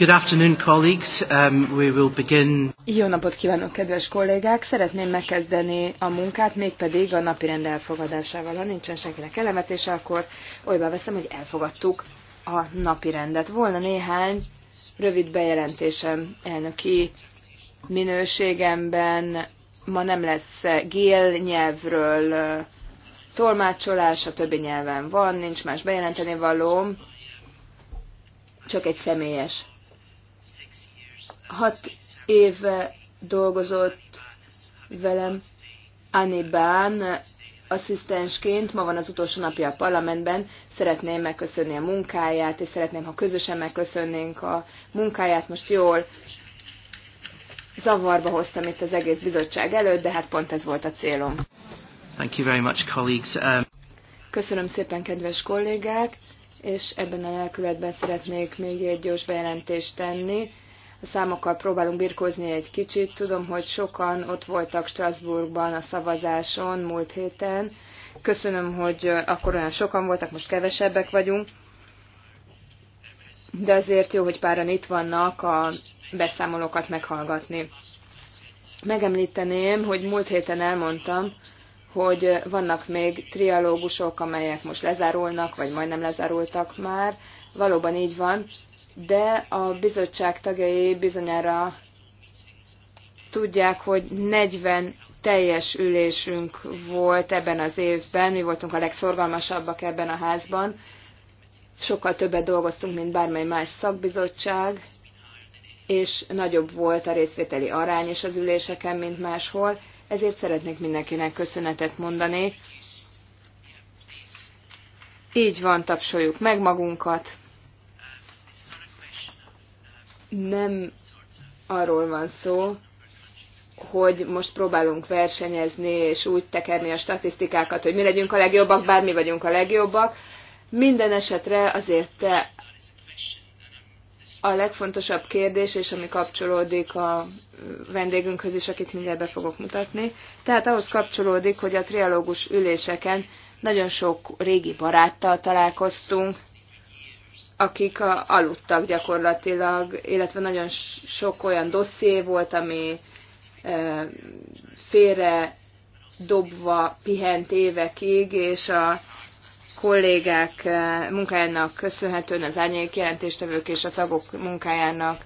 Good afternoon, colleagues. Um, we will begin. Jó napot kívánok, kedves kollégák! Szeretném megkezdeni a munkát, mégpedig a napi rend elfogadásával. Ha nincsen senkinek elemetése, akkor olyba veszem, hogy elfogadtuk a napi rendet. Volna néhány rövid bejelentésem elnöki minőségemben. Ma nem lesz gél nyelvről tolmácsolás, a többi nyelven van, nincs más bejelenteni valóm, csak egy személyes Hat éve dolgozott velem Anibán asszisztensként, ma van az utolsó napja a parlamentben, szeretném megköszönni a munkáját, és szeretném, ha közösen megköszönnénk a munkáját, most jól zavarba hoztam itt az egész bizottság előtt, de hát pont ez volt a célom. Thank you very much, colleagues. Um... Köszönöm szépen, kedves kollégák! és ebben a lelkületben szeretnék még egy gyors bejelentést tenni. A számokkal próbálunk birkózni egy kicsit. Tudom, hogy sokan ott voltak Strasbourgban a szavazáson múlt héten. Köszönöm, hogy akkor olyan sokan voltak, most kevesebbek vagyunk. De azért jó, hogy páran itt vannak a beszámolókat meghallgatni. Megemlíteném, hogy múlt héten elmondtam, hogy vannak még trialógusok, amelyek most lezárulnak, vagy majdnem lezárultak már. Valóban így van, de a bizottság tagjai bizonyára tudják, hogy 40 teljes ülésünk volt ebben az évben, mi voltunk a legszorgalmasabbak ebben a házban, sokkal többet dolgoztunk, mint bármely más szakbizottság, és nagyobb volt a részvételi arány is az üléseken, mint máshol ezért szeretnék mindenkinek köszönetet mondani. Így van, tapsoljuk meg magunkat. Nem arról van szó, hogy most próbálunk versenyezni, és úgy tekerni a statisztikákat, hogy mi legyünk a legjobbak, bár mi vagyunk a legjobbak. Minden esetre azért te a legfontosabb kérdés, és ami kapcsolódik a vendégünkhöz is, akit mindjárt be fogok mutatni. Tehát ahhoz kapcsolódik, hogy a trialógus üléseken nagyon sok régi baráttal találkoztunk, akik a, aludtak gyakorlatilag, illetve nagyon sok olyan dosszié volt, ami e, félre dobva pihent évekig, és a kollégák eh, munkájának köszönhetően, az árnyék jelentéstevők és a tagok munkájának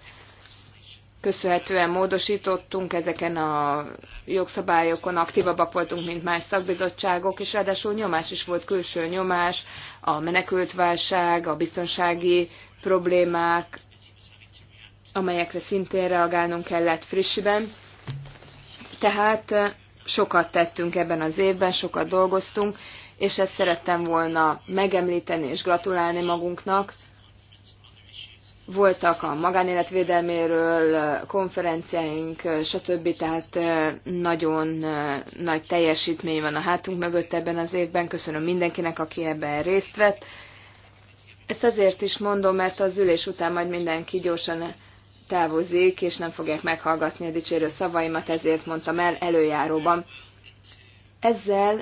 köszönhetően módosítottunk ezeken a jogszabályokon, aktívabbak voltunk, mint más szakbizottságok, és ráadásul nyomás is volt, külső nyomás, a menekültválság, a biztonsági problémák, amelyekre szintén reagálnunk kellett frissiben. Tehát eh, sokat tettünk ebben az évben, sokat dolgoztunk, és ezt szerettem volna megemlíteni és gratulálni magunknak. Voltak a magánéletvédelméről konferenciáink, stb. Tehát nagyon nagy teljesítmény van a hátunk mögött ebben az évben. Köszönöm mindenkinek, aki ebben részt vett. Ezt azért is mondom, mert az ülés után majd mindenki gyorsan távozik, és nem fogják meghallgatni a dicsérő szavaimat, ezért mondtam el előjáróban. Ezzel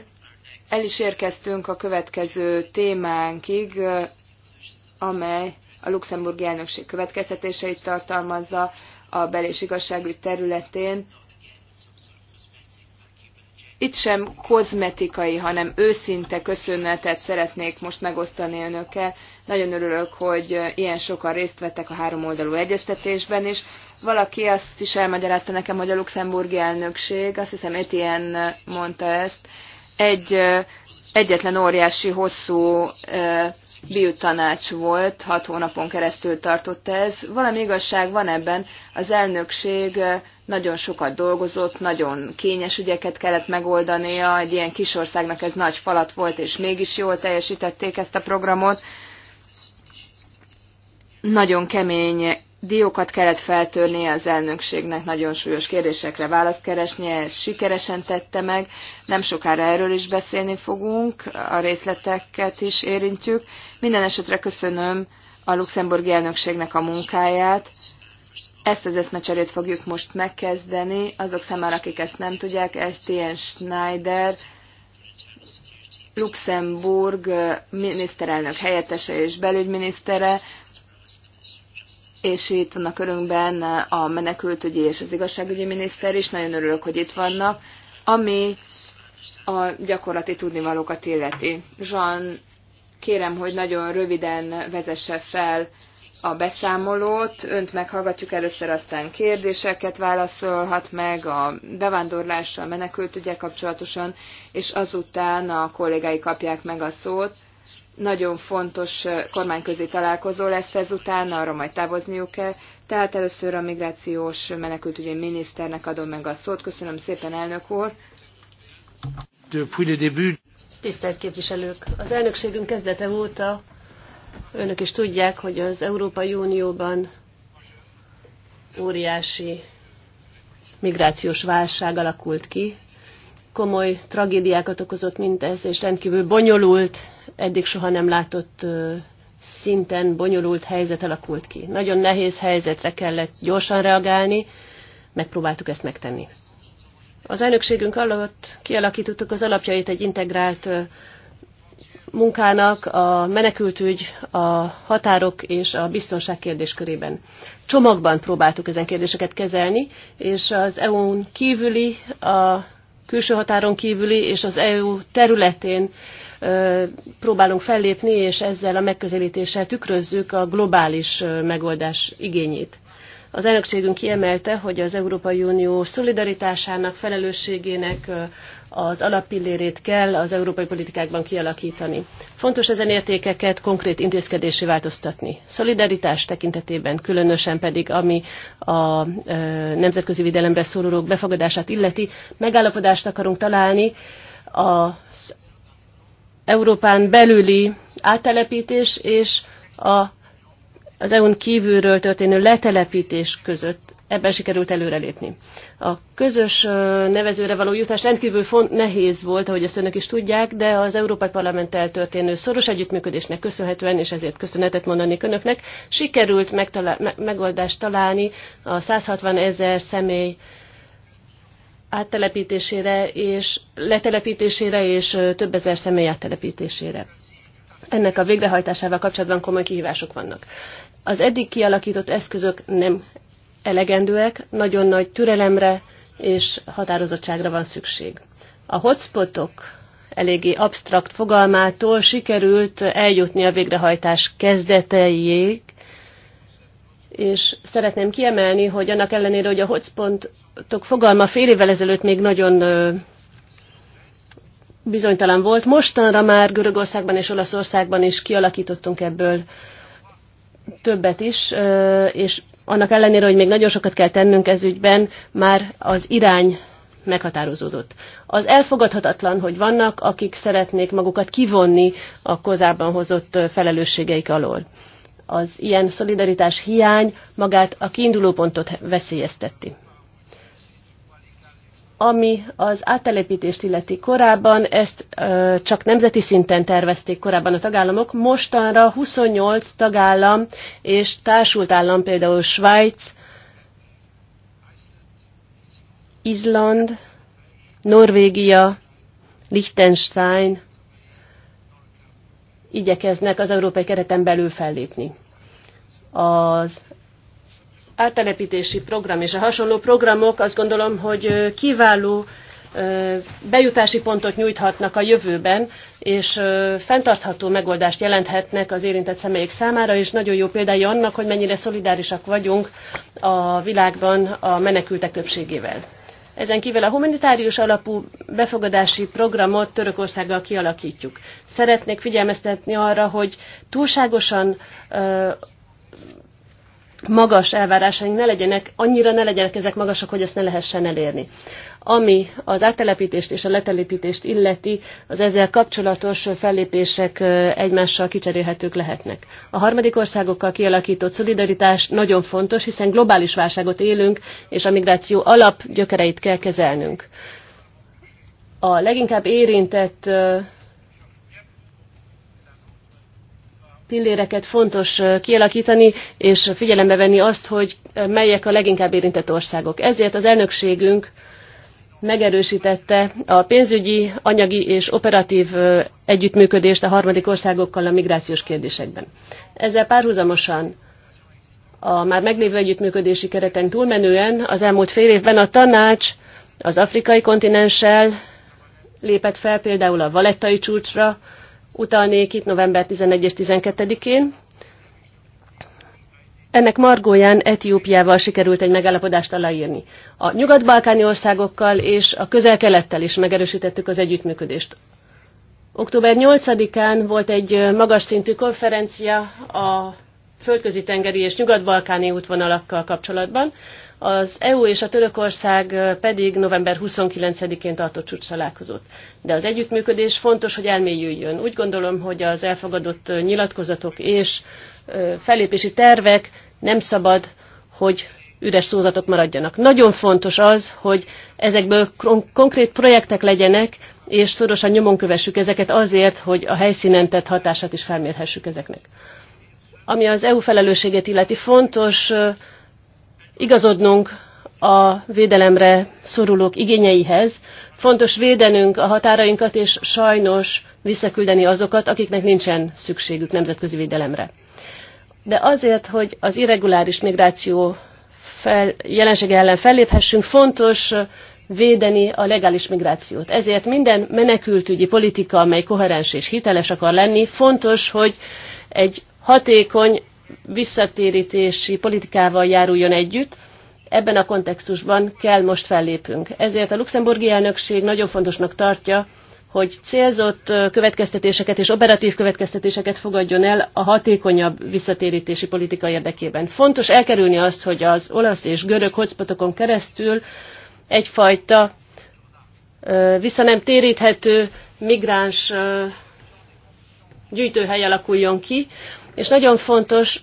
el is érkeztünk a következő témánkig, amely a luxemburgi elnökség következtetéseit tartalmazza a bel- és igazságügy területén. Itt sem kozmetikai, hanem őszinte köszönetet szeretnék most megosztani önökkel. Nagyon örülök, hogy ilyen sokan részt vettek a három oldalú egyeztetésben is. Valaki azt is elmagyarázta nekem, hogy a luxemburgi elnökség, azt hiszem Etienne mondta ezt, egy egyetlen óriási hosszú biutanács volt, hat hónapon keresztül tartott ez. Valami igazság van ebben, az elnökség nagyon sokat dolgozott, nagyon kényes ügyeket kellett megoldania, egy ilyen kis országnak ez nagy falat volt, és mégis jól teljesítették ezt a programot. Nagyon kemény diókat kellett feltörnie az elnökségnek, nagyon súlyos kérdésekre választ keresnie, ezt sikeresen tette meg. Nem sokára erről is beszélni fogunk, a részleteket is érintjük. Minden esetre köszönöm a luxemburgi elnökségnek a munkáját. Ezt az eszmecserét fogjuk most megkezdeni. Azok számára, akik ezt nem tudják, Etienne Schneider, Luxemburg miniszterelnök helyettese és belügyminisztere, és itt vannak örünkben a menekültügyi és az igazságügyi miniszter is, nagyon örülök, hogy itt vannak, ami a gyakorlati tudnivalókat illeti. Jean, kérem, hogy nagyon röviden vezesse fel a beszámolót, önt meghallgatjuk először, aztán kérdéseket válaszolhat meg a bevándorlással, menekültügyek kapcsolatosan, és azután a kollégái kapják meg a szót nagyon fontos eh, kormányközi találkozó lesz ezután, arra majd távozniuk kell. Tehát először a migrációs menekültügyi miniszternek adom meg a szót. Köszönöm szépen, elnök úr! Tisztelt képviselők! Az elnökségünk kezdete óta önök is tudják, hogy az Európai Unióban óriási migrációs válság alakult ki, komoly tragédiákat okozott mindez, és rendkívül bonyolult, eddig soha nem látott szinten bonyolult helyzet alakult ki. Nagyon nehéz helyzetre kellett gyorsan reagálni, megpróbáltuk ezt megtenni. Az elnökségünk alatt kialakítottuk az alapjait egy integrált munkának a menekültügy, a határok és a biztonság kérdéskörében. Csomagban próbáltuk ezen kérdéseket kezelni, és az EU-n kívüli a külső határon kívüli és az EU területén próbálunk fellépni, és ezzel a megközelítéssel tükrözzük a globális megoldás igényét. Az elnökségünk kiemelte, hogy az Európai Unió szolidaritásának, felelősségének az alappillérét kell az európai politikákban kialakítani. Fontos ezen értékeket konkrét intézkedési változtatni. Szolidaritás tekintetében, különösen pedig, ami a nemzetközi védelemre szólulók befogadását illeti, megállapodást akarunk találni az Európán belüli áttelepítés és a, az EU-n kívülről történő letelepítés között ebben sikerült előrelépni. A közös nevezőre való jutás rendkívül font, nehéz volt, ahogy ezt önök is tudják, de az Európai Parlamenttel történő szoros együttműködésnek köszönhetően, és ezért köszönetet mondanék önöknek, sikerült megtalál, megoldást találni a 160 ezer személy áttelepítésére és letelepítésére és több ezer személy áttelepítésére. Ennek a végrehajtásával kapcsolatban komoly kihívások vannak. Az eddig kialakított eszközök nem elegendőek, nagyon nagy türelemre és határozottságra van szükség. A hotspotok eléggé absztrakt fogalmától sikerült eljutni a végrehajtás kezdeteiig, és szeretném kiemelni, hogy annak ellenére, hogy a hotspotok fogalma fél évvel ezelőtt még nagyon bizonytalan volt, mostanra már Görögországban és Olaszországban is kialakítottunk ebből többet is, és annak ellenére, hogy még nagyon sokat kell tennünk ez ügyben, már az irány meghatározódott. Az elfogadhatatlan, hogy vannak, akik szeretnék magukat kivonni a kozában hozott felelősségeik alól. Az ilyen szolidaritás hiány magát a kiindulópontot veszélyezteti. Ami az áttelepítést illeti korábban, ezt ö, csak nemzeti szinten tervezték korábban a tagállamok, mostanra 28 tagállam és társult állam, például Svájc, Izland, Norvégia, Liechtenstein igyekeznek az európai kereten belül fellépni. Az áttelepítési program és a hasonló programok azt gondolom, hogy kiváló bejutási pontot nyújthatnak a jövőben, és fenntartható megoldást jelenthetnek az érintett személyek számára, és nagyon jó példája annak, hogy mennyire szolidárisak vagyunk a világban a menekültek többségével. Ezen kívül a humanitárius alapú befogadási programot Törökországgal kialakítjuk. Szeretnék figyelmeztetni arra, hogy túlságosan magas elvárásaink ne legyenek, annyira ne legyenek ezek magasak, hogy ezt ne lehessen elérni. Ami az áttelepítést és a letelepítést illeti, az ezzel kapcsolatos fellépések egymással kicserélhetők lehetnek. A harmadik országokkal kialakított szolidaritás nagyon fontos, hiszen globális válságot élünk, és a migráció alap gyökereit kell kezelnünk. A leginkább érintett pilléreket fontos kialakítani, és figyelembe venni azt, hogy melyek a leginkább érintett országok. Ezért az elnökségünk megerősítette a pénzügyi, anyagi és operatív együttműködést a harmadik országokkal a migrációs kérdésekben. Ezzel párhuzamosan a már meglévő együttműködési kereten túlmenően az elmúlt fél évben a tanács az afrikai kontinenssel lépett fel például a valettai csúcsra, utalnék itt november 11 és 12-én. Ennek margóján Etiópiával sikerült egy megállapodást aláírni. A nyugat-balkáni országokkal és a közel-kelettel is megerősítettük az együttműködést. Október 8-án volt egy magas szintű konferencia a földközi-tengeri és nyugat-balkáni útvonalakkal kapcsolatban, az EU és a Törökország pedig november 29-én tartott csúcs találkozott. De az együttműködés fontos, hogy elmélyüljön. Úgy gondolom, hogy az elfogadott nyilatkozatok és felépési tervek nem szabad, hogy üres szózatok maradjanak. Nagyon fontos az, hogy ezekből konkrét projektek legyenek, és szorosan nyomon kövessük ezeket azért, hogy a helyszínen tett hatását is felmérhessük ezeknek. Ami az EU felelősséget illeti fontos igazodnunk a védelemre szorulók igényeihez. Fontos védenünk a határainkat, és sajnos visszaküldeni azokat, akiknek nincsen szükségük nemzetközi védelemre. De azért, hogy az irreguláris migráció fel, jelensége ellen felléphessünk, fontos védeni a legális migrációt. Ezért minden menekültügyi politika, amely koherens és hiteles akar lenni, fontos, hogy egy hatékony visszatérítési politikával járuljon együtt, ebben a kontextusban kell most fellépünk. Ezért a luxemburgi elnökség nagyon fontosnak tartja, hogy célzott következtetéseket és operatív következtetéseket fogadjon el a hatékonyabb visszatérítési politika érdekében. Fontos elkerülni azt, hogy az olasz és görög hotspotokon keresztül egyfajta vissza nem téríthető migráns gyűjtőhely alakuljon ki, és nagyon fontos,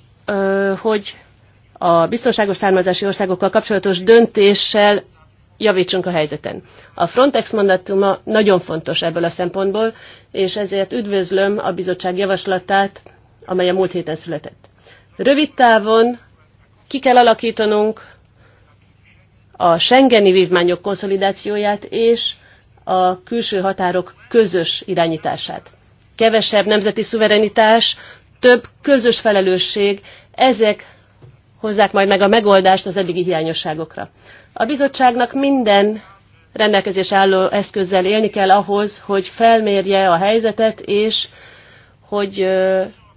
hogy a biztonságos származási országokkal kapcsolatos döntéssel javítsunk a helyzeten. A Frontex mandátuma nagyon fontos ebből a szempontból, és ezért üdvözlöm a bizottság javaslatát, amely a múlt héten született. Rövid távon ki kell alakítanunk a Schengeni vívmányok konszolidációját és a külső határok közös irányítását. Kevesebb nemzeti szuverenitás, több közös felelősség, ezek hozzák majd meg a megoldást az eddigi hiányosságokra. A bizottságnak minden rendelkezés álló eszközzel élni kell ahhoz, hogy felmérje a helyzetet, és hogy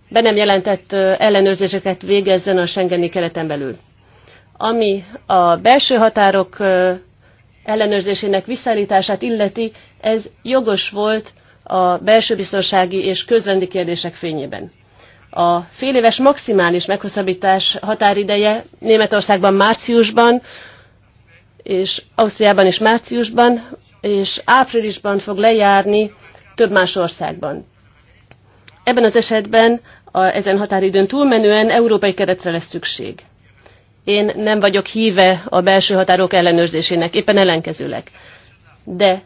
be nem jelentett ellenőrzéseket végezzen a Schengeni keleten belül. Ami a belső határok ellenőrzésének visszaállítását illeti, ez jogos volt a belső biztonsági és közrendi kérdések fényében. A féléves maximális meghosszabbítás határideje Németországban márciusban, és Ausztriában is márciusban, és áprilisban fog lejárni több más országban. Ebben az esetben a, ezen határidőn túlmenően európai keretre lesz szükség. Én nem vagyok híve a belső határok ellenőrzésének, éppen ellenkezőleg. De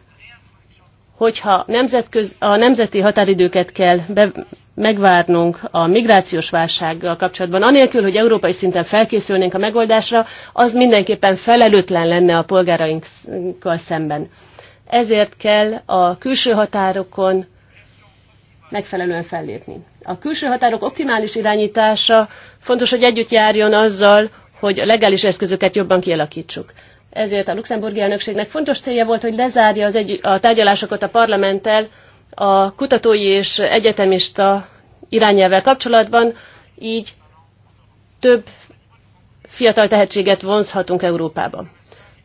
hogyha nemzetköz, a nemzeti határidőket kell be, megvárnunk a migrációs válsággal kapcsolatban, anélkül, hogy európai szinten felkészülnénk a megoldásra, az mindenképpen felelőtlen lenne a polgárainkkal szemben. Ezért kell a külső határokon megfelelően fellépni. A külső határok optimális irányítása fontos, hogy együtt járjon azzal, hogy a legális eszközöket jobban kialakítsuk. Ezért a luxemburgi elnökségnek fontos célja volt, hogy lezárja az egy, a tárgyalásokat a parlamenttel a kutatói és egyetemista irányelvvel kapcsolatban, így több fiatal tehetséget vonzhatunk Európába.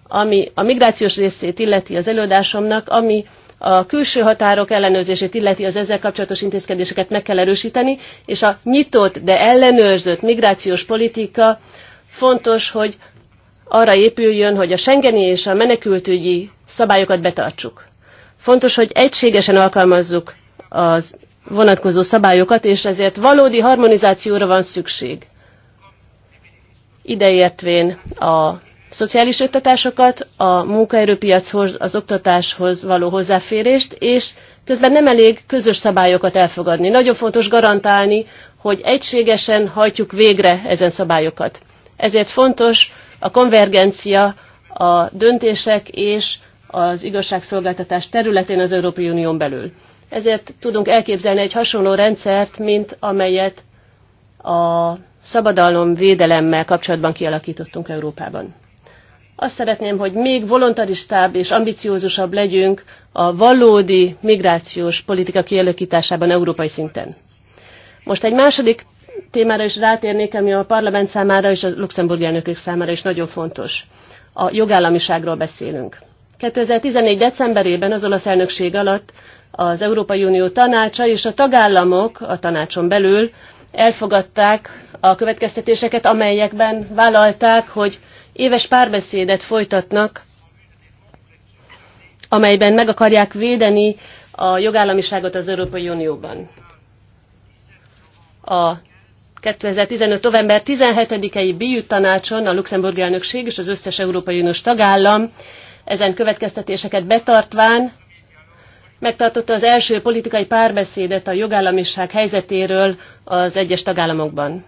Ami a migrációs részét illeti az előadásomnak, ami a külső határok ellenőrzését illeti az ezzel kapcsolatos intézkedéseket meg kell erősíteni, és a nyitott, de ellenőrzött migrációs politika fontos, hogy arra épüljön, hogy a Schengeni és a menekültügyi szabályokat betartsuk. Fontos, hogy egységesen alkalmazzuk az vonatkozó szabályokat, és ezért valódi harmonizációra van szükség. Ideértvén a szociális oktatásokat, a munkaerőpiachoz, az oktatáshoz való hozzáférést, és közben nem elég közös szabályokat elfogadni. Nagyon fontos garantálni, hogy egységesen hajtjuk végre ezen szabályokat. Ezért fontos a konvergencia a döntések és az igazságszolgáltatás területén az Európai Unión belül. Ezért tudunk elképzelni egy hasonló rendszert, mint amelyet a szabadalom védelemmel kapcsolatban kialakítottunk Európában. Azt szeretném, hogy még volontaristább és ambiciózusabb legyünk a valódi migrációs politika kialakításában európai szinten. Most egy második témára is rátérnék, ami a parlament számára és a luxemburgi elnökök számára is nagyon fontos. A jogállamiságról beszélünk. 2014. decemberében az olasz elnökség alatt az Európai Unió tanácsa és a tagállamok a tanácson belül elfogadták a következtetéseket, amelyekben vállalták, hogy éves párbeszédet folytatnak, amelyben meg akarják védeni a jogállamiságot az Európai Unióban. A 2015. november 17-i BIU tanácson a Luxemburg elnökség és az összes Európai Uniós tagállam ezen következtetéseket betartván megtartotta az első politikai párbeszédet a jogállamiság helyzetéről az egyes tagállamokban.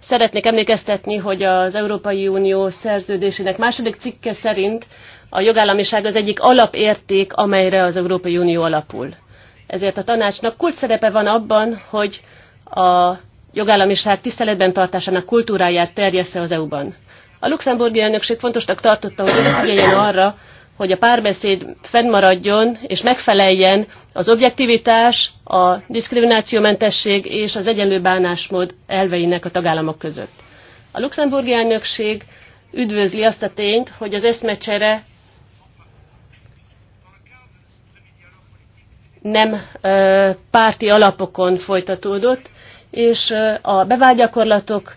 Szeretnék emlékeztetni, hogy az Európai Unió szerződésének második cikke szerint a jogállamiság az egyik alapérték, amelyre az Európai Unió alapul. Ezért a tanácsnak kult szerepe van abban, hogy a jogállamiság tiszteletben tartásának kultúráját terjessze az EU-ban. A luxemburgi elnökség fontosnak tartotta, hogy figyeljen arra, hogy a párbeszéd fennmaradjon és megfeleljen az objektivitás, a diszkriminációmentesség és az egyenlő bánásmód elveinek a tagállamok között. A luxemburgi elnökség üdvözli azt a tényt, hogy az eszmecsere nem ö, párti alapokon folytatódott, és a bevágyakorlatok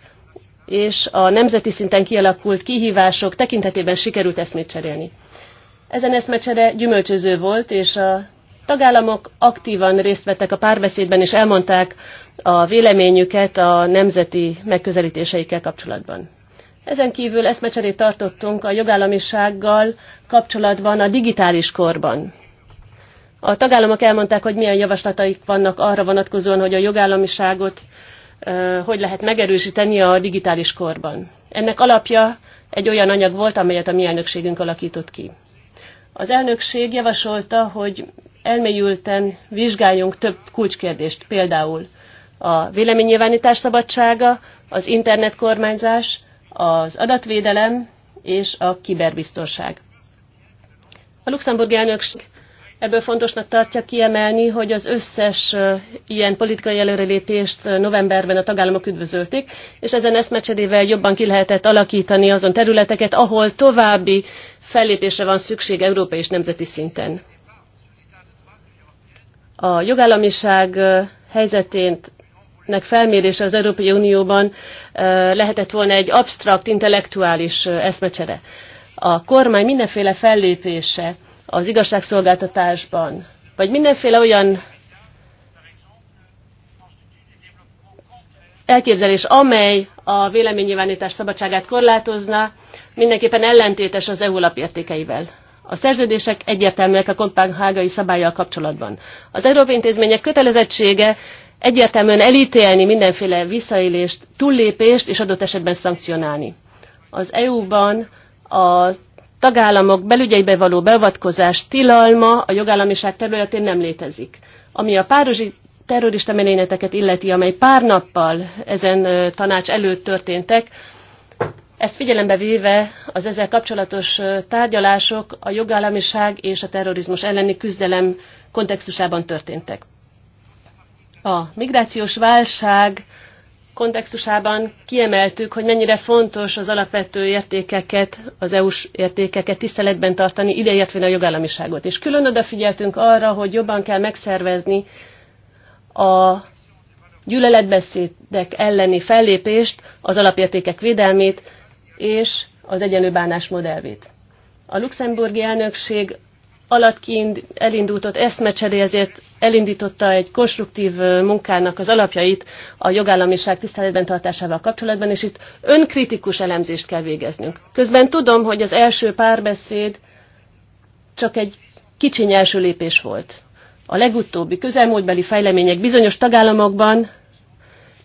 és a nemzeti szinten kialakult kihívások tekintetében sikerült eszmét cserélni. Ezen eszmecsere gyümölcsöző volt, és a tagállamok aktívan részt vettek a párbeszédben, és elmondták a véleményüket a nemzeti megközelítéseikkel kapcsolatban. Ezen kívül eszmecserét tartottunk a jogállamisággal kapcsolatban a digitális korban. A tagállamok elmondták, hogy milyen javaslataik vannak arra vonatkozóan, hogy a jogállamiságot hogy lehet megerősíteni a digitális korban. Ennek alapja egy olyan anyag volt, amelyet a mi elnökségünk alakított ki. Az elnökség javasolta, hogy elmélyülten vizsgáljunk több kulcskérdést, például a véleménynyilvánítás szabadsága, az internetkormányzás, az adatvédelem és a kiberbiztonság. A luxemburgi elnökség Ebből fontosnak tartja kiemelni, hogy az összes ilyen politikai előrelépést novemberben a tagállamok üdvözölték, és ezen eszmecserével jobban ki lehetett alakítani azon területeket, ahol további fellépésre van szükség európai és nemzeti szinten. A jogállamiság helyzetének felmérése az Európai Unióban lehetett volna egy absztrakt, intellektuális eszmecsere. A kormány mindenféle fellépése, az igazságszolgáltatásban, vagy mindenféle olyan elképzelés, amely a véleménynyilvánítás szabadságát korlátozna, mindenképpen ellentétes az EU lapértékeivel. A szerződések egyértelműek a kopenhágai szabályjal kapcsolatban. Az Európai Intézmények kötelezettsége egyértelműen elítélni mindenféle visszaélést, túllépést és adott esetben szankcionálni. Az EU-ban az tagállamok belügyeibe való beavatkozás tilalma a jogállamiság területén nem létezik. Ami a párizsi terrorista merényleteket illeti, amely pár nappal ezen tanács előtt történtek, ezt figyelembe véve az ezzel kapcsolatos tárgyalások a jogállamiság és a terrorizmus elleni küzdelem kontextusában történtek. A migrációs válság kontextusában kiemeltük, hogy mennyire fontos az alapvető értékeket, az EU-s értékeket tiszteletben tartani, ideértve a jogállamiságot. És külön odafigyeltünk arra, hogy jobban kell megszervezni a gyűlöletbeszédek elleni fellépést, az alapértékek védelmét és az egyenlő bánás elvét. A luxemburgi elnökség alatt ott eszmecseré ezért elindította egy konstruktív munkának az alapjait a jogállamiság tiszteletben tartásával kapcsolatban, és itt önkritikus elemzést kell végeznünk. Közben tudom, hogy az első párbeszéd csak egy kicsi első lépés volt. A legutóbbi közelmúltbeli fejlemények bizonyos tagállamokban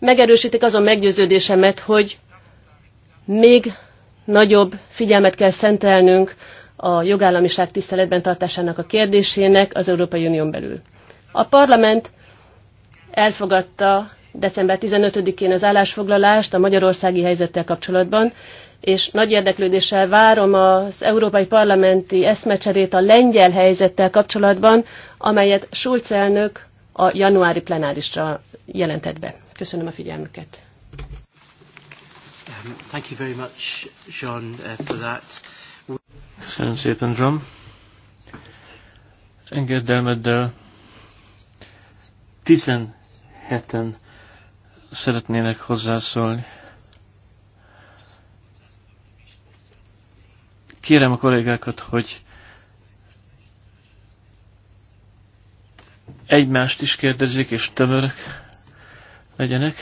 megerősítik azon meggyőződésemet, hogy még nagyobb figyelmet kell szentelnünk a jogállamiság tiszteletben tartásának a kérdésének az Európai Unión belül. A parlament elfogadta december 15-én az állásfoglalást a magyarországi helyzettel kapcsolatban, és nagy érdeklődéssel várom az Európai Parlamenti eszmecserét a lengyel helyzettel kapcsolatban, amelyet Schulz elnök a januári plenárisra jelentett be. Köszönöm a figyelmüket. Um, thank you very much, uh, for that. Köszönöm szépen, John. Engedelmeddel Tizenheten szeretnének hozzászólni. Kérem a kollégákat, hogy egymást is kérdezzék, és tömörök legyenek.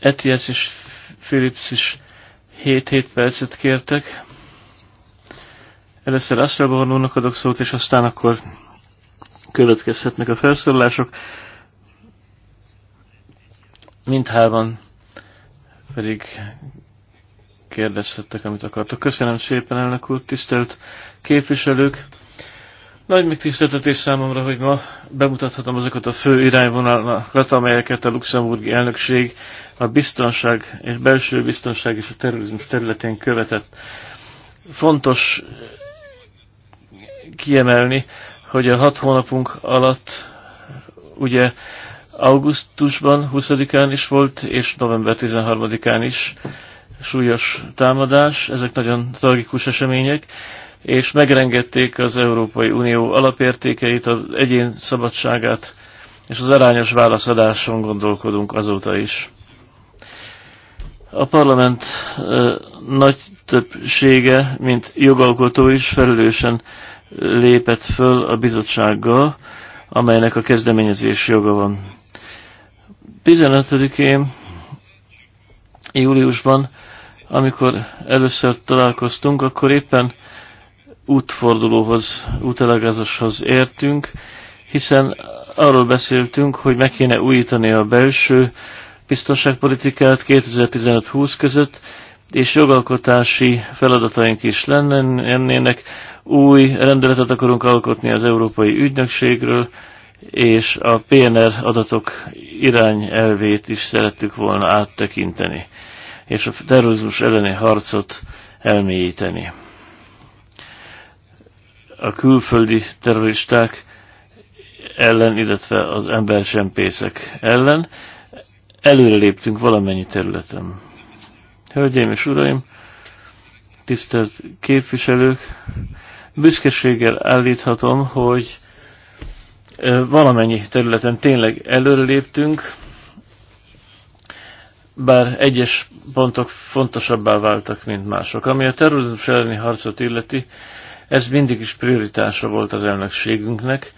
Etias és Philips is 7-7 percet kértek. Először Asszalba adok szót, és aztán akkor következhetnek a felszólalások. Mindhában pedig kérdeztettek, amit akartok. Köszönöm szépen, elnök úr, tisztelt képviselők! Nagy megtiszteltetés számomra, hogy ma bemutathatom azokat a fő irányvonalakat, amelyeket a luxemburgi elnökség a biztonság és belső biztonság és a terrorizmus területén követett. Fontos kiemelni, hogy a hat hónapunk alatt ugye augusztusban 20-án is volt, és november 13-án is súlyos támadás, ezek nagyon tragikus események, és megrengették az Európai Unió alapértékeit, az egyén szabadságát, és az arányos válaszadáson gondolkodunk azóta is. A parlament ö, nagy többsége, mint jogalkotó is felelősen lépett föl a bizottsággal, amelynek a kezdeményezés joga van. 15-én, júliusban, amikor először találkoztunk, akkor éppen útfordulóhoz, útelegázáshoz értünk, hiszen arról beszéltünk, hogy meg kéne újítani a belső biztonságpolitikát 2015-20 között, és jogalkotási feladataink is lennének, új rendeletet akarunk alkotni az Európai Ügynökségről, és a PNR adatok irányelvét is szerettük volna áttekinteni, és a terrorizmus elleni harcot elmélyíteni. A külföldi terroristák ellen, illetve az embercsempészek ellen előreléptünk valamennyi területen. Hölgyeim és uraim, tisztelt képviselők, büszkeséggel állíthatom, hogy valamennyi területen tényleg előreléptünk, bár egyes pontok fontosabbá váltak, mint mások. Ami a terrorizmus elleni harcot illeti, ez mindig is prioritása volt az elnökségünknek.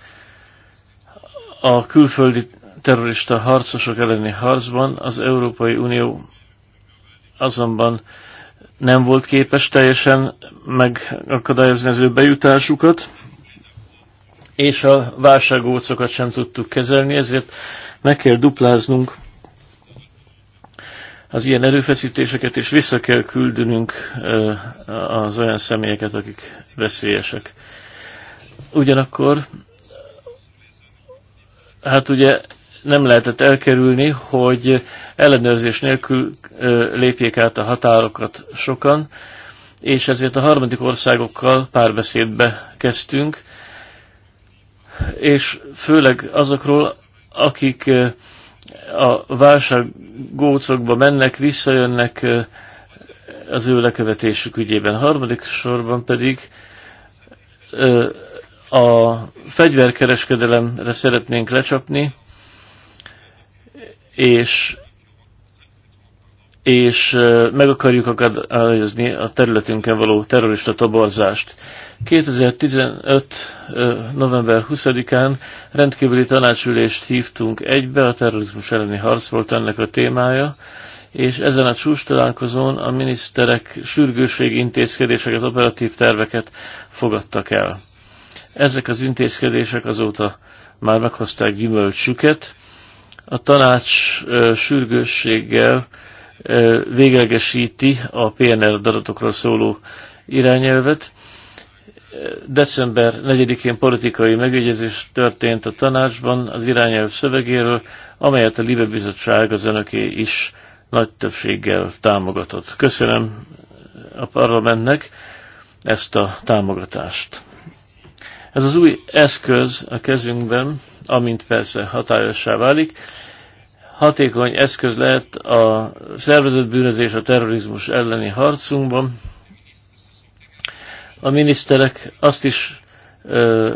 A külföldi terrorista harcosok elleni harcban az Európai Unió azonban nem volt képes teljesen megakadályozni az ő bejutásukat, és a válságócokat sem tudtuk kezelni, ezért meg kell dupláznunk az ilyen erőfeszítéseket, és vissza kell küldenünk az olyan személyeket, akik veszélyesek. Ugyanakkor, hát ugye nem lehetett elkerülni, hogy ellenőrzés nélkül lépjék át a határokat sokan, és ezért a harmadik országokkal párbeszédbe kezdtünk, és főleg azokról, akik a válság mennek, visszajönnek az ő lekövetésük ügyében. Harmadik sorban pedig a fegyverkereskedelemre szeretnénk lecsapni, és és meg akarjuk akadályozni a területünkön való terrorista toborzást. 2015. november 20-án rendkívüli tanácsülést hívtunk egybe, a terrorizmus elleni harc volt ennek a témája, és ezen a csúcs találkozón a miniszterek sürgőségi intézkedéseket, operatív terveket fogadtak el. Ezek az intézkedések azóta már meghozták gyümölcsüket, a tanács sürgősséggel véglegesíti a PNR adatokról szóló irányelvet. December 4-én politikai megegyezés történt a tanácsban az irányelv szövegéről, amelyet a Libe Bizottság az önöké is nagy többséggel támogatott. Köszönöm a parlamentnek ezt a támogatást. Ez az új eszköz a kezünkben amint persze hatályossá válik. Hatékony eszköz lehet a szervezett bűnözés a terrorizmus elleni harcunkban. A miniszterek azt is ö,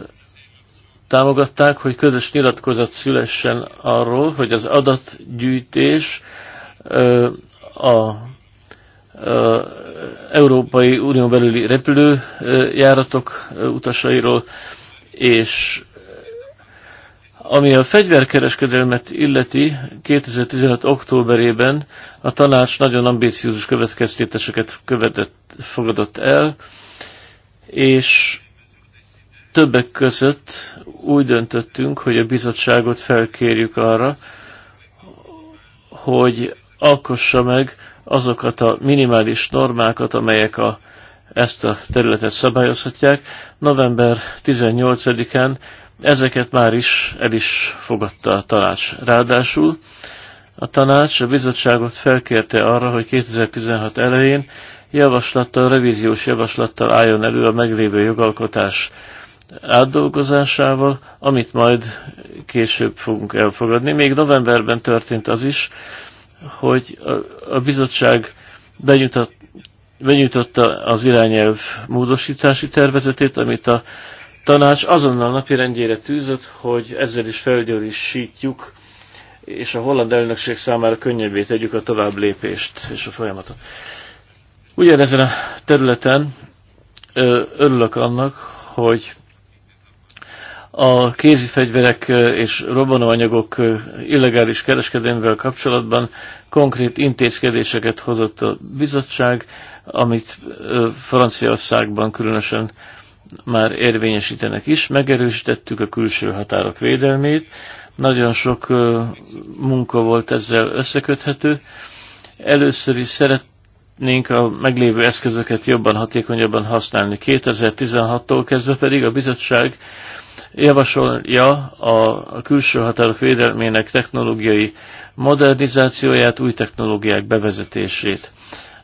támogatták, hogy közös nyilatkozat szülessen arról, hogy az adatgyűjtés ö, a Európai Unión belüli repülőjáratok utasairól, és ami a fegyverkereskedelmet illeti, 2015. októberében a tanács nagyon ambíciózus következtetéseket követett, fogadott el, és többek között úgy döntöttünk, hogy a bizottságot felkérjük arra, hogy alkossa meg azokat a minimális normákat, amelyek a, ezt a területet szabályozhatják. November 18-án Ezeket már is el is fogadta a tanács. Ráadásul a tanács a bizottságot felkérte arra, hogy 2016 elején javaslattal, revíziós javaslattal álljon elő a meglévő jogalkotás átdolgozásával, amit majd később fogunk elfogadni. Még novemberben történt az is, hogy a bizottság benyújtotta az irányelv módosítási tervezetét, amit a tanács azonnal rendjére tűzött, hogy ezzel is felgyorsítjuk, és a holland elnökség számára könnyebbé tegyük a tovább lépést és a folyamatot. Ugyanezen a területen örülök annak, hogy a kézifegyverek és robbanóanyagok illegális kereskedelmével kapcsolatban konkrét intézkedéseket hozott a bizottság, amit Franciaországban különösen már érvényesítenek is. Megerősítettük a külső határok védelmét, nagyon sok munka volt ezzel összeköthető. Először is szeretnénk a meglévő eszközöket jobban, hatékonyabban használni. 2016-tól kezdve pedig a bizottság javasolja a külső határok védelmének technológiai modernizációját, új technológiák bevezetését.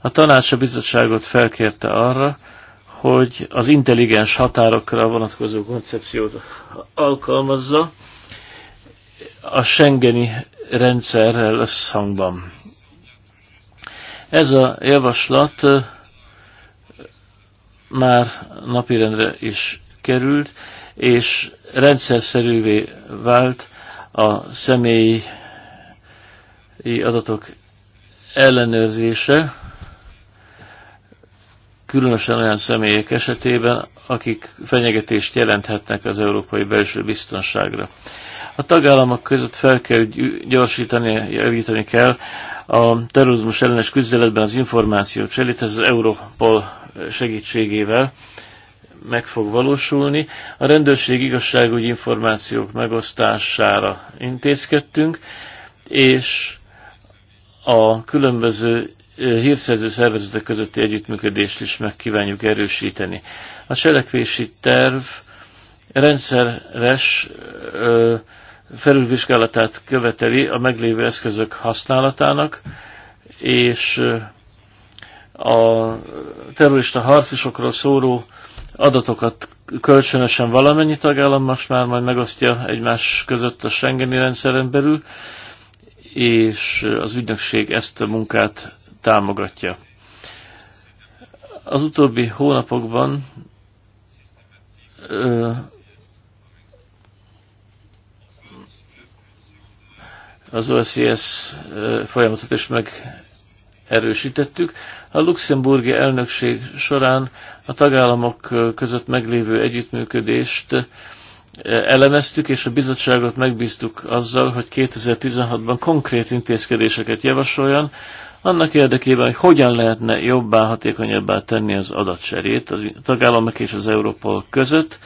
A tanács a bizottságot felkérte arra, hogy az intelligens határokra vonatkozó koncepciót alkalmazza a Schengeni rendszerrel összhangban. Ez a javaslat már napirendre is került, és rendszerszerűvé vált a személyi adatok ellenőrzése, különösen olyan személyek esetében, akik fenyegetést jelenthetnek az európai belső biztonságra. A tagállamok között fel kell gyorsítani, javítani kell a terrorizmus ellenes küzdeletben az információ cselét, ez az Europol segítségével meg fog valósulni. A rendőrség igazságú információk megosztására intézkedtünk, és a különböző hírszerző szervezetek közötti együttműködést is meg kívánjuk erősíteni. A cselekvési terv rendszeres felülvizsgálatát követeli a meglévő eszközök használatának, és a terrorista harcisokról szóró adatokat kölcsönösen valamennyi tagállam most már majd megosztja egymás között a Schengeni rendszeren belül, és az ügynökség ezt a munkát támogatja. Az utóbbi hónapokban ö, az OSCS folyamatot is meg erősítettük. A luxemburgi elnökség során a tagállamok között meglévő együttműködést elemeztük, és a bizottságot megbíztuk azzal, hogy 2016-ban konkrét intézkedéseket javasoljon annak érdekében, hogy hogyan lehetne jobbá, hatékonyabbá tenni az adatserét az tagállamok és az Európa között.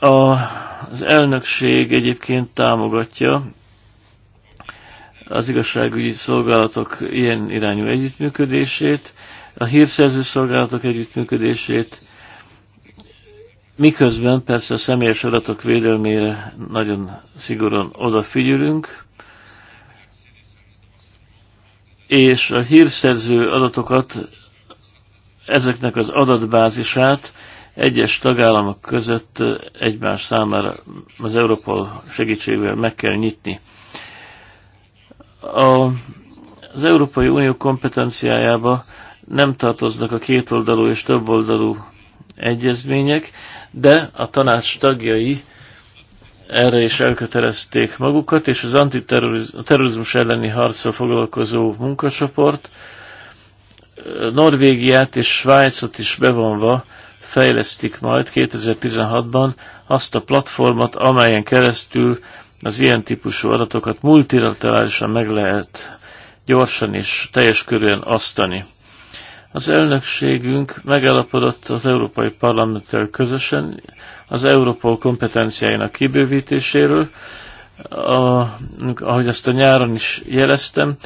A, az elnökség egyébként támogatja az igazságügyi szolgálatok ilyen irányú együttműködését, a hírszerző szolgálatok együttműködését, miközben persze a személyes adatok védelmére nagyon szigorúan odafigyelünk, és a hírszerző adatokat, ezeknek az adatbázisát egyes tagállamok között egymás számára az Europol segítségével meg kell nyitni. A, az Európai Unió kompetenciájába nem tartoznak a kétoldalú és többoldalú egyezmények, de a tanács tagjai erre is elkötelezték magukat, és az antiterrorizmus elleni harccal foglalkozó munkacsoport Norvégiát és Svájcot is bevonva fejlesztik majd 2016-ban azt a platformot, amelyen keresztül az ilyen típusú adatokat multilaterálisan meg lehet gyorsan és teljes körülön asztani. Az elnökségünk megállapodott az Európai Parlamenttel közösen az Európol kompetenciáinak kibővítéséről, a, ahogy ezt a nyáron is jeleztem,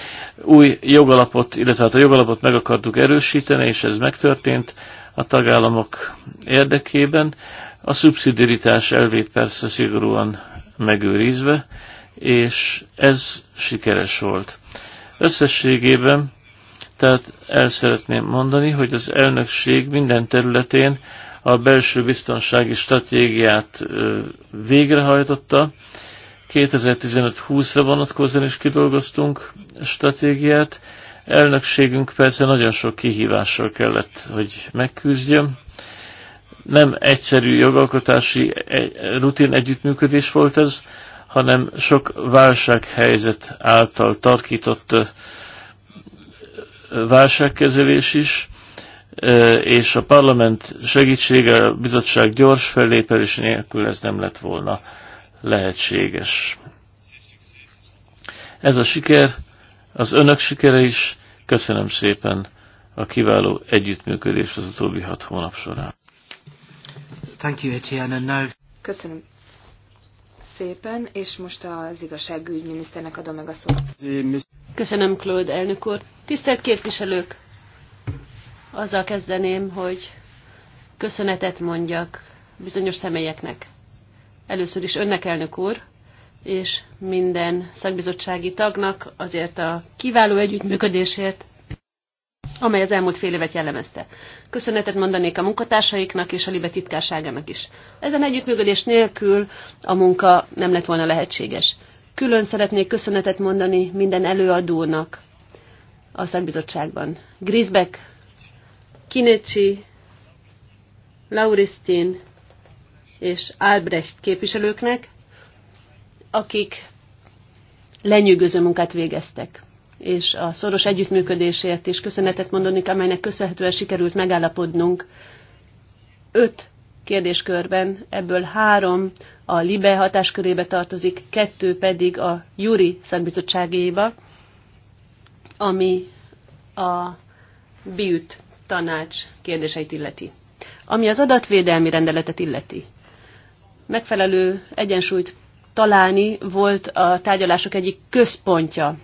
új jogalapot, illetve hát a jogalapot meg akartuk erősíteni, és ez megtörtént a tagállamok érdekében, a szubszidiritás elvét persze szigorúan megőrizve, és ez sikeres volt. Összességében tehát el szeretném mondani, hogy az elnökség minden területén a belső biztonsági stratégiát végrehajtotta. 2015-20-ra vonatkozóan is kidolgoztunk stratégiát. Elnökségünk persze nagyon sok kihívással kellett, hogy megküzdjön. Nem egyszerű jogalkotási e, rutin együttműködés volt ez, hanem sok válsághelyzet által tarkított válságkezelés is, e, és a parlament segítsége, a bizottság gyors fellépelés nélkül ez nem lett volna lehetséges. Ez a siker, az önök sikere is. Köszönöm szépen a kiváló együttműködést az utóbbi hat hónap során. Thank you, Etienne. And now... Köszönöm szépen, és most az igazságügyminiszternek adom meg a szót. Köszönöm, Claude elnök úr. Tisztelt képviselők! Azzal kezdeném, hogy köszönetet mondjak bizonyos személyeknek. Először is önnek, elnök úr, és minden szakbizottsági tagnak azért a kiváló együttműködésért, amely az elmúlt fél évet jellemezte. Köszönetet mondanék a munkatársaiknak és a Libe titkárságának is. Ezen együttműködés nélkül a munka nem lett volna lehetséges. Külön szeretnék köszönetet mondani minden előadónak a szakbizottságban. Grisbeck, Kinecsi, Lauristin és Albrecht képviselőknek, akik lenyűgöző munkát végeztek és a szoros együttműködésért is köszönetet mondani, amelynek köszönhetően sikerült megállapodnunk öt kérdéskörben, ebből három a LIBE hatáskörébe tartozik, kettő pedig a Juri szakbizottságéba, ami a BIUT tanács kérdéseit illeti. Ami az adatvédelmi rendeletet illeti. Megfelelő egyensúlyt találni volt a tárgyalások egyik központja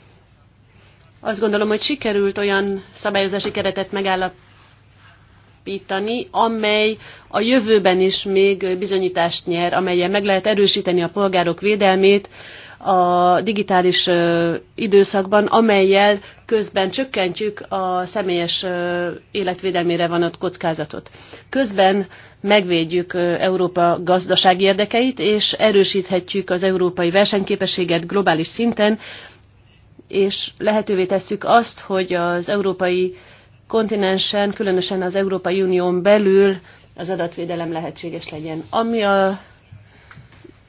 azt gondolom, hogy sikerült olyan szabályozási keretet megállapítani, amely a jövőben is még bizonyítást nyer, amelyen meg lehet erősíteni a polgárok védelmét a digitális időszakban, amelyel közben csökkentjük a személyes életvédelmére vonat kockázatot. Közben megvédjük Európa gazdasági érdekeit, és erősíthetjük az európai versenyképességet globális szinten, és lehetővé tesszük azt, hogy az európai kontinensen, különösen az Európai Unión belül az adatvédelem lehetséges legyen. Ami a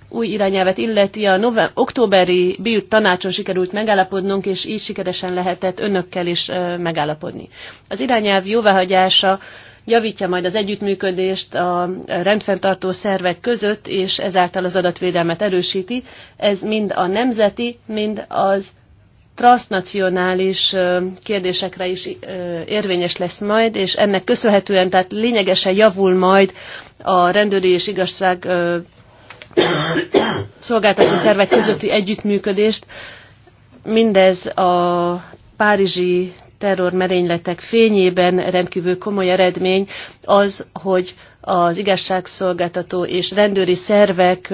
új irányelvet illeti, a november, októberi BIUT tanácson sikerült megállapodnunk, és így sikeresen lehetett önökkel is megállapodni. Az irányelv jóváhagyása javítja majd az együttműködést a rendfenntartó szervek között, és ezáltal az adatvédelmet erősíti. Ez mind a nemzeti, mind az transnacionális kérdésekre is érvényes lesz majd, és ennek köszönhetően tehát lényegesen javul majd a rendőri és igazság szolgáltató szervek közötti együttműködést. Mindez a párizsi terrormerényletek fényében rendkívül komoly eredmény az, hogy az igazságszolgáltató és rendőri szervek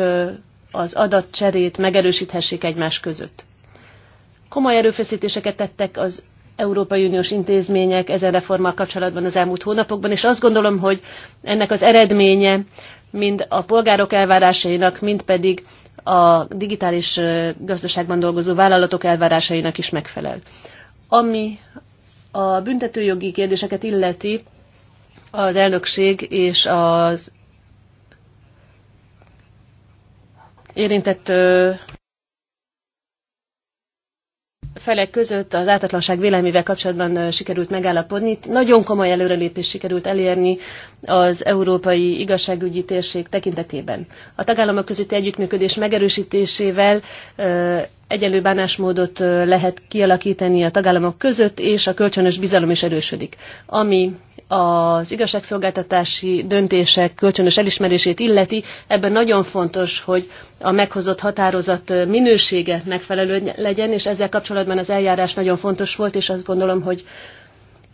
az adatcserét megerősíthessék egymás között. Komoly erőfeszítéseket tettek az Európai Uniós intézmények ezen reformmal kapcsolatban az elmúlt hónapokban, és azt gondolom, hogy ennek az eredménye mind a polgárok elvárásainak, mind pedig a digitális gazdaságban dolgozó vállalatok elvárásainak is megfelel. Ami a büntetőjogi kérdéseket illeti, az elnökség és az érintett felek között az ártatlanság vélelmével kapcsolatban sikerült megállapodni. Nagyon komoly előrelépés sikerült elérni az európai igazságügyi térség tekintetében. A tagállamok közötti együttműködés megerősítésével egyenlő bánásmódot lehet kialakítani a tagállamok között, és a kölcsönös bizalom is erősödik. Ami az igazságszolgáltatási döntések kölcsönös elismerését illeti, ebben nagyon fontos, hogy a meghozott határozat minősége megfelelő legyen, és ezzel kapcsolatban az eljárás nagyon fontos volt, és azt gondolom, hogy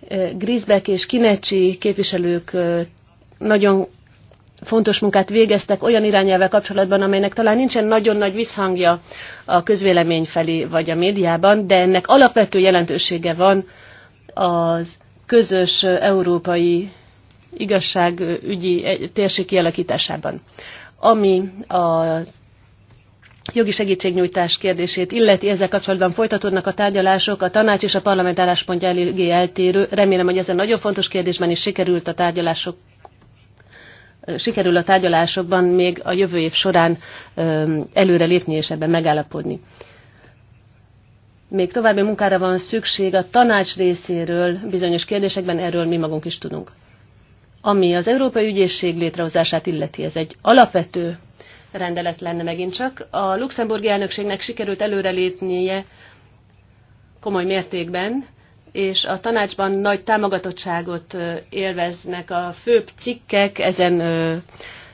eh, Grisbeck és Kinecsi képviselők eh, nagyon fontos munkát végeztek olyan irányelvel kapcsolatban, amelynek talán nincsen nagyon nagy visszhangja a közvélemény felé vagy a médiában, de ennek alapvető jelentősége van az közös európai igazságügyi e, térség kialakításában. Ami a jogi segítségnyújtás kérdését illeti, ezzel kapcsolatban folytatódnak a tárgyalások, a tanács és a parlament álláspontja eléggé eltérő. Remélem, hogy ezen nagyon fontos kérdésben is sikerült a tárgyalások sikerül a tárgyalásokban még a jövő év során előre lépni és ebben megállapodni még további munkára van szükség a tanács részéről bizonyos kérdésekben, erről mi magunk is tudunk. Ami az Európai Ügyészség létrehozását illeti, ez egy alapvető rendelet lenne megint csak. A luxemburgi elnökségnek sikerült előrelépnie komoly mértékben, és a tanácsban nagy támogatottságot élveznek a főbb cikkek ezen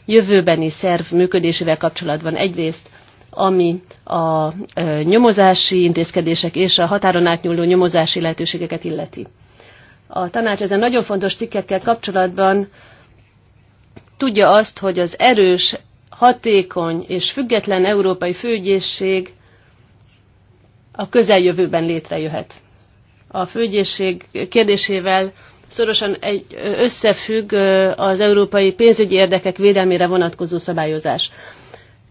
jövőbeni szerv működésével kapcsolatban. Egyrészt ami a nyomozási intézkedések és a határon átnyúló nyomozási lehetőségeket illeti. A tanács ezen nagyon fontos cikkekkel kapcsolatban tudja azt, hogy az erős, hatékony és független európai főügyészség a közeljövőben létrejöhet. A főügyészség kérdésével szorosan egy, összefügg az európai pénzügyi érdekek védelmére vonatkozó szabályozás.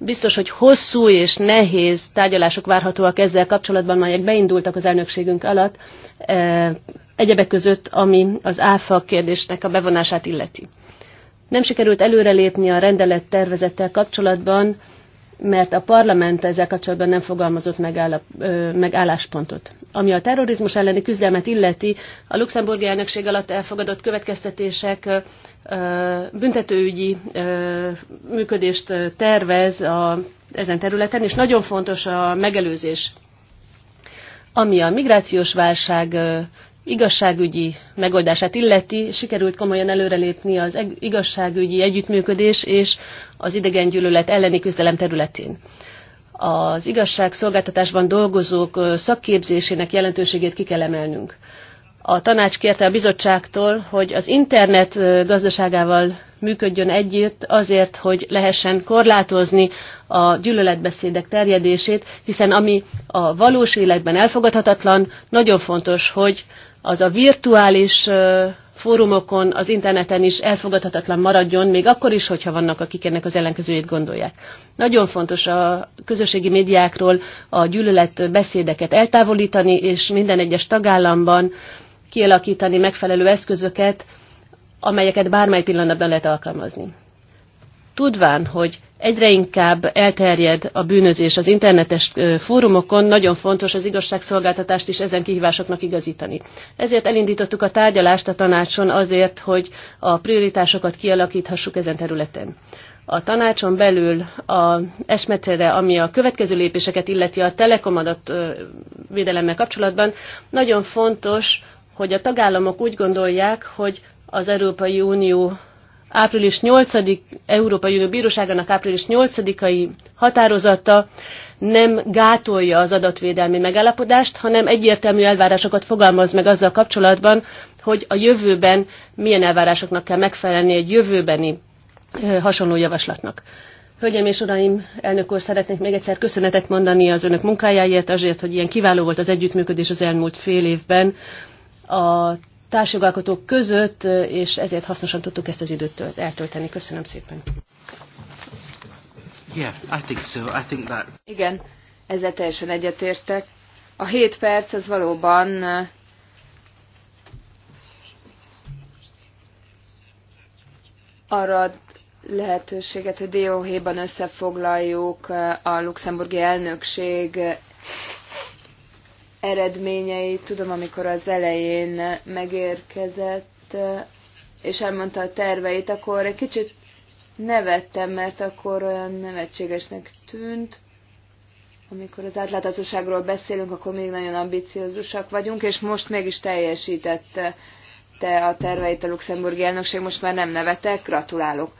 Biztos, hogy hosszú és nehéz tárgyalások várhatóak ezzel kapcsolatban, melyek beindultak az elnökségünk alatt, e, egyebek között, ami az áfa kérdésnek a bevonását illeti. Nem sikerült előrelépni a rendelet tervezettel kapcsolatban, mert a parlament ezzel kapcsolatban nem fogalmazott meg, álláspontot. Ami a terrorizmus elleni küzdelmet illeti, a luxemburgi elnökség alatt elfogadott következtetések büntetőügyi működést tervez a, ezen területen, és nagyon fontos a megelőzés. Ami a migrációs válság igazságügyi megoldását illeti, sikerült komolyan előrelépni az igazságügyi együttműködés és az idegengyűlölet elleni küzdelem területén. Az igazságszolgáltatásban dolgozók szakképzésének jelentőségét ki kell emelnünk. A tanács kérte a bizottságtól, hogy az internet gazdaságával működjön együtt azért, hogy lehessen korlátozni a gyűlöletbeszédek terjedését, hiszen ami a valós életben elfogadhatatlan, nagyon fontos, hogy az a virtuális fórumokon, az interneten is elfogadhatatlan maradjon, még akkor is, hogyha vannak, akik ennek az ellenkezőjét gondolják. Nagyon fontos a közösségi médiákról a gyűlölet beszédeket eltávolítani, és minden egyes tagállamban kialakítani megfelelő eszközöket, amelyeket bármely pillanatban lehet alkalmazni. Tudván, hogy egyre inkább elterjed a bűnözés az internetes fórumokon, nagyon fontos az igazságszolgáltatást is ezen kihívásoknak igazítani. Ezért elindítottuk a tárgyalást a tanácson azért, hogy a prioritásokat kialakíthassuk ezen területen. A tanácson belül a esmecsere, ami a következő lépéseket illeti a telekomadat védelemmel kapcsolatban, nagyon fontos, hogy a tagállamok úgy gondolják, hogy az Európai Unió április 8 Európai Unió Bíróságának április 8-ai határozata nem gátolja az adatvédelmi megállapodást, hanem egyértelmű elvárásokat fogalmaz meg azzal kapcsolatban, hogy a jövőben milyen elvárásoknak kell megfelelni egy jövőbeni hasonló javaslatnak. Hölgyeim és Uraim, elnök úr, szeretnék még egyszer köszönetet mondani az önök munkájáért, azért, hogy ilyen kiváló volt az együttműködés az elmúlt fél évben a társjogalkotók között, és ezért hasznosan tudtuk ezt az időt eltölteni. Köszönöm szépen. Yeah, I think so. I think that... Igen, ezzel teljesen egyetértek. A 7 perc az valóban arra lehetőséget, hogy Dióhéjban összefoglaljuk a luxemburgi elnökség eredményeit tudom, amikor az elején megérkezett, és elmondta a terveit, akkor egy kicsit nevettem, mert akkor olyan nevetségesnek tűnt. Amikor az átláthatóságról beszélünk, akkor még nagyon ambiciózusak vagyunk, és most mégis teljesítette te a terveit a luxemburgi elnökség, most már nem nevetek, gratulálok.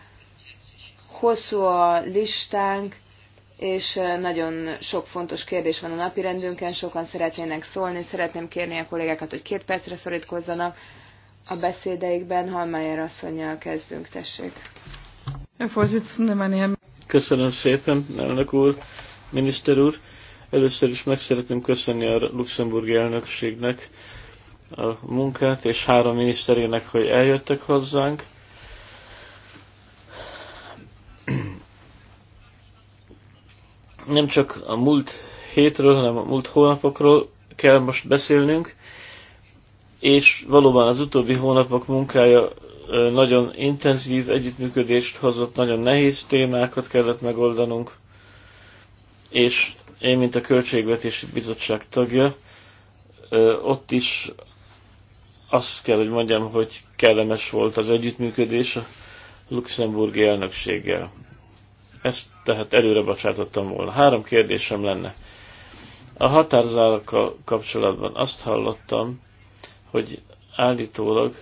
Hosszú a listánk, és nagyon sok fontos kérdés van a napirendünkön, sokan szeretnének szólni, szeretném kérni a kollégákat, hogy két percre szorítkozzanak a beszédeikben. Halmájer asszonynal kezdünk, tessék. Köszönöm szépen, elnök úr, miniszter úr. Először is meg szeretném köszönni a luxemburgi elnökségnek a munkát, és három miniszterének, hogy eljöttek hozzánk nem csak a múlt hétről, hanem a múlt hónapokról kell most beszélnünk, és valóban az utóbbi hónapok munkája nagyon intenzív együttműködést hozott, nagyon nehéz témákat kellett megoldanunk, és én, mint a Költségvetési Bizottság tagja, ott is azt kell, hogy mondjam, hogy kellemes volt az együttműködés a luxemburgi elnökséggel. Ezt tehát előre bocsátottam volna. Három kérdésem lenne. A határzárakkal kapcsolatban azt hallottam, hogy állítólag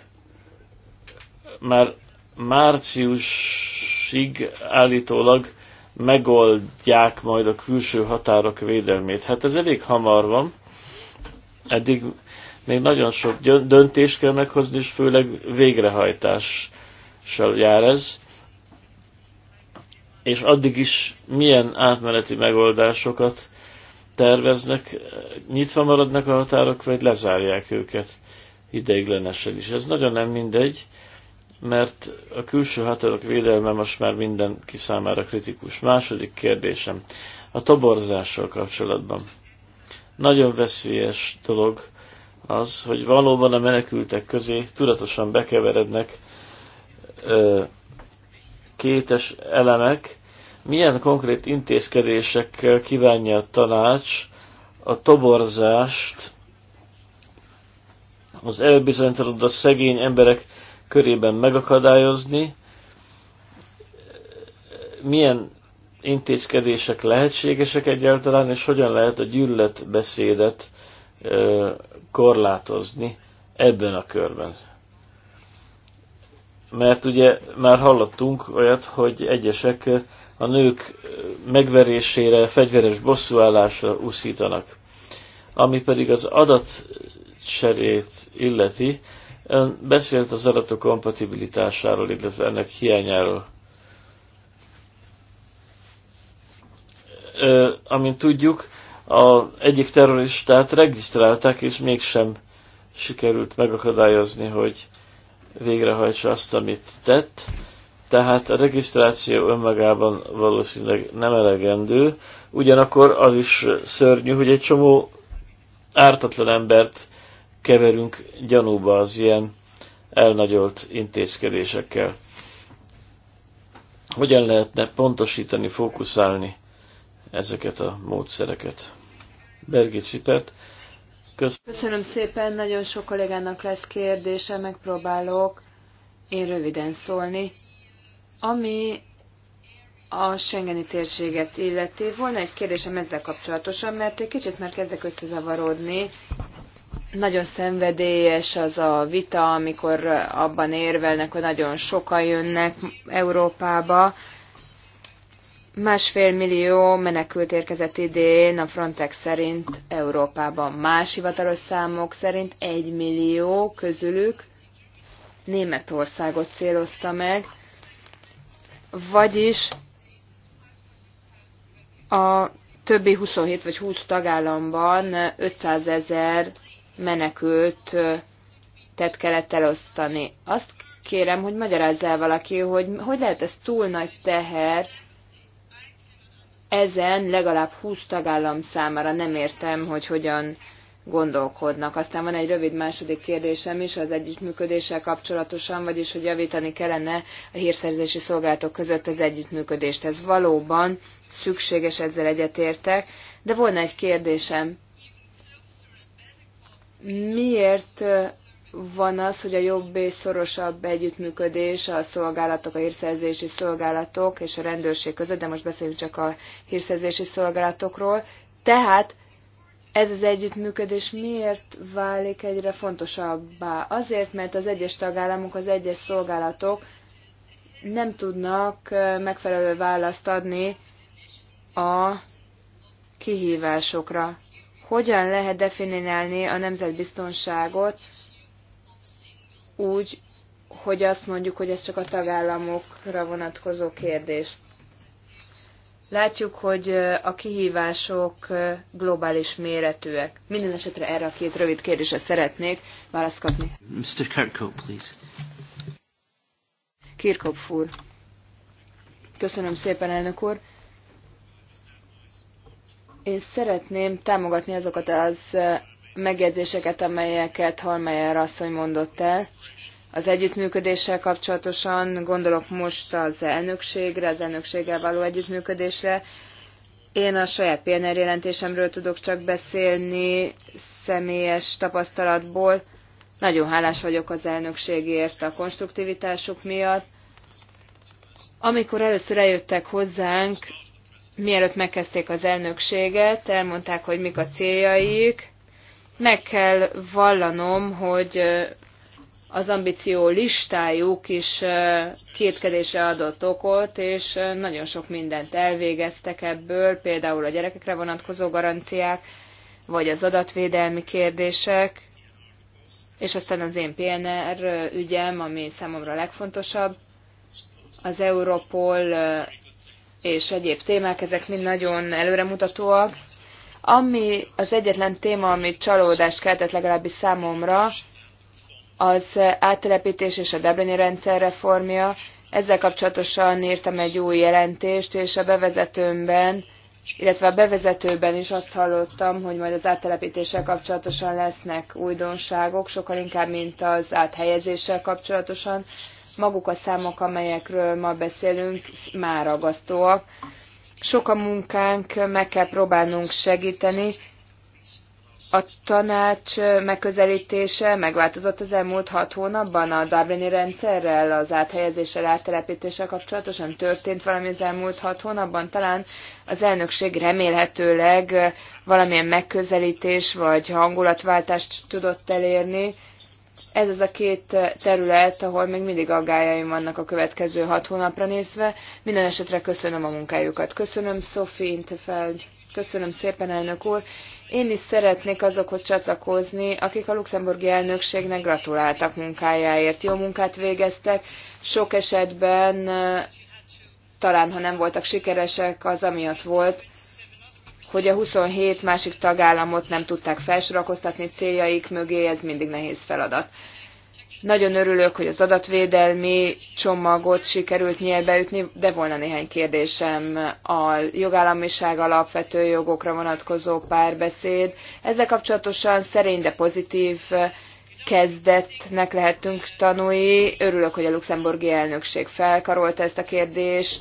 már márciusig állítólag megoldják majd a külső határok védelmét. Hát ez elég hamar van. Eddig még nagyon sok döntést kell meghozni, és főleg végrehajtással jár ez és addig is milyen átmeneti megoldásokat terveznek, nyitva maradnak a határok, vagy lezárják őket ideiglenesen is. Ez nagyon nem mindegy, mert a külső határok védelme most már mindenki számára kritikus. Második kérdésem, a toborzással kapcsolatban. Nagyon veszélyes dolog az, hogy valóban a menekültek közé tudatosan bekeverednek ö, kétes elemek, milyen konkrét intézkedésekkel kívánja a tanács a toborzást az elbizonytalanodott szegény emberek körében megakadályozni, milyen intézkedések lehetségesek egyáltalán, és hogyan lehet a gyűlöletbeszédet korlátozni ebben a körben mert ugye már hallottunk olyat, hogy egyesek a nők megverésére, fegyveres bosszúállásra úszítanak. Ami pedig az adatcserét illeti, ön beszélt az adatok kompatibilitásáról, illetve ennek hiányáról. amint tudjuk, a egyik terroristát regisztrálták, és mégsem sikerült megakadályozni, hogy végrehajtsa azt, amit tett. Tehát a regisztráció önmagában valószínűleg nem elegendő, ugyanakkor az is szörnyű, hogy egy csomó ártatlan embert keverünk gyanúba az ilyen elnagyolt intézkedésekkel. Hogyan lehetne pontosítani, fókuszálni ezeket a módszereket? Bergi Cipert. Köszönöm. Köszönöm szépen, nagyon sok kollégának lesz kérdése, megpróbálok én röviden szólni. Ami a Schengeni térséget illeti, volna egy kérdésem ezzel kapcsolatosan, mert egy kicsit már kezdek összezavarodni. Nagyon szenvedélyes az a vita, amikor abban érvelnek, hogy nagyon sokan jönnek Európába, Másfél millió menekült érkezett idén a Frontex szerint Európában. Más hivatalos számok szerint egy millió közülük Németországot célozta meg, vagyis a többi 27 vagy 20 tagállamban 500 ezer menekült tett kellett elosztani. Azt kérem, hogy magyarázz el valaki, hogy hogy lehet ez túl nagy teher, ezen legalább 20 tagállam számára nem értem, hogy hogyan gondolkodnak. Aztán van egy rövid második kérdésem is az együttműködéssel kapcsolatosan, vagyis hogy javítani kellene a hírszerzési szolgálatok között az együttműködést. Ez valóban szükséges, ezzel egyetértek, de volna egy kérdésem. Miért van az, hogy a jobb és szorosabb együttműködés a szolgálatok, a hírszerzési szolgálatok és a rendőrség között, de most beszéljünk csak a hírszerzési szolgálatokról. Tehát ez az együttműködés miért válik egyre fontosabbá? Azért, mert az egyes tagállamok, az egyes szolgálatok nem tudnak megfelelő választ adni a kihívásokra. Hogyan lehet definiálni a nemzetbiztonságot úgy, hogy azt mondjuk, hogy ez csak a tagállamokra vonatkozó kérdés. Látjuk, hogy a kihívások globális méretűek. Minden esetre erre a két rövid kérdésre szeretnék választ kapni. Mr. Kirkhope, please. Kirkhope úr. Köszönöm szépen, elnök úr. Én szeretném támogatni azokat az megjegyzéseket, amelyeket Halmeyer asszony mondott el. Az együttműködéssel kapcsolatosan gondolok most az elnökségre, az elnökséggel való együttműködésre. Én a saját PNR jelentésemről tudok csak beszélni személyes tapasztalatból. Nagyon hálás vagyok az elnökségért a konstruktivitásuk miatt. Amikor először eljöttek hozzánk, mielőtt megkezdték az elnökséget, elmondták, hogy mik a céljaik, meg kell vallanom, hogy az ambíció listájuk is kétkedése adott okot, és nagyon sok mindent elvégeztek ebből, például a gyerekekre vonatkozó garanciák, vagy az adatvédelmi kérdések, és aztán az én PNR ügyem, ami számomra legfontosabb, az Europol és egyéb témák, ezek mind nagyon előremutatóak, ami az egyetlen téma, ami csalódást keltett legalábbis számomra, az áttelepítés és a Dublini rendszer reformja. Ezzel kapcsolatosan írtam egy új jelentést, és a bevezetőmben, illetve a bevezetőben is azt hallottam, hogy majd az áttelepítéssel kapcsolatosan lesznek újdonságok, sokkal inkább, mint az áthelyezéssel kapcsolatosan. Maguk a számok, amelyekről ma beszélünk, már ragasztóak sok a munkánk, meg kell próbálnunk segíteni. A tanács megközelítése megváltozott az elmúlt hat hónapban a Darwini rendszerrel, az áthelyezéssel, áttelepítéssel kapcsolatosan történt valami az elmúlt hat hónapban. Talán az elnökség remélhetőleg valamilyen megközelítés vagy hangulatváltást tudott elérni ez az a két terület, ahol még mindig aggájaim vannak a következő hat hónapra nézve. Minden esetre köszönöm a munkájukat. Köszönöm Sofi Intefeld, köszönöm szépen elnök úr. Én is szeretnék azokhoz csatlakozni, akik a luxemburgi elnökségnek gratuláltak munkájáért. Jó munkát végeztek, sok esetben eh, talán, ha nem voltak sikeresek, az amiatt volt, hogy a 27 másik tagállamot nem tudták felsorakoztatni céljaik mögé, ez mindig nehéz feladat. Nagyon örülök, hogy az adatvédelmi csomagot sikerült nyelbeütni, de volna néhány kérdésem a jogállamiság alapvető jogokra vonatkozó párbeszéd. Ezzel kapcsolatosan szerény, de pozitív kezdetnek lehetünk tanulni. Örülök, hogy a luxemburgi elnökség felkarolta ezt a kérdést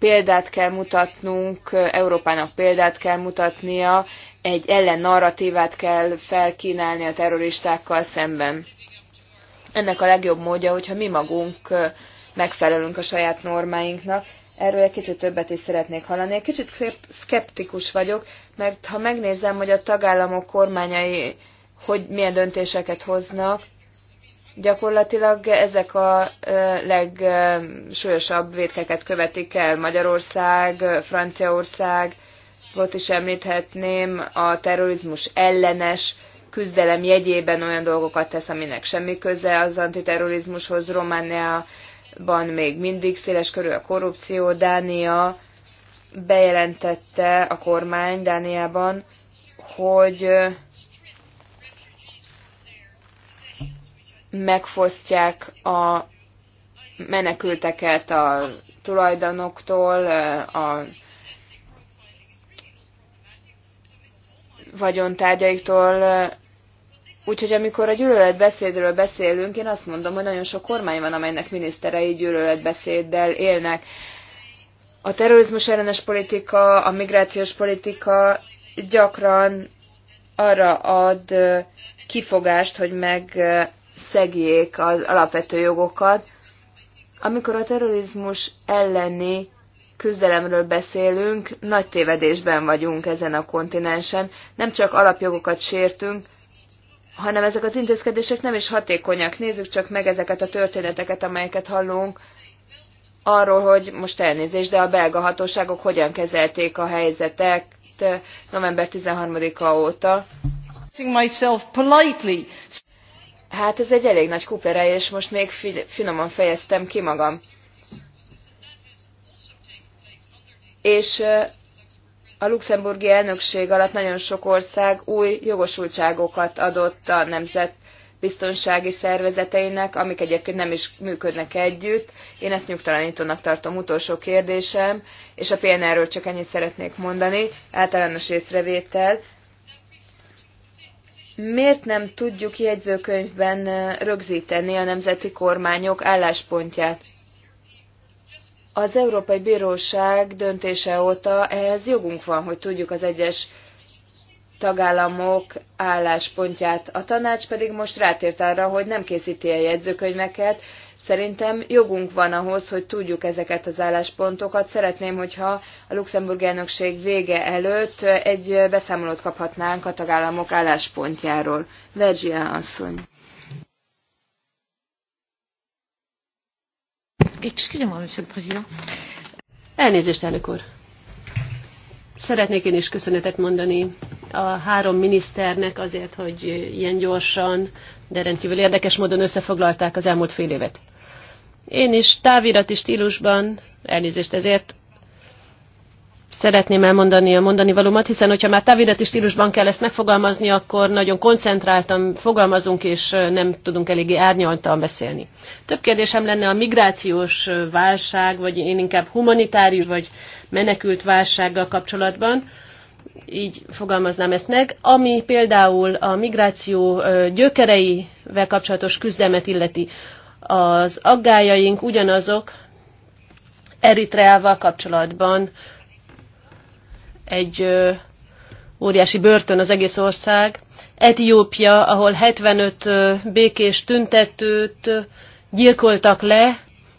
Példát kell mutatnunk, Európának példát kell mutatnia, egy narratívát kell felkínálni a terroristákkal szemben. Ennek a legjobb módja, hogyha mi magunk megfelelünk a saját normáinknak. Erről egy kicsit többet is szeretnék hallani. Egy kicsit szkeptikus vagyok, mert ha megnézem, hogy a tagállamok kormányai hogy milyen döntéseket hoznak, gyakorlatilag ezek a legsúlyosabb védkeket követik el. Magyarország, Franciaország, ott is említhetném a terrorizmus ellenes küzdelem jegyében olyan dolgokat tesz, aminek semmi köze az antiterrorizmushoz. Romániában még mindig széles körül a korrupció. Dánia bejelentette a kormány Dániában, hogy megfosztják a menekülteket a tulajdonoktól, a vagyontárgyaiktól. Úgyhogy amikor a gyűlöletbeszédről beszélünk, én azt mondom, hogy nagyon sok kormány van, amelynek miniszterei gyűlöletbeszéddel élnek. A terrorizmus ellenes politika, a migrációs politika gyakran arra ad kifogást, hogy meg szegjék az alapvető jogokat. Amikor a terrorizmus elleni küzdelemről beszélünk, nagy tévedésben vagyunk ezen a kontinensen. Nem csak alapjogokat sértünk, hanem ezek az intézkedések nem is hatékonyak. Nézzük csak meg ezeket a történeteket, amelyeket hallunk arról, hogy most elnézés, de a belga hatóságok hogyan kezelték a helyzetet november 13-a óta. Hát ez egy elég nagy kupera, és most még finoman fejeztem ki magam. És a luxemburgi elnökség alatt nagyon sok ország új jogosultságokat adott a nemzet biztonsági szervezeteinek, amik egyébként nem is működnek együtt. Én ezt nyugtalanítónak tartom utolsó kérdésem, és a PNR-ről csak ennyit szeretnék mondani, általános észrevétel miért nem tudjuk jegyzőkönyvben rögzíteni a nemzeti kormányok álláspontját? Az Európai Bíróság döntése óta ehhez jogunk van, hogy tudjuk az egyes tagállamok álláspontját. A tanács pedig most rátért arra, hogy nem készíti a jegyzőkönyveket, Szerintem jogunk van ahhoz, hogy tudjuk ezeket az álláspontokat. Szeretném, hogyha a Luxemburg elnökség vége előtt egy beszámolót kaphatnánk a tagállamok álláspontjáról. Vergia asszony. Elnézést, elnök úr. Szeretnék én is köszönetet mondani a három miniszternek azért, hogy ilyen gyorsan, de rendkívül érdekes módon összefoglalták az elmúlt fél évet. Én is távirati stílusban, elnézést ezért, szeretném elmondani a mondani valómat, hiszen hogyha már távirati stílusban kell ezt megfogalmazni, akkor nagyon koncentráltan fogalmazunk, és nem tudunk eléggé árnyaltan beszélni. Több kérdésem lenne a migrációs válság, vagy én inkább humanitárius, vagy menekült válsággal kapcsolatban. Így fogalmaznám ezt meg. Ami például a migráció gyökereivel kapcsolatos küzdelmet illeti, az aggájaink ugyanazok Eritreával kapcsolatban. Egy ö, óriási börtön az egész ország. Etiópia, ahol 75 ö, békés tüntetőt ö, gyilkoltak le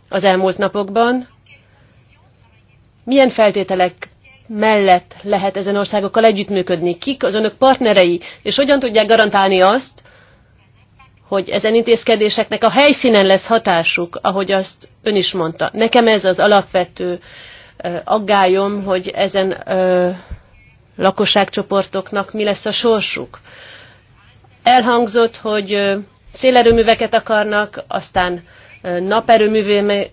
az elmúlt napokban. Milyen feltételek mellett lehet ezen országokkal együttműködni? Kik az önök partnerei, és hogyan tudják garantálni azt, hogy ezen intézkedéseknek a helyszínen lesz hatásuk, ahogy azt ön is mondta. Nekem ez az alapvető aggályom, hogy ezen ö, lakosságcsoportoknak mi lesz a sorsuk. Elhangzott, hogy szélerőműveket akarnak, aztán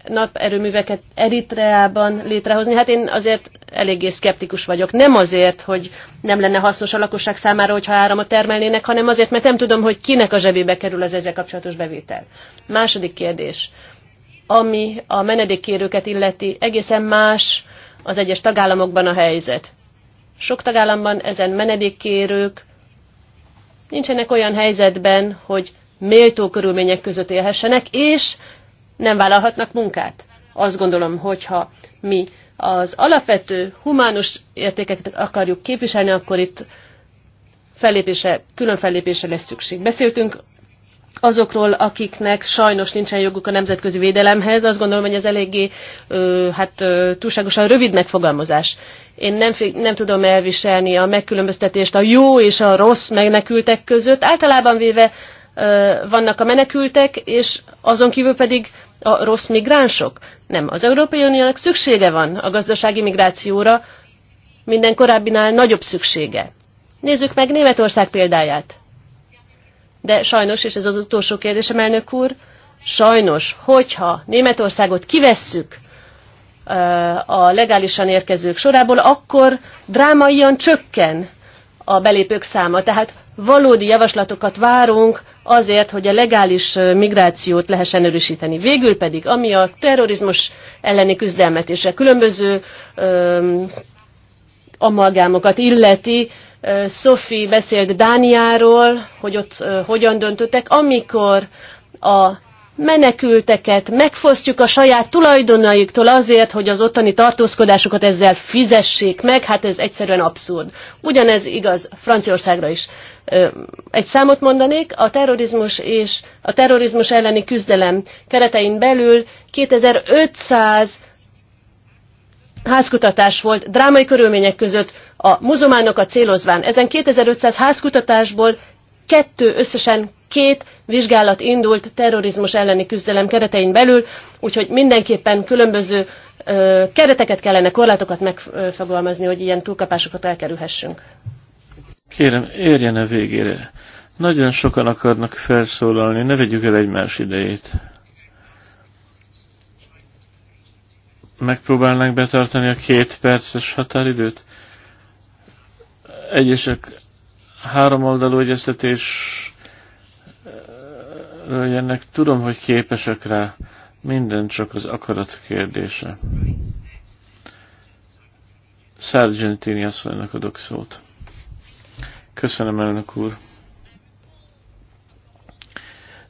naperőműveket Eritreában létrehozni. Hát én azért eléggé szkeptikus vagyok. Nem azért, hogy nem lenne hasznos a lakosság számára, hogyha áramot termelnének, hanem azért, mert nem tudom, hogy kinek a zsebébe kerül az ezzel kapcsolatos bevétel. Második kérdés. Ami a menedékkérőket illeti, egészen más az egyes tagállamokban a helyzet. Sok tagállamban ezen menedékkérők nincsenek olyan helyzetben, hogy méltó körülmények között élhessenek, és nem vállalhatnak munkát. Azt gondolom, hogyha mi az alapvető humánus értékeket akarjuk képviselni, akkor itt fellépése, külön fellépése lesz szükség. Beszéltünk azokról, akiknek sajnos nincsen joguk a nemzetközi védelemhez, azt gondolom, hogy ez eléggé ö, hát, ö, túlságosan rövid megfogalmazás. Én nem, nem tudom elviselni a megkülönböztetést a jó és a rossz menekültek között. Általában véve ö, vannak a menekültek, és azon kívül pedig a rossz migránsok? Nem. Az Európai Uniónak szüksége van a gazdasági migrációra, minden korábbinál nagyobb szüksége. Nézzük meg Németország példáját. De sajnos, és ez az utolsó kérdésem, elnök úr, sajnos, hogyha Németországot kivesszük a legálisan érkezők sorából, akkor drámaian csökken a belépők száma. Tehát valódi javaslatokat várunk azért, hogy a legális migrációt lehessen erősíteni. Végül pedig, ami a terrorizmus elleni küzdelmet és a különböző öm, amalgámokat illeti, Sophie beszélt Dániáról, hogy ott hogyan döntöttek, amikor a menekülteket megfosztjuk a saját tulajdonaiktól azért, hogy az ottani tartózkodásukat ezzel fizessék meg, hát ez egyszerűen abszurd. Ugyanez igaz Franciaországra is. Egy számot mondanék, a terrorizmus és a terrorizmus elleni küzdelem keretein belül 2500 házkutatás volt drámai körülmények között a muzulmánokat célozván. Ezen 2500 házkutatásból kettő, összesen két vizsgálat indult terrorizmus elleni küzdelem keretein belül, úgyhogy mindenképpen különböző ö, kereteket kellene, korlátokat megfogalmazni, hogy ilyen túlkapásokat elkerülhessünk. Kérem, érjen a végére. Nagyon sokan akarnak felszólalni, ne vegyük el egymás idejét. Megpróbálnánk betartani a két perces határidőt? Egyesek háromoldalú egyeztetés ennek tudom, hogy képesek rá, minden csak az akarat kérdése. Sargentini asszonynak adok szót. Köszönöm, elnök úr.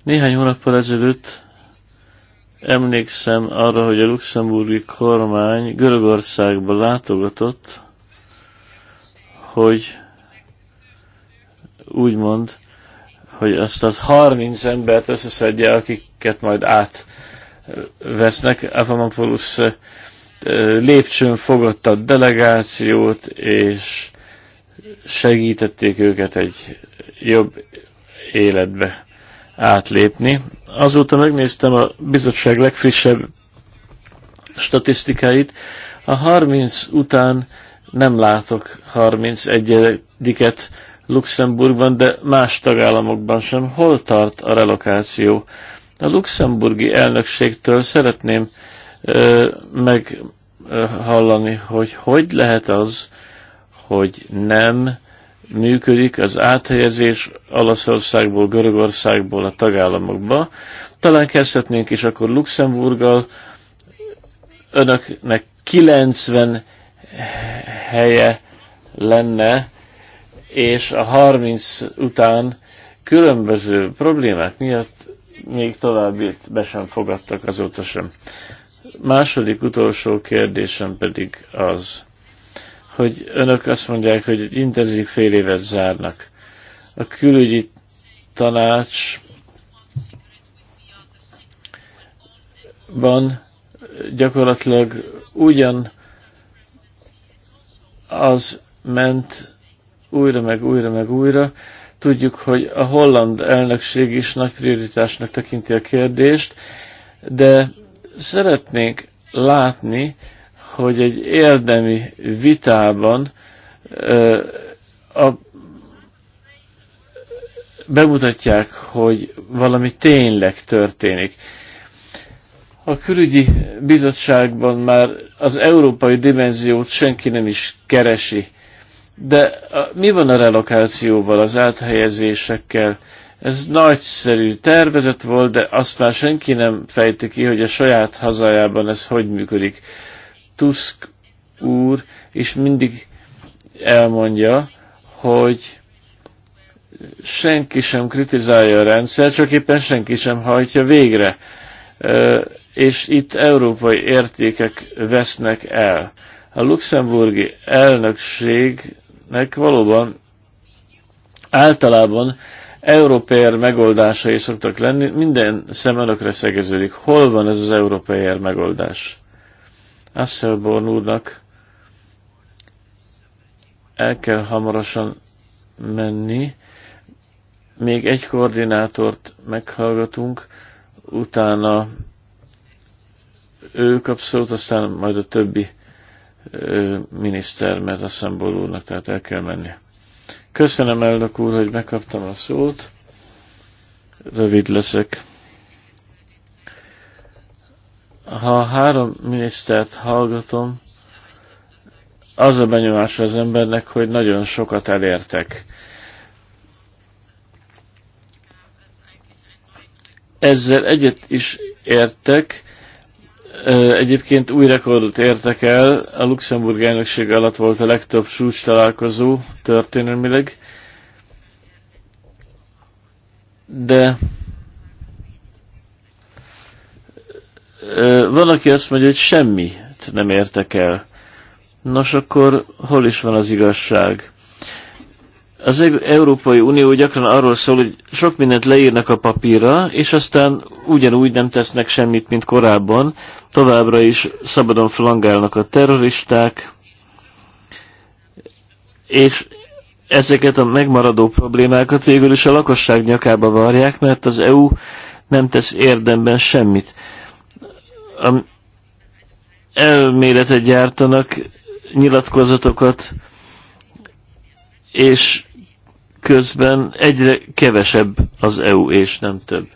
Néhány hónappal ezelőtt emlékszem arra, hogy a luxemburgi kormány Görögországba látogatott, hogy úgymond, hogy azt az 30 embert összeszedje, akiket majd átvesznek. Avamapolusz lépcsőn fogadta a delegációt, és segítették őket egy jobb életbe átlépni. Azóta megnéztem a bizottság legfrissebb statisztikáit. A 30 után nem látok 31-et Luxemburgban, de más tagállamokban sem. Hol tart a relokáció? A luxemburgi elnökségtől szeretném ö, meghallani, hogy hogy lehet az, hogy nem működik az áthelyezés Olaszországból, Görögországból a tagállamokba. Talán kezdhetnénk is akkor Luxemburggal. Önöknek 90 helye lenne és a 30 után különböző problémák miatt még továbbit be sem fogadtak azóta sem. Második utolsó kérdésem pedig az, hogy önök azt mondják, hogy egy intenzív fél évet zárnak. A külügyi tanácsban gyakorlatilag ugyan az ment újra meg újra meg újra. Tudjuk, hogy a holland elnökség is nagy prioritásnak tekinti a kérdést, de szeretnénk látni, hogy egy érdemi vitában ö, a, bemutatják, hogy valami tényleg történik. A külügyi bizottságban már az európai dimenziót senki nem is keresi. De a, mi van a relokációval, az áthelyezésekkel? Ez nagyszerű tervezet volt, de azt már senki nem fejti ki, hogy a saját hazájában ez hogy működik. Tusk úr is mindig elmondja, hogy senki sem kritizálja a rendszer, csak éppen senki sem hajtja végre. És itt európai értékek vesznek el. A luxemburgi elnökség embereknek valóban általában európai megoldásai szoktak lenni, minden szem önökre szegeződik. Hol van ez az európai megoldás? Asselborn úrnak el kell hamarosan menni. Még egy koordinátort meghallgatunk, utána ő kap szót, aztán majd a többi ő miniszter, mert a szambolónak, tehát el kell menni. Köszönöm, elnök úr, hogy megkaptam a szót. Rövid leszek. Ha három minisztert hallgatom, az a benyomás az embernek, hogy nagyon sokat elértek. Ezzel egyet is értek, Egyébként új rekordot értek el, a Luxemburg elnökség alatt volt a legtöbb súcs találkozó történelmileg, de van, aki azt mondja, hogy semmit nem értek el. Nos, akkor hol is van az igazság? Az Európai Unió gyakran arról szól, hogy sok mindent leírnak a papírra, és aztán ugyanúgy nem tesznek semmit, mint korábban, Továbbra is szabadon flangálnak a terroristák, és ezeket a megmaradó problémákat végül is a lakosság nyakába varják, mert az EU nem tesz érdemben semmit. A elméletet gyártanak, nyilatkozatokat, és közben egyre kevesebb az EU, és nem több.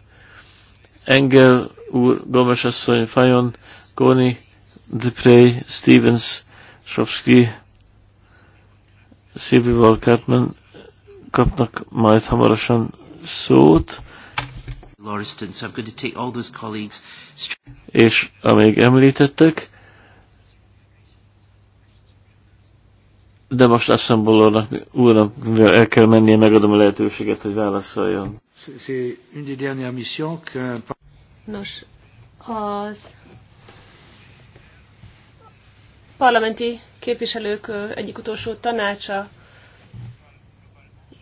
Engel úr, Gomes asszony, Fajon Kony, Dupré, Stevens, Sovski, Szibival Cartman kapnak majd hamarosan szót. Lauriston, so I'm going to take all those colleagues. És amíg említettek, de most Assemblónak úrnak, mivel el kell mennie, megadom a lehetőséget, hogy válaszoljon. Nos, az parlamenti képviselők egyik utolsó tanácsa.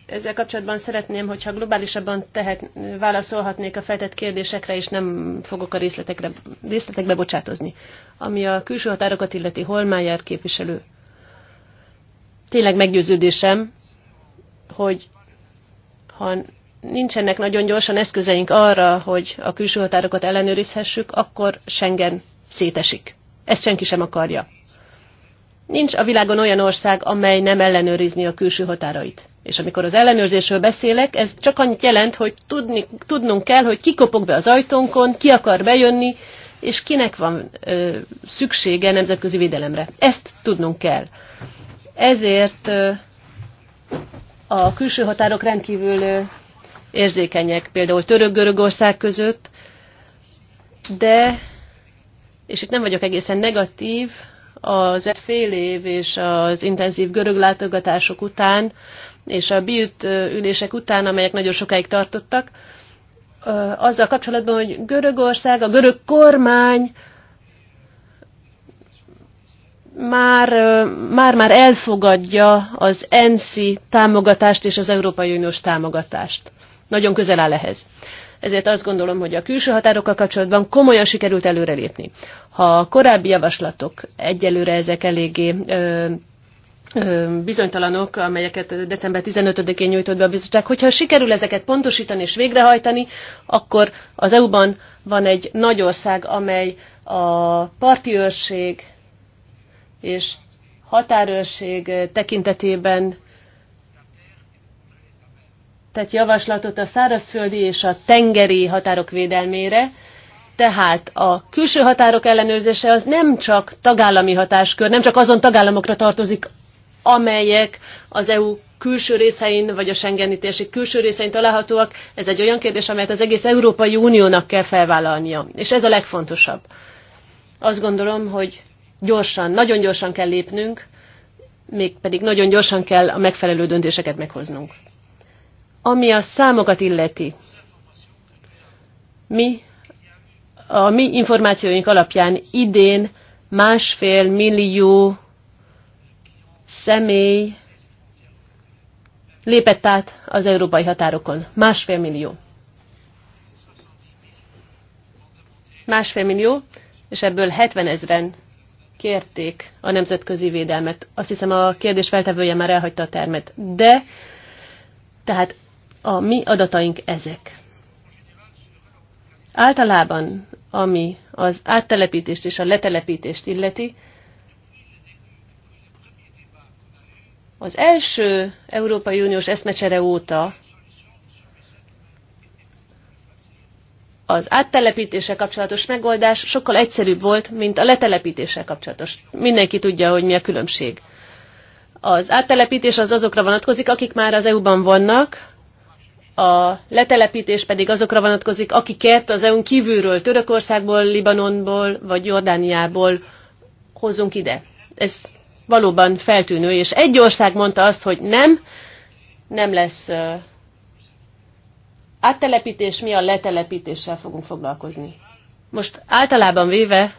Ezzel kapcsolatban szeretném, hogyha globálisabban tehet, válaszolhatnék a feltett kérdésekre, és nem fogok a részletekre, részletekbe bocsátozni. Ami a külső határokat illeti Holmájár képviselő. Tényleg meggyőződésem, hogy ha nincsenek nagyon gyorsan eszközeink arra, hogy a külső határokat ellenőrizhessük, akkor Schengen szétesik. Ezt senki sem akarja. Nincs a világon olyan ország, amely nem ellenőrizni a külső határait. És amikor az ellenőrzésről beszélek, ez csak annyit jelent, hogy tudni, tudnunk kell, hogy ki kopog be az ajtónkon, ki akar bejönni, és kinek van ö, szüksége nemzetközi védelemre. Ezt tudnunk kell. Ezért ö, a külső határok rendkívül ö, érzékenyek, például Török-Görögország között, de, és itt nem vagyok egészen negatív, az fél év és az intenzív görög látogatások után, és a biüt ülések után, amelyek nagyon sokáig tartottak, azzal kapcsolatban, hogy Görögország, a görög kormány már, már, már elfogadja az ENSZI támogatást és az Európai Uniós támogatást. Nagyon közel áll ehhez ezért azt gondolom, hogy a külső határokkal kapcsolatban komolyan sikerült előrelépni. Ha a korábbi javaslatok egyelőre ezek eléggé ö, ö, bizonytalanok, amelyeket december 15-én nyújtott be a bizottság, hogyha sikerül ezeket pontosítani és végrehajtani, akkor az EU-ban van egy nagy ország, amely a parti őrség és határőrség tekintetében tett javaslatot a szárazföldi és a tengeri határok védelmére, tehát a külső határok ellenőrzése az nem csak tagállami hatáskör, nem csak azon tagállamokra tartozik, amelyek az EU külső részein, vagy a Schengeni térség külső részein találhatóak, ez egy olyan kérdés, amelyet az egész Európai Uniónak kell felvállalnia. És ez a legfontosabb. Azt gondolom, hogy gyorsan, nagyon gyorsan kell lépnünk, mégpedig nagyon gyorsan kell a megfelelő döntéseket meghoznunk. Ami a számokat illeti, mi a mi információink alapján idén másfél millió személy lépett át az európai határokon. Másfél millió. Másfél millió, és ebből 70 ezeren kérték a nemzetközi védelmet. Azt hiszem a kérdés feltevője már elhagyta a termet. De, tehát a mi adataink ezek. Általában, ami az áttelepítést és a letelepítést illeti, az első Európai Uniós eszmecsere óta az áttelepítése kapcsolatos megoldás sokkal egyszerűbb volt, mint a letelepítése kapcsolatos. Mindenki tudja, hogy mi a különbség. Az áttelepítés az azokra vonatkozik, akik már az EU-ban vannak, a letelepítés pedig azokra vonatkozik, akiket az EU-n kívülről, Törökországból, Libanonból vagy Jordániából hozunk ide. Ez valóban feltűnő, és egy ország mondta azt, hogy nem, nem lesz áttelepítés, mi a letelepítéssel fogunk foglalkozni. Most általában véve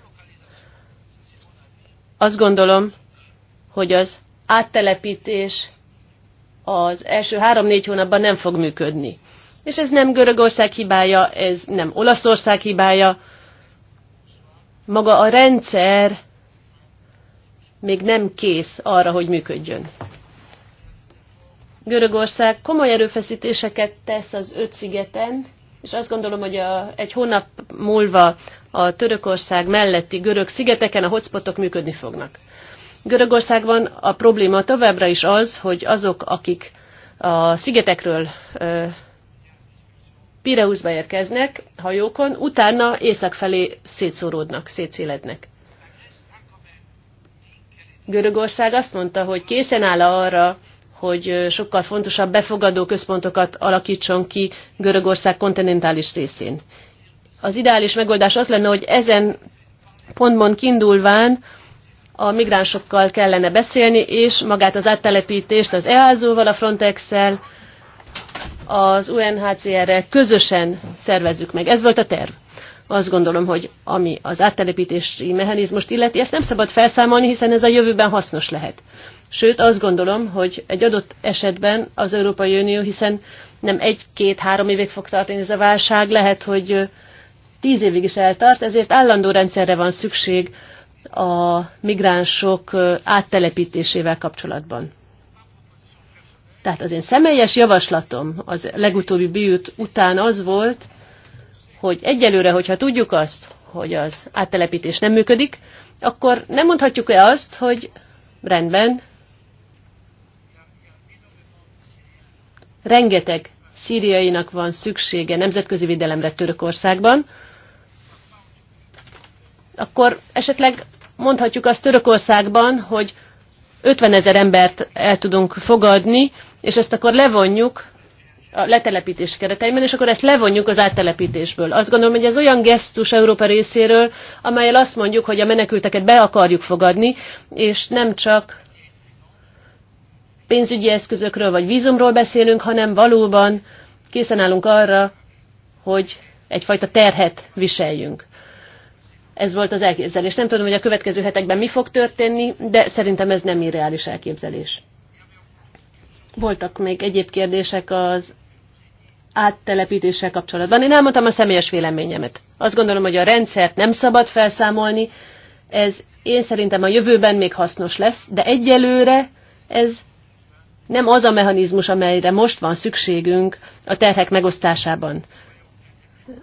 azt gondolom, hogy az áttelepítés az első három-négy hónapban nem fog működni. És ez nem Görögország hibája, ez nem Olaszország hibája. Maga a rendszer még nem kész arra, hogy működjön. Görögország komoly erőfeszítéseket tesz az öt szigeten, és azt gondolom, hogy a, egy hónap múlva a Törökország melletti görög szigeteken a hotspotok működni fognak. Görögországban a probléma továbbra is az, hogy azok, akik a szigetekről Pireuszba érkeznek hajókon, utána észak felé szétszóródnak, szétszélednek. Görögország azt mondta, hogy készen áll arra, hogy sokkal fontosabb befogadó központokat alakítson ki Görögország kontinentális részén. Az ideális megoldás az lenne, hogy ezen pontban kiindulván a migránsokkal kellene beszélni, és magát az áttelepítést az EASO-val, a Frontex-el, az unhcr re közösen szervezzük meg. Ez volt a terv. Azt gondolom, hogy ami az áttelepítési mechanizmust illeti, ezt nem szabad felszámolni, hiszen ez a jövőben hasznos lehet. Sőt, azt gondolom, hogy egy adott esetben az Európai Unió, hiszen nem egy-két-három évig fog tartani ez a válság, lehet, hogy tíz évig is eltart, ezért állandó rendszerre van szükség a migránsok áttelepítésével kapcsolatban. Tehát az én személyes javaslatom az legutóbbi biut után az volt, hogy egyelőre, hogyha tudjuk azt, hogy az áttelepítés nem működik, akkor nem mondhatjuk-e azt, hogy rendben, rengeteg szíriainak van szüksége nemzetközi védelemre Törökországban, akkor esetleg mondhatjuk azt Törökországban, hogy 50 ezer embert el tudunk fogadni, és ezt akkor levonjuk a letelepítés kereteiben, és akkor ezt levonjuk az áttelepítésből. Azt gondolom, hogy ez olyan gesztus Európa részéről, amelyel azt mondjuk, hogy a menekülteket be akarjuk fogadni, és nem csak pénzügyi eszközökről vagy vízumról beszélünk, hanem valóban készen állunk arra, hogy egyfajta terhet viseljünk. Ez volt az elképzelés. Nem tudom, hogy a következő hetekben mi fog történni, de szerintem ez nem irreális elképzelés. Voltak még egyéb kérdések az áttelepítéssel kapcsolatban. Én elmondtam a személyes véleményemet. Azt gondolom, hogy a rendszert nem szabad felszámolni, ez én szerintem a jövőben még hasznos lesz, de egyelőre ez nem az a mechanizmus, amelyre most van szükségünk a terhek megosztásában.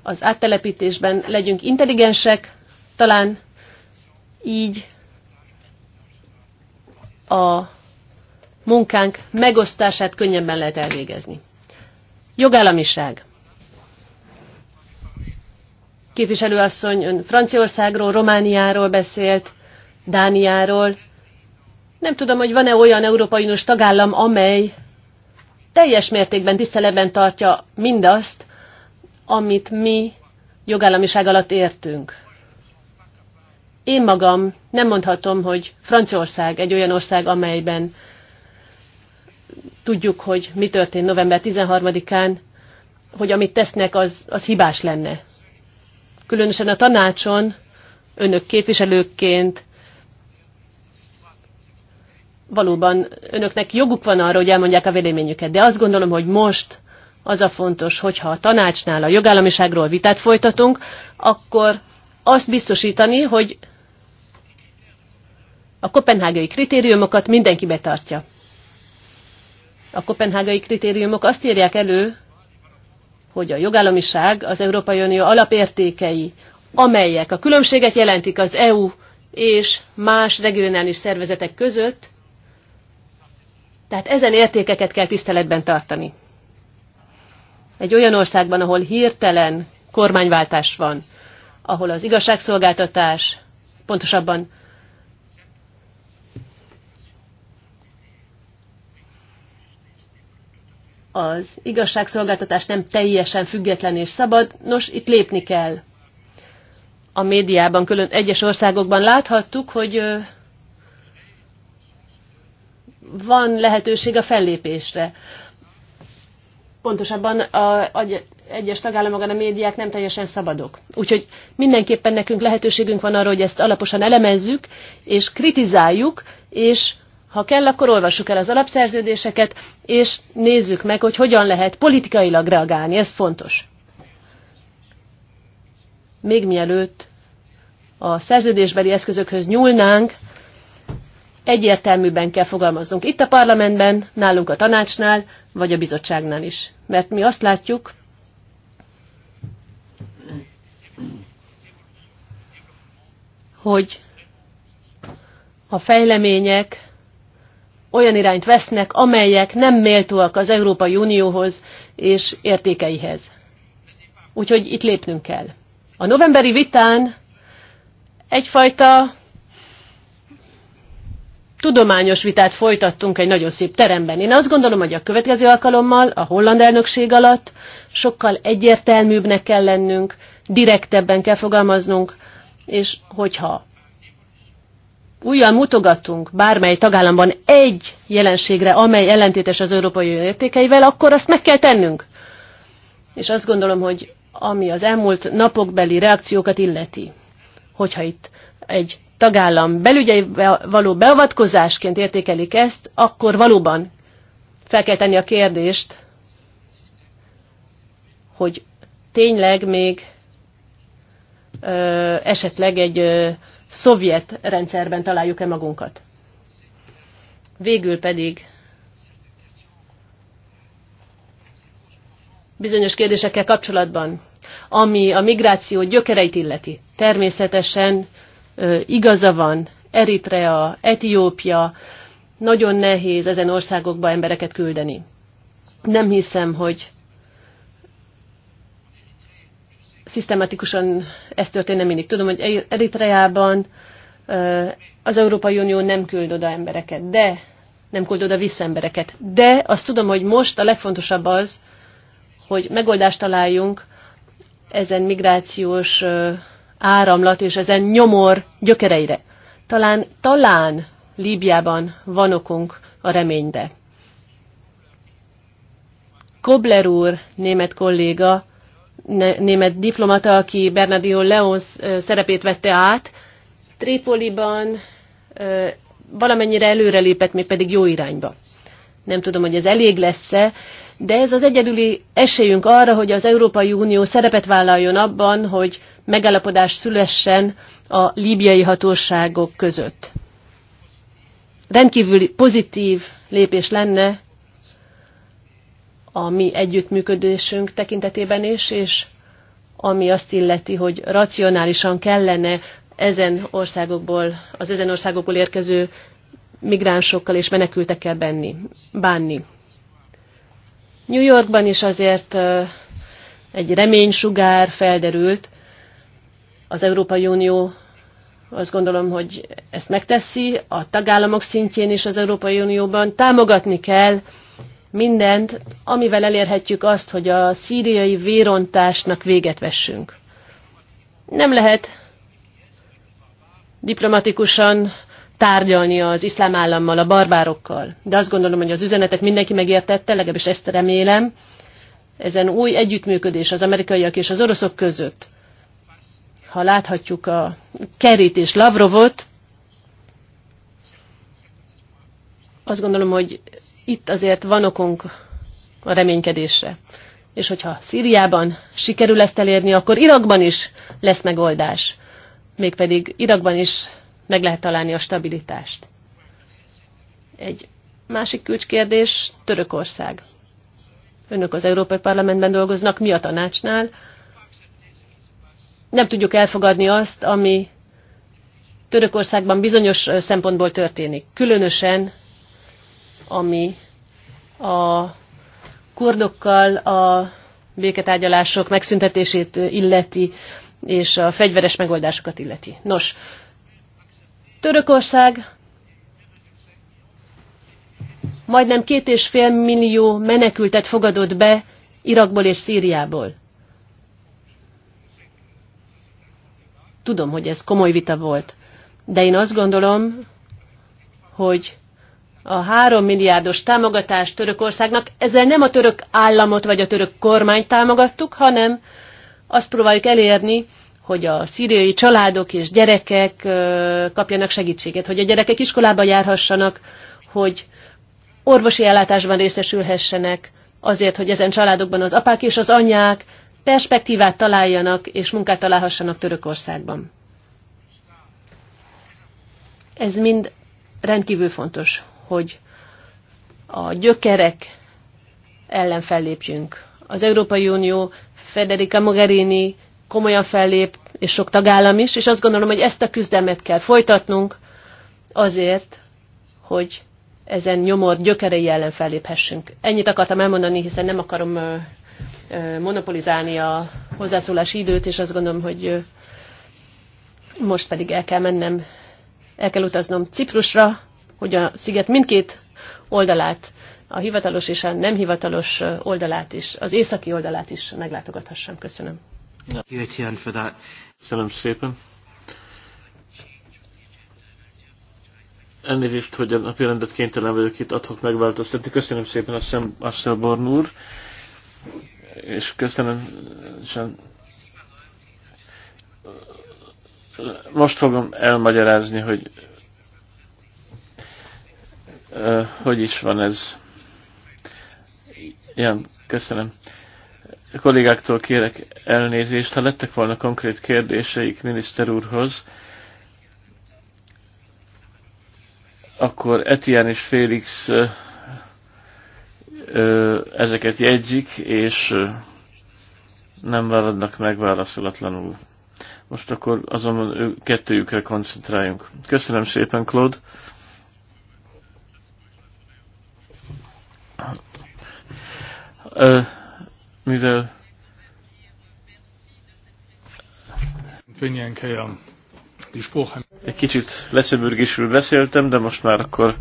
Az áttelepítésben legyünk intelligensek, talán így a munkánk megosztását könnyebben lehet elvégezni. Jogállamiság. Képviselőasszony ön Franciaországról, Romániáról beszélt, Dániáról. Nem tudom, hogy van-e olyan Európai Uniós tagállam, amely teljes mértékben tiszteletben tartja mindazt, amit mi jogállamiság alatt értünk. Én magam nem mondhatom, hogy Franciaország egy olyan ország, amelyben tudjuk, hogy mi történt november 13-án, hogy amit tesznek, az, az hibás lenne. Különösen a tanácson önök képviselőként valóban önöknek joguk van arra, hogy elmondják a véleményüket, de azt gondolom, hogy most az a fontos, hogyha a tanácsnál a jogállamiságról vitát folytatunk, akkor azt biztosítani, hogy a kopenhágai kritériumokat mindenki betartja. A kopenhágai kritériumok azt írják elő, hogy a jogállamiság az Európai Unió alapértékei, amelyek a különbséget jelentik az EU és más regionális szervezetek között, tehát ezen értékeket kell tiszteletben tartani. Egy olyan országban, ahol hirtelen kormányváltás van, ahol az igazságszolgáltatás, pontosabban az igazságszolgáltatás nem teljesen független és szabad, nos, itt lépni kell. A médiában, külön egyes országokban láthattuk, hogy van lehetőség a fellépésre. Pontosabban a, a, egyes tagállamokban a médiák nem teljesen szabadok. Úgyhogy mindenképpen nekünk lehetőségünk van arra, hogy ezt alaposan elemezzük, és kritizáljuk, és ha kell, akkor olvassuk el az alapszerződéseket, és nézzük meg, hogy hogyan lehet politikailag reagálni. Ez fontos. Még mielőtt a szerződésbeli eszközökhöz nyúlnánk, egyértelműben kell fogalmaznunk itt a parlamentben, nálunk a tanácsnál, vagy a bizottságnál is. Mert mi azt látjuk, hogy a fejlemények olyan irányt vesznek, amelyek nem méltóak az Európai Unióhoz és értékeihez. Úgyhogy itt lépnünk kell. A novemberi vitán egyfajta tudományos vitát folytattunk egy nagyon szép teremben. Én azt gondolom, hogy a következő alkalommal, a holland elnökség alatt sokkal egyértelműbbnek kell lennünk, direktebben kell fogalmaznunk, és hogyha újjal mutogatunk bármely tagállamban egy jelenségre, amely ellentétes az európai értékeivel, akkor azt meg kell tennünk. És azt gondolom, hogy ami az elmúlt napokbeli reakciókat illeti, hogyha itt egy tagállam belügyeibe való beavatkozásként értékelik ezt, akkor valóban fel kell tenni a kérdést, hogy tényleg még ö, esetleg egy ö, szovjet rendszerben találjuk-e magunkat. Végül pedig bizonyos kérdésekkel kapcsolatban, ami a migráció gyökereit illeti. Természetesen igaza van, Eritrea, Etiópia, nagyon nehéz ezen országokba embereket küldeni. Nem hiszem, hogy szisztematikusan ez történne mindig. Tudom, hogy Eritreában az Európai Unió nem küld oda embereket, de nem küld oda vissza embereket. De azt tudom, hogy most a legfontosabb az, hogy megoldást találjunk ezen migrációs áramlat és ezen nyomor gyökereire. Talán, talán Líbiában van okunk a reményre. Kobler úr, német kolléga, német diplomata, aki Bernardino Leon szerepét vette át, Tripoliban valamennyire előrelépett, még pedig jó irányba. Nem tudom, hogy ez elég lesz-e, de ez az egyedüli esélyünk arra, hogy az Európai Unió szerepet vállaljon abban, hogy megállapodás szülessen a líbiai hatóságok között. Rendkívül pozitív lépés lenne, a mi együttműködésünk tekintetében is, és ami azt illeti, hogy racionálisan kellene ezen országokból, az ezen országokból érkező migránsokkal és menekültekkel benni, bánni. New Yorkban is azért egy reménysugár felderült. Az Európai Unió azt gondolom, hogy ezt megteszi, a tagállamok szintjén is az Európai Unióban támogatni kell mindent, amivel elérhetjük azt, hogy a szíriai vérontásnak véget vessünk. Nem lehet diplomatikusan tárgyalni az iszlám állammal, a barbárokkal. De azt gondolom, hogy az üzenetet mindenki megértette, legalábbis ezt remélem. Ezen új együttműködés az amerikaiak és az oroszok között. Ha láthatjuk a Kerit és Lavrovot, azt gondolom, hogy itt azért van okunk a reménykedésre. És hogyha Szíriában sikerül ezt elérni, akkor Irakban is lesz megoldás. Mégpedig Irakban is meg lehet találni a stabilitást. Egy másik kulcskérdés Törökország. Önök az Európai Parlamentben dolgoznak, mi a tanácsnál? Nem tudjuk elfogadni azt, ami Törökországban bizonyos szempontból történik. Különösen ami a kurdokkal a béketárgyalások megszüntetését illeti, és a fegyveres megoldásokat illeti. Nos, Törökország majdnem két és fél millió menekültet fogadott be Irakból és Szíriából. Tudom, hogy ez komoly vita volt, de én azt gondolom, hogy a három milliárdos támogatást Törökországnak, ezzel nem a török államot vagy a török kormányt támogattuk, hanem azt próbáljuk elérni, hogy a szíriai családok és gyerekek kapjanak segítséget, hogy a gyerekek iskolába járhassanak, hogy orvosi ellátásban részesülhessenek, azért, hogy ezen családokban az apák és az anyák perspektívát találjanak és munkát találhassanak Törökországban. Ez mind rendkívül fontos hogy a gyökerek ellen fellépjünk. Az Európai Unió, Federica Mogherini komolyan fellép, és sok tagállam is, és azt gondolom, hogy ezt a küzdelmet kell folytatnunk azért, hogy ezen nyomor gyökerei ellen felléphessünk. Ennyit akartam elmondani, hiszen nem akarom monopolizálni a hozzászólási időt, és azt gondolom, hogy most pedig el kell mennem, el kell utaznom Ciprusra, hogy a sziget mindkét oldalát, a hivatalos és a nem hivatalos oldalát is, az északi oldalát is meglátogathassam. Köszönöm. Köszönöm szépen. Elnézést, hogy a napi rendet kénytelen vagyok itt adhok megváltoztatni. Köszönöm szépen a Szem úr, és köszönöm sem. Most fogom elmagyarázni, hogy hogy is van ez? Igen, köszönöm. A kollégáktól kérek elnézést, ha lettek volna konkrét kérdéseik miniszter úrhoz, akkor Etián és Félix ezeket jegyzik, és nem maradnak megválaszolatlanul. Most akkor azonban ő, kettőjükre koncentráljunk. Köszönöm szépen, Claude. mivel egy kicsit leszöbörgésül beszéltem, de most már akkor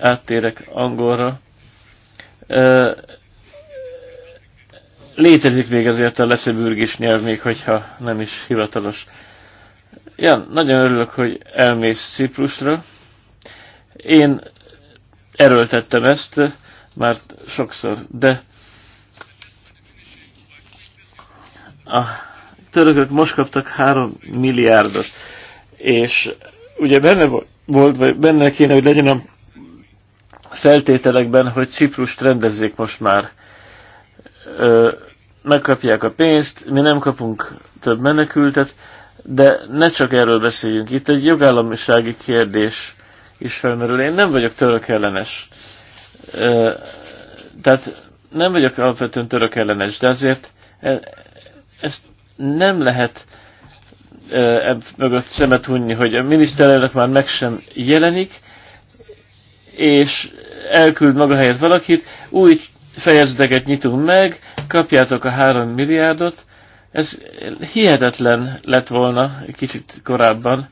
áttérek angolra. Létezik még azért a leszöbörgés nyelv, még hogyha nem is hivatalos. Jan, nagyon örülök, hogy elmész Ciprusra. Én erőltettem ezt már sokszor, de a törökök most kaptak 3 milliárdot, és ugye benne volt, vagy benne kéne, hogy legyen a feltételekben, hogy Ciprust rendezzék most már. Ö, megkapják a pénzt, mi nem kapunk több menekültet, de ne csak erről beszéljünk. Itt egy jogállamisági kérdés is felmerül. Én nem vagyok török ellenes. Tehát nem vagyok alapvetően török ellenes, de azért e, ezt nem lehet ebb mögött szemet hunni, hogy a miniszterelnök már meg sem jelenik, és elküld maga helyett valakit, új fejezeteket nyitunk meg, kapjátok a három milliárdot. Ez hihetetlen lett volna kicsit korábban.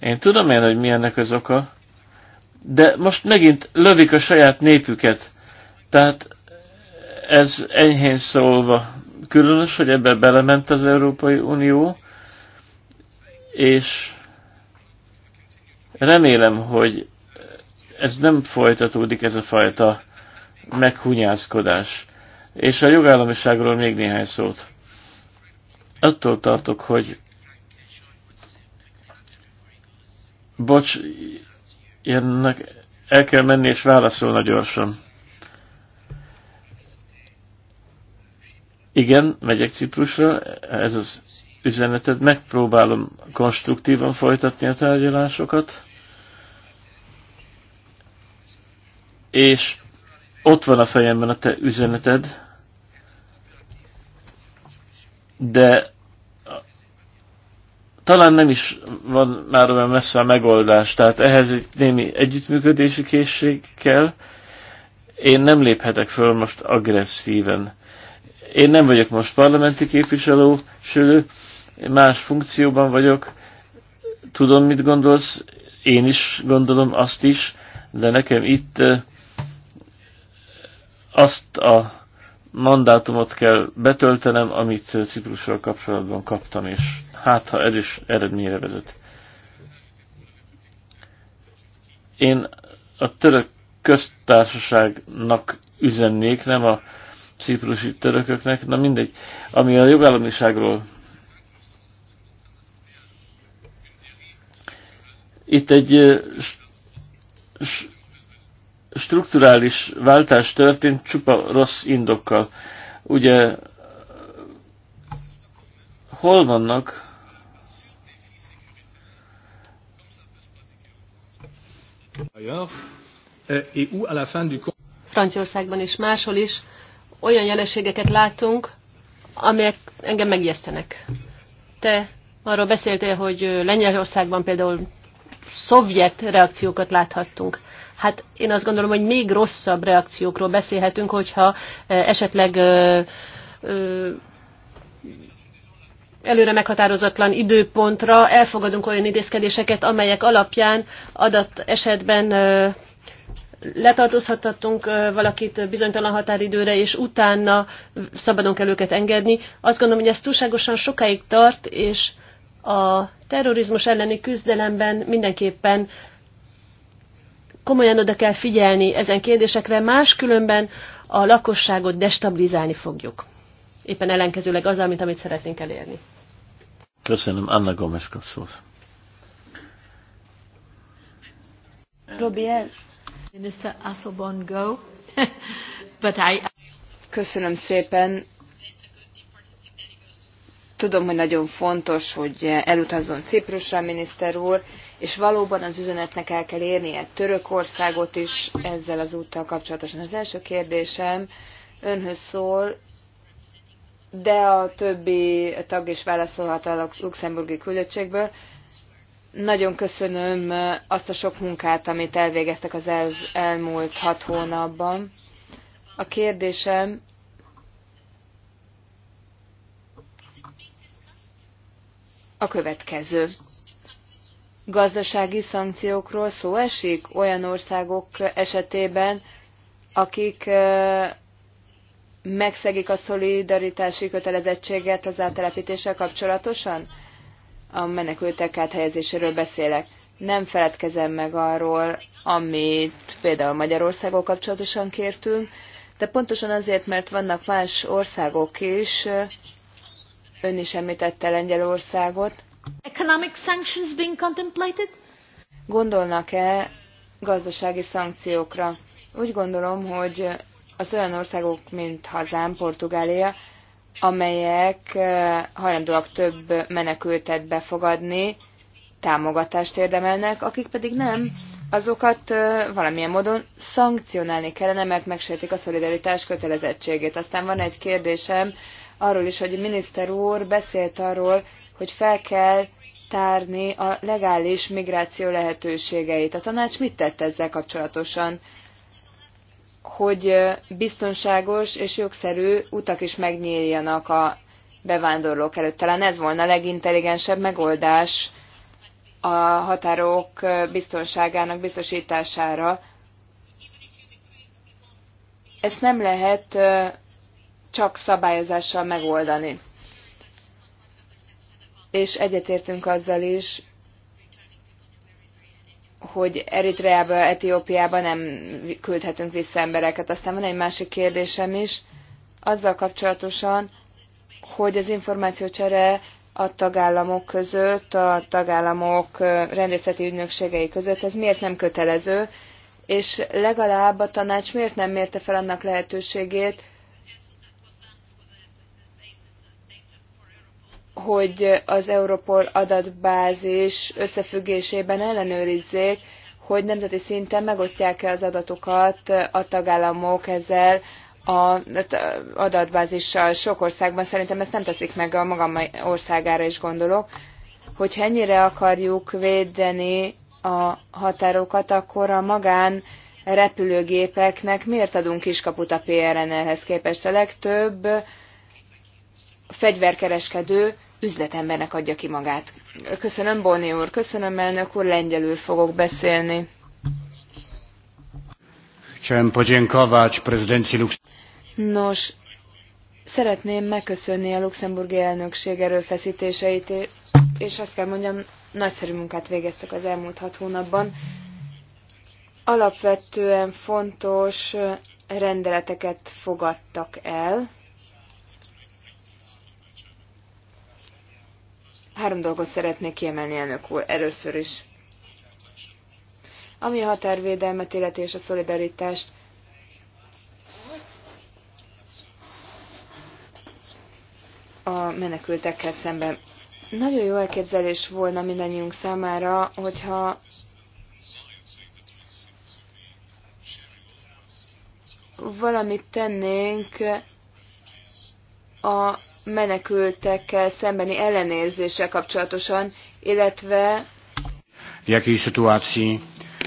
Én tudom én, hogy mi ennek az oka, de most megint lövik a saját népüket. Tehát ez enyhén szólva különös, hogy ebbe belement az Európai Unió, és remélem, hogy ez nem folytatódik ez a fajta meghunyászkodás. És a jogállamiságról még néhány szót. Attól tartok, hogy bocs, Ilyennek el kell menni és válaszolna gyorsan. Igen, megyek Ciprusra, ez az üzeneted, megpróbálom konstruktívan folytatni a tárgyalásokat, és ott van a fejemben a te üzeneted, de talán nem is van már olyan messze a megoldás, tehát ehhez egy némi együttműködési készség kell. Én nem léphetek föl most agresszíven. Én nem vagyok most parlamenti képviselő, sőt, más funkcióban vagyok, tudom, mit gondolsz, én is gondolom azt is, de nekem itt eh, azt a mandátumot kell betöltenem, amit Ciprussal kapcsolatban kaptam, és hát ha ez is eredményre vezet. Én a török köztársaságnak üzennék, nem a ciprusi törököknek, na mindegy. Ami a jogállamiságról itt egy strukturális váltás történt csupa rossz indokkal. Ugye hol vannak Franciaországban és máshol is olyan jelenségeket látunk, amelyek engem megijesztenek. Te arról beszéltél, hogy Lengyelországban például szovjet reakciókat láthattunk. Hát én azt gondolom, hogy még rosszabb reakciókról beszélhetünk, hogyha e, esetleg e, e, előre meghatározatlan időpontra elfogadunk olyan idézkedéseket, amelyek alapján adat esetben letartózhatottunk valakit bizonytalan határidőre, és utána szabadon kell őket engedni. Azt gondolom, hogy ez túlságosan sokáig tart, és a terrorizmus elleni küzdelemben mindenképpen komolyan oda kell figyelni ezen kérdésekre, máskülönben a lakosságot destabilizálni fogjuk. Éppen ellenkezőleg az, amit, amit szeretnénk elérni. Köszönöm, Anna Gomes kapszót. go. Köszönöm szépen. Tudom, hogy nagyon fontos, hogy elutazzon Ciprusra, miniszter úr, és valóban az üzenetnek el kell érnie Törökországot is ezzel az úttal kapcsolatosan. Az első kérdésem önhöz szól, de a többi tag is válaszolhat a luxemburgi küldöttségből. Nagyon köszönöm azt a sok munkát, amit elvégeztek az el, elmúlt hat hónapban. A kérdésem, a következő gazdasági szankciókról szó esik olyan országok esetében, akik megszegik a szolidaritási kötelezettséget az áttelepítéssel kapcsolatosan? A menekültek áthelyezéséről beszélek. Nem feledkezem meg arról, amit például Magyarországon kapcsolatosan kértünk, de pontosan azért, mert vannak más országok is, ön is említette Lengyelországot, Economic sanctions being contemplated? Gondolnak-e gazdasági szankciókra? Úgy gondolom, hogy az olyan országok, mint hazám, Portugália, amelyek eh, hajlandóak több menekültet befogadni, támogatást érdemelnek, akik pedig nem, azokat eh, valamilyen módon szankcionálni kellene, mert megsértik a szolidaritás kötelezettségét. Aztán van egy kérdésem arról is, hogy a miniszter úr beszélt arról, hogy fel kell tárni a legális migráció lehetőségeit. A tanács mit tett ezzel kapcsolatosan? Hogy biztonságos és jogszerű utak is megnyíljanak a bevándorlók előtt. Talán ez volna a legintelligensebb megoldás a határok biztonságának biztosítására. Ezt nem lehet csak szabályozással megoldani és egyetértünk azzal is, hogy Eritreába, Etiópiába nem küldhetünk vissza embereket. Aztán van egy másik kérdésem is, azzal kapcsolatosan, hogy az információcsere a tagállamok között, a tagállamok rendészeti ügynökségei között, ez miért nem kötelező, és legalább a tanács miért nem mérte fel annak lehetőségét, hogy az Europol adatbázis összefüggésében ellenőrizzék, hogy nemzeti szinten megosztják-e az adatokat a tagállamok ezzel az adatbázissal. Sok országban szerintem ezt nem teszik meg, a magam országára is gondolok. Hogyha ennyire akarjuk védeni a határokat, akkor a magán repülőgépeknek miért adunk kiskaput a prn hez képest? A legtöbb fegyverkereskedő üzletembernek adja ki magát. Köszönöm, Bonni úr, köszönöm, elnök úr, lengyelül fogok beszélni. Nos, szeretném megköszönni a luxemburgi elnökség erőfeszítéseit, és azt kell mondjam, nagyszerű munkát végeztek az elmúlt hat hónapban. Alapvetően fontos rendeleteket fogadtak el, Három dolgot szeretnék kiemelni, elnök úr, először is. Ami a határvédelmet illeti és a szolidaritást, a menekültekkel szemben. Nagyon jó elképzelés volna mindannyiunk számára, hogyha valamit tennénk a menekültekkel szembeni ellenérzéssel kapcsolatosan, illetve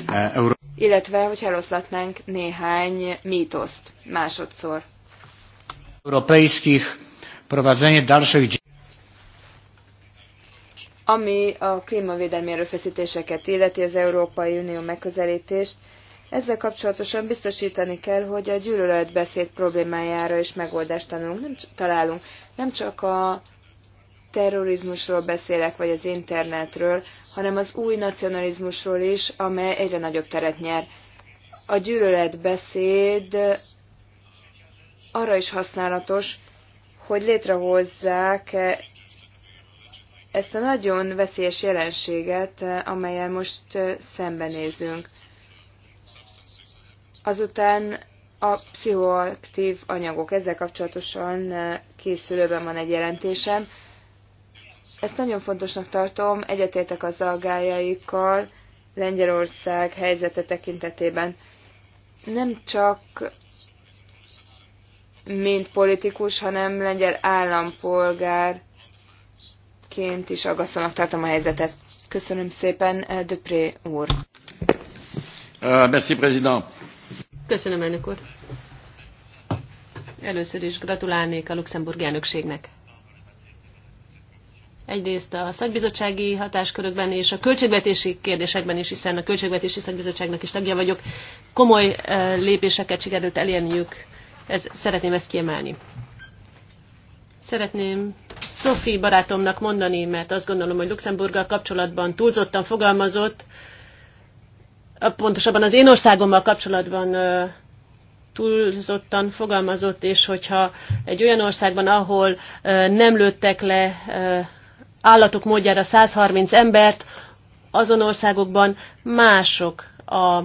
e, illetve, hogy eloszlatnánk néhány mítoszt másodszor. Europejskich prowadzenie dalszych ami a klímavédelmi erőfeszítéseket illeti az Európai Unió megközelítést, ezzel kapcsolatosan biztosítani kell, hogy a gyűlöletbeszéd problémájára is megoldást tanulunk, nem találunk. Nem csak a terrorizmusról beszélek, vagy az internetről, hanem az új nacionalizmusról is, amely egyre nagyobb teret nyer. A gyűlöletbeszéd arra is használatos, hogy létrehozzák ezt a nagyon veszélyes jelenséget, amelyel most szembenézünk. Azután a pszichoaktív anyagok. Ezzel kapcsolatosan eh, készülőben van egy jelentésem. Ezt nagyon fontosnak tartom, egyetértek az algájaikkal Lengyelország helyzete tekintetében. Nem csak mint politikus, hanem lengyel állampolgárként is aggasztónak tartom a helyzetet. Köszönöm szépen, eh, Döpré úr. Uh, merci, président. Köszönöm, elnök úr. Először is gratulálnék a Luxemburg elnökségnek. Egyrészt a szakbizottsági hatáskörökben és a költségvetési kérdésekben is, hiszen a költségvetési szakbizottságnak is tagja vagyok, komoly eh, lépéseket sikerült elérniük. Ez, szeretném ezt kiemelni. Szeretném Sophie barátomnak mondani, mert azt gondolom, hogy Luxemburggal kapcsolatban túlzottan fogalmazott, pontosabban az én országommal kapcsolatban túlzottan fogalmazott, és hogyha egy olyan országban, ahol nem lőttek le állatok módjára 130 embert, azon országokban mások az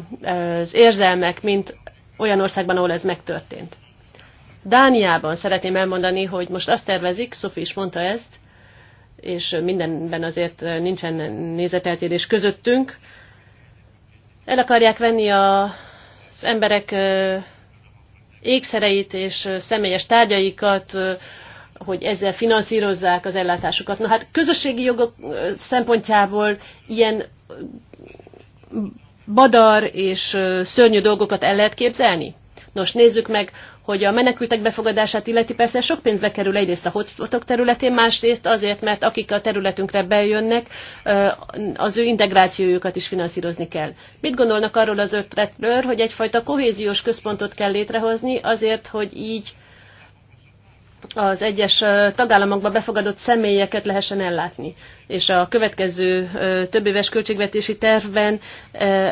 érzelmek, mint olyan országban, ahol ez megtörtént. Dániában szeretném elmondani, hogy most azt tervezik, Sophie is mondta ezt, és mindenben azért nincsen nézeteltérés közöttünk, el akarják venni a, az emberek ékszereit és személyes tárgyaikat, hogy ezzel finanszírozzák az ellátásukat. Na hát közösségi jogok szempontjából ilyen badar és szörnyű dolgokat el lehet képzelni? Nos, nézzük meg hogy a menekültek befogadását illeti persze sok pénzbe kerül egyrészt a hotspotok területén, másrészt azért, mert akik a területünkre bejönnek, az ő integrációjukat is finanszírozni kell. Mit gondolnak arról az ötletről, hogy egyfajta kohéziós központot kell létrehozni azért, hogy így az egyes tagállamokba befogadott személyeket lehessen ellátni. És a következő többéves költségvetési tervben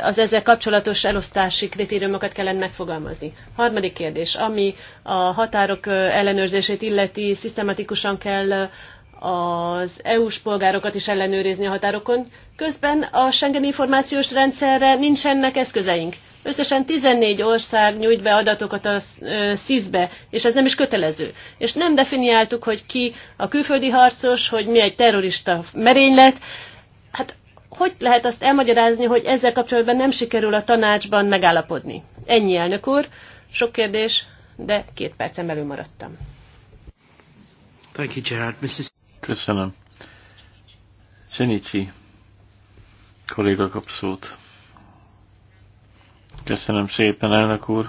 az ezzel kapcsolatos elosztási kritériumokat kellene megfogalmazni. Harmadik kérdés, ami a határok ellenőrzését illeti, szisztematikusan kell az EU-s polgárokat is ellenőrizni a határokon. Közben a Schengen információs rendszerre nincsenek eszközeink. Összesen 14 ország nyújt be adatokat a SZIS-be, és ez nem is kötelező. És nem definiáltuk, hogy ki a külföldi harcos, hogy mi egy terrorista merénylet. Hát hogy lehet azt elmagyarázni, hogy ezzel kapcsolatban nem sikerül a tanácsban megállapodni? Ennyi, elnök úr. Sok kérdés, de két percen belül maradtam. Thank you, Gerard. Mrs. Köszönöm. Senici, kolléga kap szót. Köszönöm szépen, elnök úr.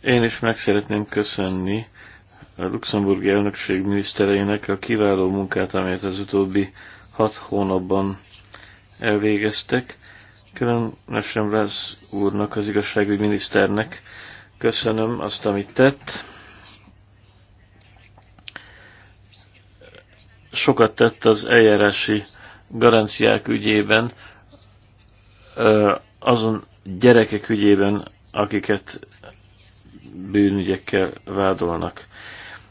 Én is meg szeretném köszönni a luxemburgi elnökség minisztereinek a kiváló munkát, amelyet az utóbbi hat hónapban elvégeztek. Különösen Lász úrnak, az igazságügyi miniszternek köszönöm azt, amit tett. Sokat tett az eljárási garanciák ügyében, azon gyerekek ügyében, akiket bűnügyekkel vádolnak.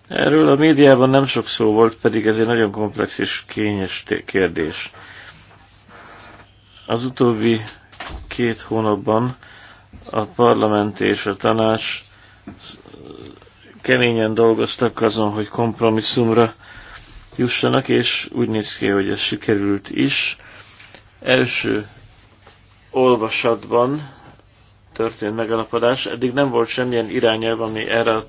Erről a médiában nem sok szó volt, pedig ez egy nagyon komplex és kényes kérdés. Az utóbbi két hónapban a parlament és a tanács keményen dolgoztak azon, hogy kompromisszumra jussanak, és úgy néz ki, hogy ez sikerült is. Első olvasatban történt megalapodás. Eddig nem volt semmilyen irányelv, ami erre a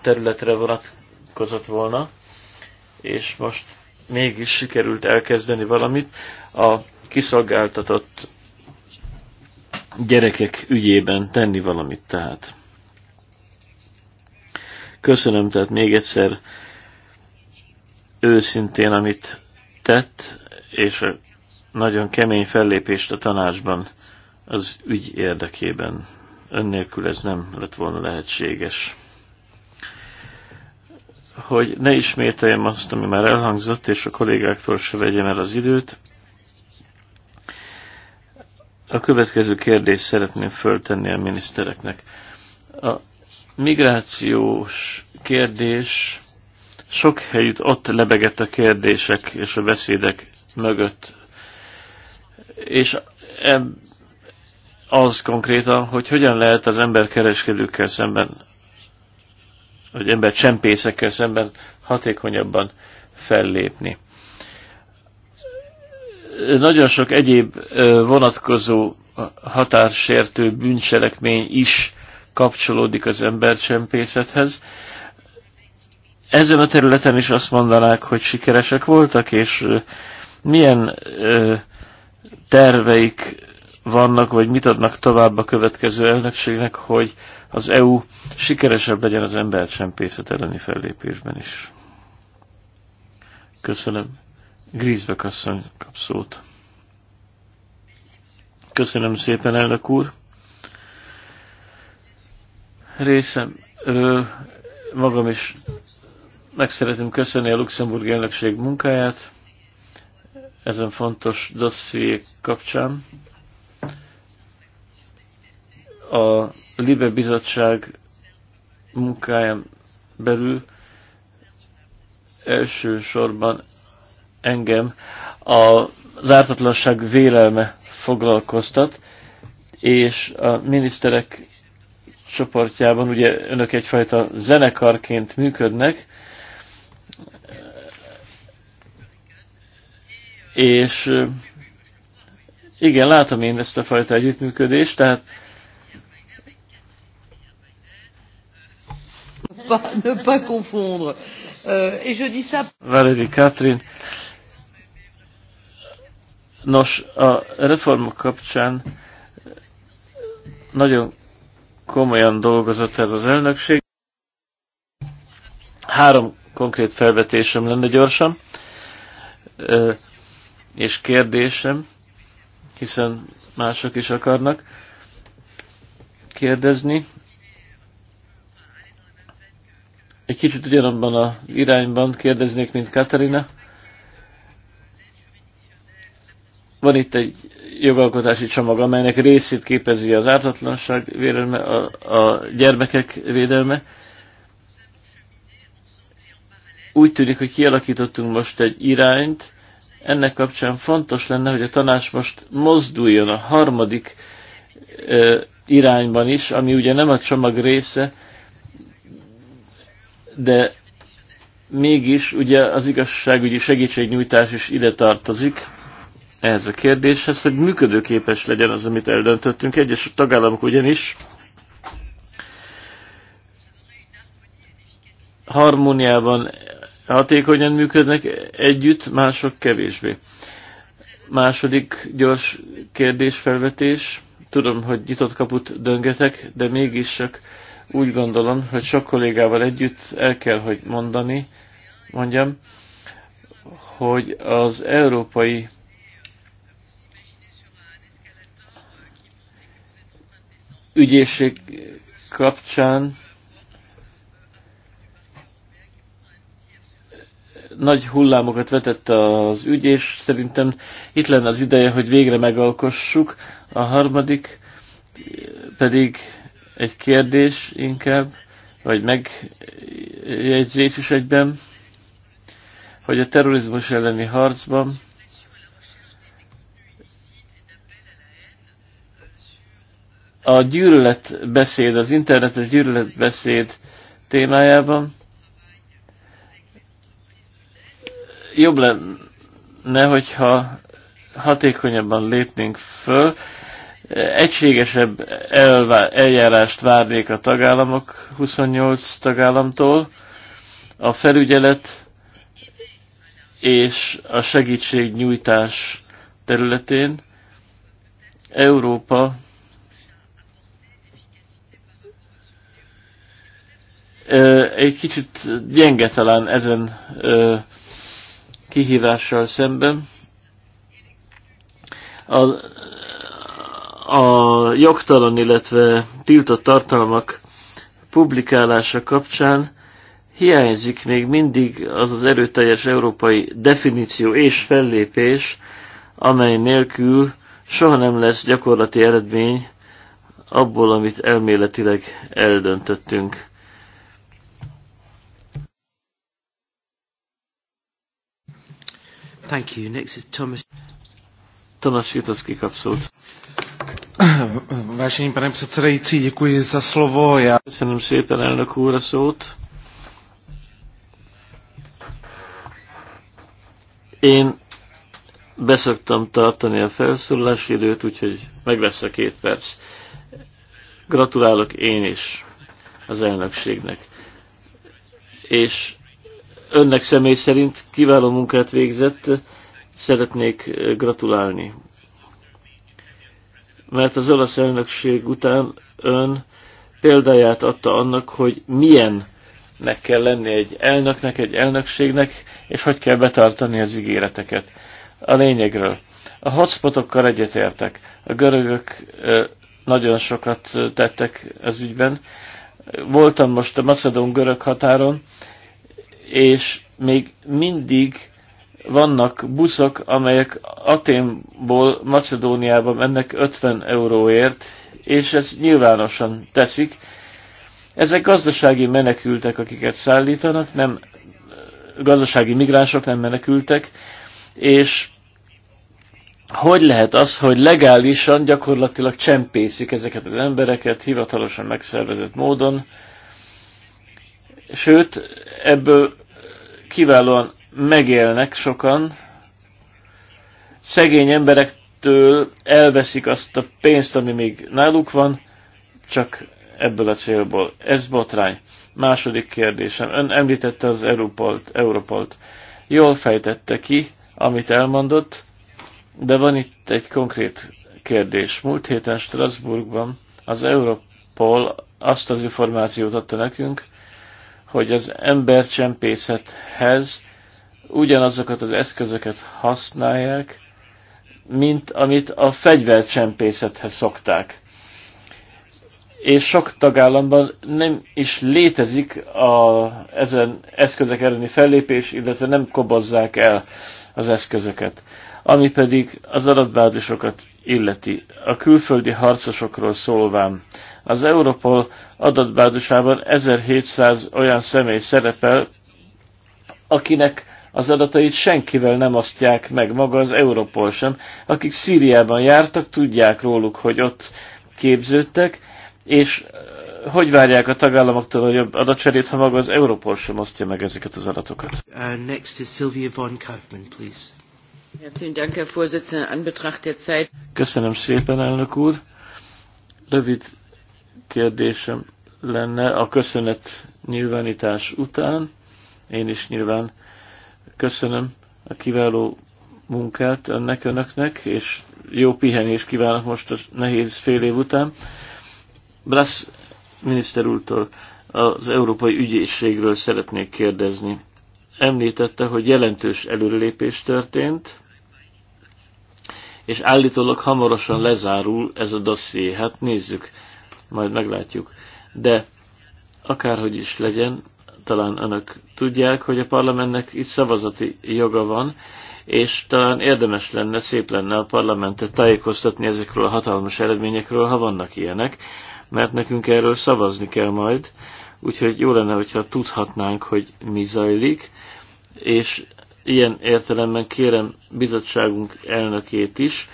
területre vonatkozott volna, és most mégis sikerült elkezdeni valamit. A kiszolgáltatott gyerekek ügyében tenni valamit tehát. Köszönöm tehát még egyszer őszintén, amit tett, és a nagyon kemény fellépést a tanácsban az ügy érdekében. Önnélkül ez nem lett volna lehetséges. Hogy ne ismételjem azt, ami már elhangzott, és a kollégáktól se vegyem el az időt, a következő kérdést szeretném föltenni a minisztereknek. A migrációs kérdés sok helyütt ott lebegett a kérdések és a beszédek mögött. És az konkrétan, hogy hogyan lehet az kereskedőkkel szemben, vagy csempészekkel szemben hatékonyabban fellépni. Nagyon sok egyéb vonatkozó határsértő bűncselekmény is kapcsolódik az embercsempészethez ezen a területen is azt mondanák, hogy sikeresek voltak, és milyen ö, terveik vannak, vagy mit adnak tovább a következő elnökségnek, hogy az EU sikeresebb legyen az embercsempészet elleni fellépésben is. Köszönöm. Grízbek asszony kap szót. Köszönöm szépen, elnök úr. Részemről magam is meg szeretném köszönni a Luxemburg elnökség munkáját ezen fontos dosszié kapcsán. A Libe Bizottság munkáján belül elsősorban engem a zártatlanság vélelme foglalkoztat, és a miniszterek csoportjában ugye önök egyfajta zenekarként működnek, És igen, látom én ezt a fajta együttműködést, tehát ne pas confondre. Euh, et je dis ça. Valérie katrin Nos, a reformok kapcsán nagyon komolyan dolgozott ez az elnökség. Három konkrét felvetésem lenne gyorsan és kérdésem, hiszen mások is akarnak kérdezni. Egy kicsit ugyanabban az irányban kérdeznék, mint Katarina. Van itt egy jogalkotási csomag, amelynek részét képezi az ártatlanság védelme, a, a gyermekek védelme. Úgy tűnik, hogy kialakítottunk most egy irányt, ennek kapcsán fontos lenne, hogy a tanács most mozduljon a harmadik ö, irányban is, ami ugye nem a csomag része, de mégis ugye az igazságügyi segítségnyújtás is ide tartozik ehhez a kérdéshez, hogy működőképes legyen az, amit eldöntöttünk. Egyes tagállamok ugyanis harmóniában hatékonyan működnek együtt, mások kevésbé. Második gyors kérdésfelvetés. Tudom, hogy nyitott kaput döngetek, de mégis csak úgy gondolom, hogy sok kollégával együtt el kell, hogy mondani, mondjam, hogy az európai ügyészség kapcsán nagy hullámokat vetett az ügy, és szerintem itt lenne az ideje, hogy végre megalkossuk. A harmadik pedig egy kérdés inkább, vagy megjegyzés is egyben, hogy a terrorizmus elleni harcban a gyűlöletbeszéd, az internetes gyűlöletbeszéd témájában jobb lenne, hogyha hatékonyabban lépnénk föl, egységesebb elvá- eljárást várnék a tagállamok 28 tagállamtól, a felügyelet és a segítségnyújtás területén Európa egy kicsit gyenge talán ezen kihívással szemben. A, a jogtalan, illetve tiltott tartalmak publikálása kapcsán hiányzik még mindig az az erőteljes európai definíció és fellépés, amely nélkül soha nem lesz gyakorlati eredmény abból, amit elméletileg eldöntöttünk. Thank you. Next is Thomas. Thomas Jutovský kapsult. Vážený pane předsedající, děkuji za slovo. Já jsem si ten elnök úr a Én beszoktam tartani a felszólalási időt, úgyhogy meg lesz a két perc. Gratulálok én is az elnökségnek. És önnek személy szerint kiváló munkát végzett, szeretnék eh, gratulálni. Mert az olasz elnökség után ön példáját adta annak, hogy milyen meg kell lenni egy elnöknek, egy elnökségnek, és hogy kell betartani az ígéreteket. A lényegről. A hotspotokkal egyetértek. A görögök eh, nagyon sokat eh, tettek az ügyben. Voltam most a Macedón görög határon, és még mindig vannak buszok, amelyek Aténból Macedóniába mennek 50 euróért, és ezt nyilvánosan teszik. Ezek gazdasági menekültek, akiket szállítanak, nem gazdasági migránsok, nem menekültek, és hogy lehet az, hogy legálisan gyakorlatilag csempészik ezeket az embereket, hivatalosan megszervezett módon, Sőt, ebből kiválóan megélnek sokan. Szegény emberektől elveszik azt a pénzt, ami még náluk van, csak ebből a célból. Ez botrány. Második kérdésem. Ön említette az Europolt. Europolt. Jól fejtette ki, amit elmondott, de van itt egy konkrét kérdés. Múlt héten Strasbourgban az Europol azt az információt adta nekünk, hogy az embercsempészethez ugyanazokat az eszközöket használják, mint amit a fegyvercsempészethez szokták. És sok tagállamban nem is létezik a, ezen eszközök elleni fellépés, illetve nem kobozzák el az eszközöket. Ami pedig az adatbázisokat illeti. A külföldi harcosokról szólván az Europol adatbázisában 1700 olyan személy szerepel, akinek az adatait senkivel nem osztják meg, maga az Europol sem. Akik Szíriában jártak, tudják róluk, hogy ott képződtek, és hogy várják a tagállamoktól a jobb adatcserét, ha maga az Europol sem osztja meg ezeket az adatokat? Uh, next is Sylvia von Kaufmann, please. Köszönöm szépen, elnök úr. Rövid kérdésem lenne a köszönet nyilvánítás után. Én is nyilván köszönöm a kiváló munkát önnek, önöknek, és jó pihenést kívánok most a nehéz fél év után. Brass miniszter úrtól az Európai Ügyészségről szeretnék kérdezni. Említette, hogy jelentős előrelépés történt, és állítólag hamarosan lezárul ez a dosszié. Hát nézzük, majd meglátjuk. De akárhogy is legyen, talán önök tudják, hogy a parlamentnek itt szavazati joga van, és talán érdemes lenne, szép lenne a parlamentet tájékoztatni ezekről a hatalmas eredményekről, ha vannak ilyenek, mert nekünk erről szavazni kell majd, úgyhogy jó lenne, hogyha tudhatnánk, hogy mi zajlik, és ilyen értelemben kérem bizottságunk elnökét is,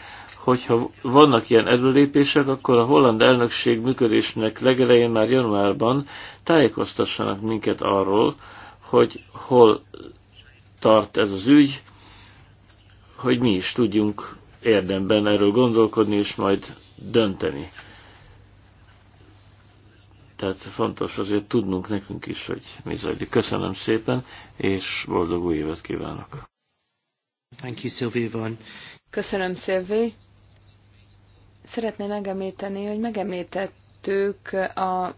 hogyha vannak ilyen előlépések, akkor a holland elnökség működésnek legelején már januárban tájékoztassanak minket arról, hogy hol tart ez az ügy, hogy mi is tudjunk érdemben erről gondolkodni, és majd dönteni. Tehát fontos azért tudnunk nekünk is, hogy mi zajlik. Köszönöm szépen, és boldog új évet kívánok! Thank you, Sylvie Köszönöm, Szilvi. Szeretném megemlíteni, hogy megemlítettük a,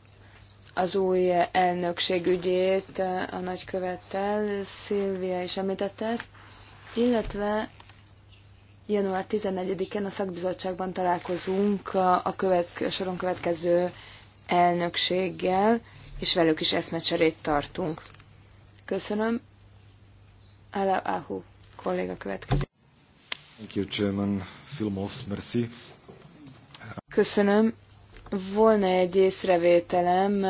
az új elnökség ügyét a nagykövettel, Szilvia is említette ezt, illetve január 11-én a szakbizottságban találkozunk a, a, követke, a soron következő elnökséggel, és velük is eszmecserét tartunk. Köszönöm. Ala Ahu kolléga következő. Thank you, Chairman. Filmos, merci. Köszönöm. Volna egy észrevételem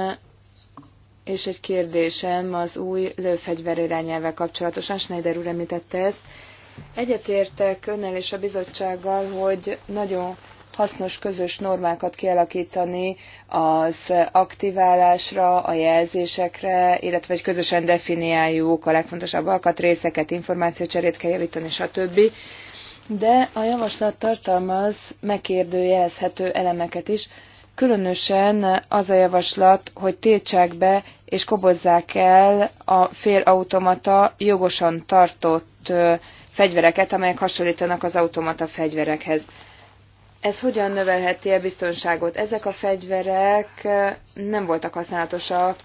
és egy kérdésem az új lőfegyver irányelvvel kapcsolatosan. Schneider úr említette ezt. Egyetértek önnel és a bizottsággal, hogy nagyon hasznos közös normákat kialakítani az aktiválásra, a jelzésekre, illetve hogy közösen definiáljuk a legfontosabb alkatrészeket, információcserét kell javítani, stb de a javaslat tartalmaz megkérdőjelezhető elemeket is, különösen az a javaslat, hogy tiltsák be és kobozzák el a félautomata jogosan tartott fegyvereket, amelyek hasonlítanak az automata fegyverekhez. Ez hogyan növelheti a biztonságot? Ezek a fegyverek nem voltak használatosak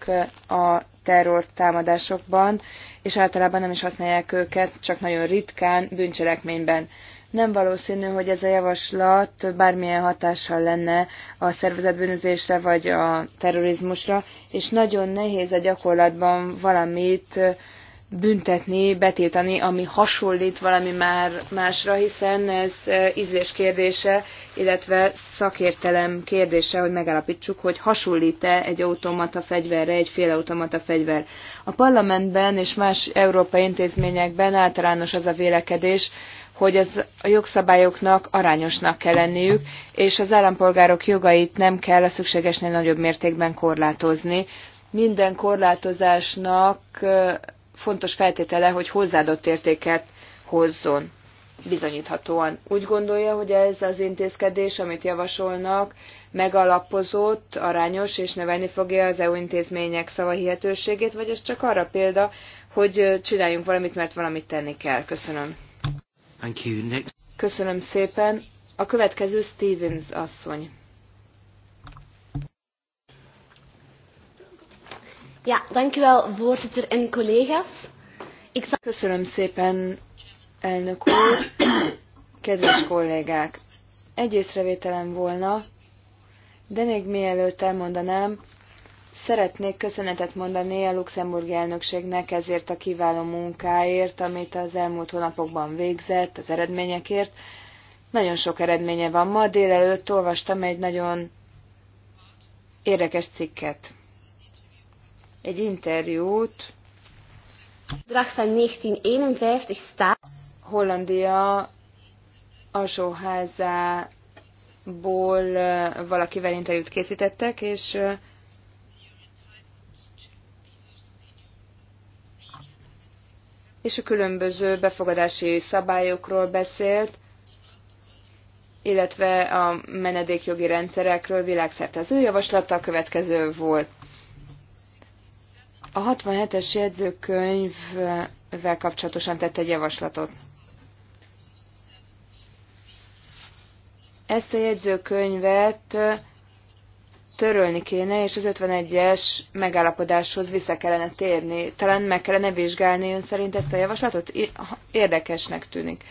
a terrortámadásokban, és általában nem is használják őket, csak nagyon ritkán bűncselekményben. Nem valószínű, hogy ez a javaslat bármilyen hatással lenne a szervezetbűnözésre vagy a terrorizmusra, és nagyon nehéz a gyakorlatban valamit büntetni, betiltani, ami hasonlít valami már másra, hiszen ez e, ízlés kérdése, illetve szakértelem kérdése, hogy megállapítsuk, hogy hasonlít-e egy automata fegyverre, egy félautomata fegyver. A parlamentben és más európai intézményekben általános az a vélekedés, hogy ez a jogszabályoknak arányosnak kell lenniük, és az állampolgárok jogait nem kell a szükségesnél nagyobb mértékben korlátozni. Minden korlátozásnak e, fontos feltétele, hogy hozzáadott értéket hozzon bizonyíthatóan. Úgy gondolja, hogy ez az intézkedés, amit javasolnak, megalapozott, arányos, és növelni fogja az EU intézmények szavahihetőségét, vagy ez csak arra példa, hogy csináljunk valamit, mert valamit tenni kell. Köszönöm. Thank you. Next. Köszönöm szépen. A következő Stevens asszony. Ja, dankjewel voorzitter en collega's. Ik zal... Köszönöm szépen, elnök úr. Kedves kollégák, egy észrevételem volna, de még mielőtt elmondanám, szeretnék köszönetet mondani a luxemburgi elnökségnek ezért a kiváló munkáért, amit az elmúlt hónapokban végzett, az eredményekért. Nagyon sok eredménye van. Ma délelőtt olvastam egy nagyon érdekes cikket egy interjút. Drag 1951 stá. Hollandia alsóházából valakivel interjút készítettek, és és a különböző befogadási szabályokról beszélt, illetve a menedékjogi rendszerekről világszerte. Az ő javaslata a következő volt. A 67-es jegyzőkönyvvel kapcsolatosan tett egy javaslatot. Ezt a jegyzőkönyvet törölni kéne, és az 51-es megállapodáshoz vissza kellene térni. Talán meg kellene vizsgálni ön szerint ezt a javaslatot? Érdekesnek tűnik.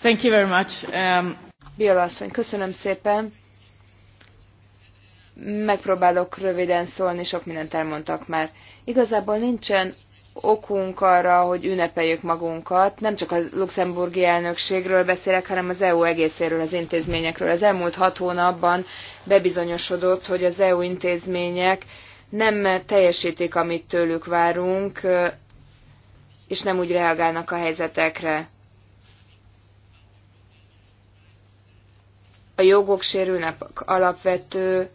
Thank you very much. Um... Biola asszony, köszönöm szépen. Megpróbálok röviden szólni, sok mindent elmondtak már. Igazából nincsen okunk arra, hogy ünnepeljük magunkat. Nem csak a luxemburgi elnökségről beszélek, hanem az EU egészéről, az intézményekről. Az elmúlt hat hónapban bebizonyosodott, hogy az EU intézmények nem teljesítik, amit tőlük várunk, és nem úgy reagálnak a helyzetekre. A jogok sérülnek alapvető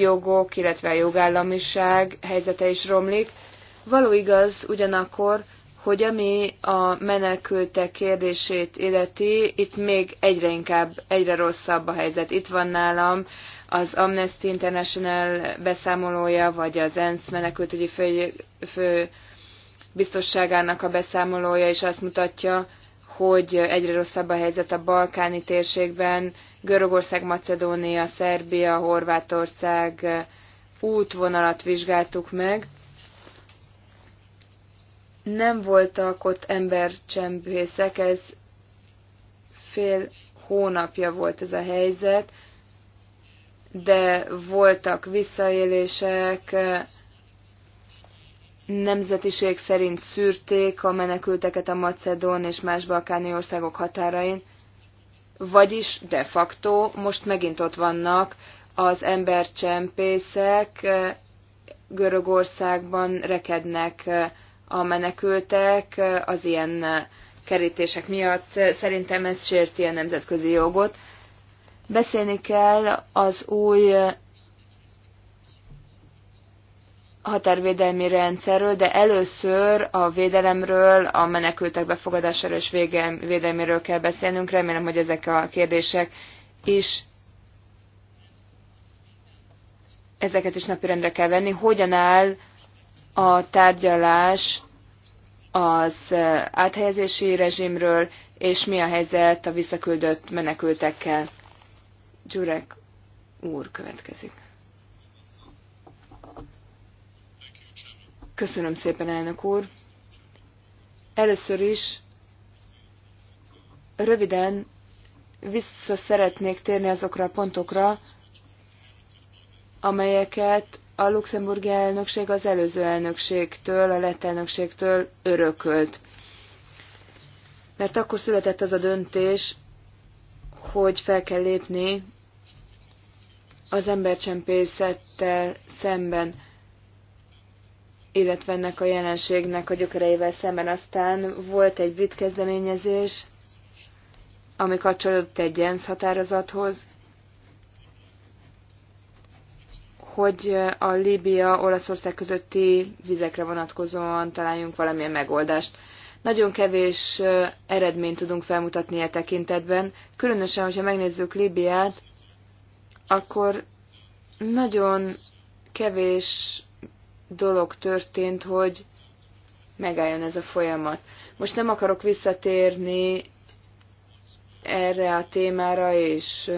jogok, illetve a jogállamiság helyzete is romlik. Való igaz ugyanakkor, hogy ami a menekültek kérdését illeti, itt még egyre inkább, egyre rosszabb a helyzet. Itt van nálam az Amnesty International beszámolója, vagy az ENSZ menekültügyi fő, fő biztosságának a beszámolója is azt mutatja, hogy egyre rosszabb a helyzet a balkáni térségben, Görögország, Macedónia, Szerbia, Horvátország eh, útvonalat vizsgáltuk meg. Nem voltak ott embercsempészek, ez fél hónapja volt ez a helyzet, de voltak visszaélések, eh, nemzetiség szerint szűrték a menekülteket a Macedón és más balkáni országok határain. Vagyis de facto most megint ott vannak az embercsempészek, eh, Görögországban rekednek eh, a menekültek eh, az ilyen kerítések miatt. Szerintem ez sérti a nemzetközi jogot. Beszélni kell az új határvédelmi rendszerről, de először a védelemről, a menekültek befogadásáról és védelméről kell beszélnünk. Remélem, hogy ezek a kérdések is ezeket is napirendre kell venni. Hogyan áll a tárgyalás az áthelyezési rezsimről, és mi a helyzet a visszaküldött menekültekkel? Gyurek úr következik. Köszönöm szépen, elnök úr. Először is röviden vissza szeretnék térni azokra a pontokra, amelyeket a luxemburgi elnökség az előző elnökségtől, a lett elnökségtől örökölt. Mert akkor született az a döntés, hogy fel kell lépni az embercsempészettel szemben illetve ennek a jelenségnek a gyökereivel szemben. Aztán volt egy brit kezdeményezés, ami kapcsolódott egy ENSZ határozathoz, hogy a Líbia-Olaszország közötti vizekre vonatkozóan találjunk valamilyen megoldást. Nagyon kevés eredményt tudunk felmutatni e tekintetben, különösen, hogyha megnézzük Líbiát, akkor nagyon kevés dolog történt, hogy megálljon ez a folyamat. Most nem akarok visszatérni erre a témára és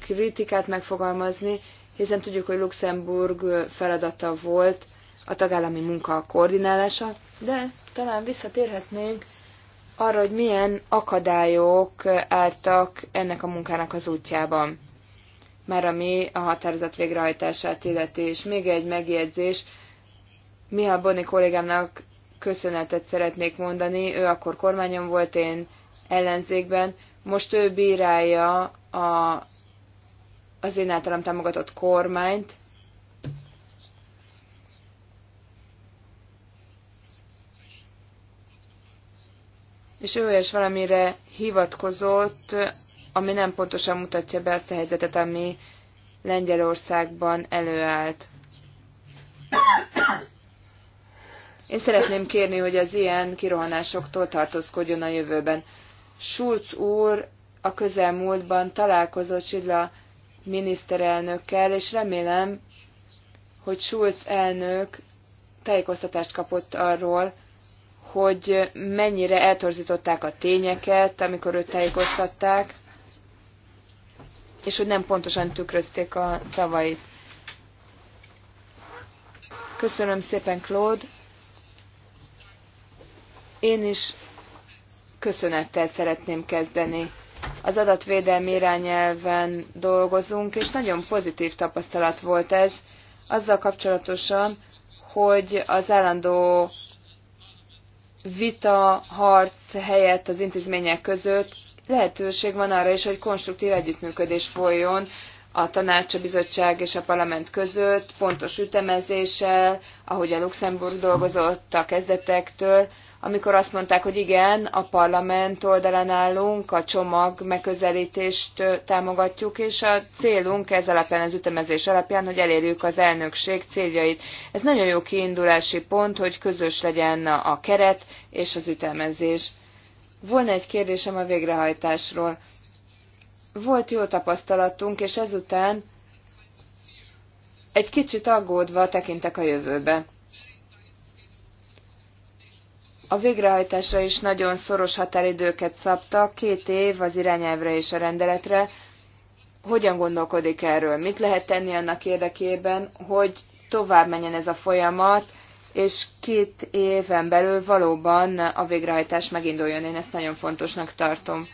kritikát megfogalmazni, hiszen tudjuk, hogy Luxemburg feladata volt a tagállami munka koordinálása, de talán visszatérhetnénk arra, hogy milyen akadályok álltak ennek a munkának az útjában már ami a határozat végrehajtását illeti. És még egy megjegyzés, Mihály Boni kollégámnak köszönetet szeretnék mondani, ő akkor kormányon volt, én ellenzékben, most ő bírálja a, az én általam támogatott kormányt, és ő is valamire hivatkozott, ami nem pontosan mutatja be azt a helyzetet, ami Lengyelországban előállt. Én szeretném kérni, hogy az ilyen kirohanásoktól tartózkodjon a jövőben. Schulz úr a közelmúltban találkozott Sidla miniszterelnökkel, és remélem, hogy Schulz elnök tájékoztatást kapott arról, hogy mennyire eltorzították a tényeket, amikor őt tájékoztatták, és hogy nem pontosan tükrözték a szavait. Köszönöm szépen, Claude. Én is köszönettel szeretném kezdeni. Az adatvédelmi irányelven dolgozunk, és nagyon pozitív tapasztalat volt ez, azzal kapcsolatosan, hogy az állandó vita, harc helyett az intézmények között lehetőség van arra is, hogy konstruktív együttműködés folyjon a tanács, a bizottság és a parlament között, pontos ütemezéssel, ahogy a Luxemburg dolgozott a kezdetektől, amikor azt mondták, hogy igen, a parlament oldalán állunk, a csomag megközelítést támogatjuk, és a célunk ez alapján, az ütemezés alapján, hogy elérjük az elnökség céljait. Ez nagyon jó kiindulási pont, hogy közös legyen a keret és az ütemezés. Volna egy kérdésem a végrehajtásról. Volt jó tapasztalatunk, és ezután egy kicsit aggódva tekintek a jövőbe. A végrehajtásra is nagyon szoros határidőket szabta. két év az irányelvre és a rendeletre. Hogyan gondolkodik erről? Mit lehet tenni annak érdekében, hogy tovább menjen ez a folyamat, és két éven belül valóban a végrehajtás meginduljon. Én ezt nagyon fontosnak tartom.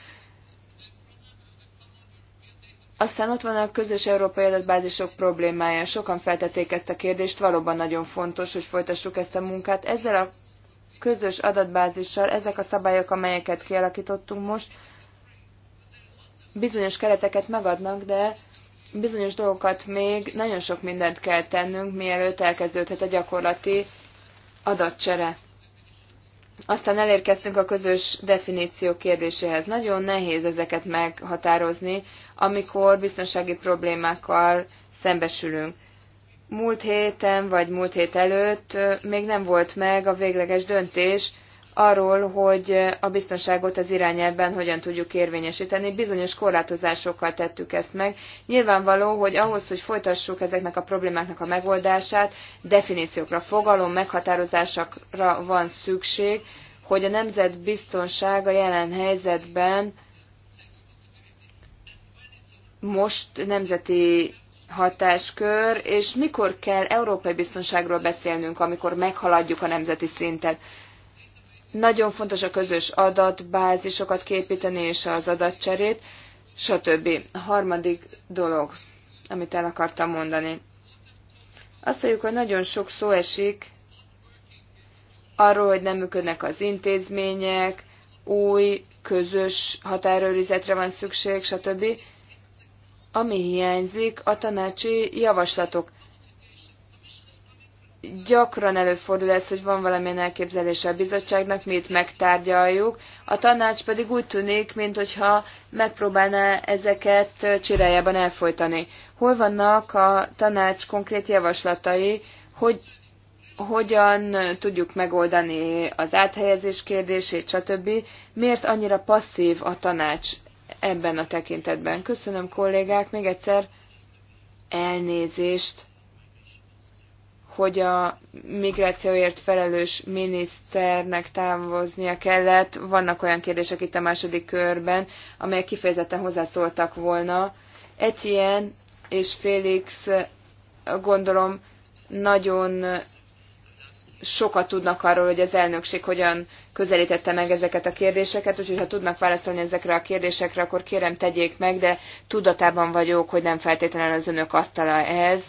Aztán ott van a közös európai adatbázisok problémája. Sokan feltették ezt a kérdést, valóban nagyon fontos, hogy folytassuk ezt a munkát. Ezzel a közös adatbázissal ezek a szabályok, amelyeket kialakítottunk most, bizonyos kereteket megadnak, de bizonyos dolgokat még nagyon sok mindent kell tennünk, mielőtt elkezdődhet a gyakorlati adatcsere. Aztán elérkeztünk a közös definíció kérdéséhez. Nagyon nehéz ezeket meghatározni, amikor biztonsági problémákkal szembesülünk. Múlt héten vagy múlt hét előtt még nem volt meg a végleges döntés arról, hogy a biztonságot az irányelben hogyan tudjuk érvényesíteni. Bizonyos korlátozásokkal tettük ezt meg. Nyilvánvaló, hogy ahhoz, hogy folytassuk ezeknek a problémáknak a megoldását, definíciókra, fogalom, meghatározásokra van szükség, hogy a nemzetbiztonság a jelen helyzetben most nemzeti hatáskör, és mikor kell európai biztonságról beszélnünk, amikor meghaladjuk a nemzeti szintet. Nagyon fontos a közös adatbázisokat képíteni és az adatcserét, stb. A harmadik dolog, amit el akartam mondani. Azt halljuk, hogy nagyon sok szó esik arról, hogy nem működnek az intézmények, új, közös határőrizetre van szükség, stb. Ami hiányzik, a tanácsi javaslatok gyakran előfordul ez, hogy van valamilyen elképzelése a bizottságnak, mi itt megtárgyaljuk, a tanács pedig úgy tűnik, mintha megpróbálná ezeket csirájában elfolytani. Hol vannak a tanács konkrét javaslatai, hogy hogyan tudjuk megoldani az áthelyezés kérdését, stb. Miért annyira passzív a tanács ebben a tekintetben? Köszönöm kollégák, még egyszer elnézést hogy a migrációért felelős miniszternek távoznia kellett. Vannak olyan kérdések itt a második körben, amelyek kifejezetten hozzászóltak volna. Etienne és Félix gondolom nagyon sokat tudnak arról, hogy az elnökség hogyan közelítette meg ezeket a kérdéseket, úgyhogy ha tudnak válaszolni ezekre a kérdésekre, akkor kérem tegyék meg, de tudatában vagyok, hogy nem feltétlenül az önök asztala ehhez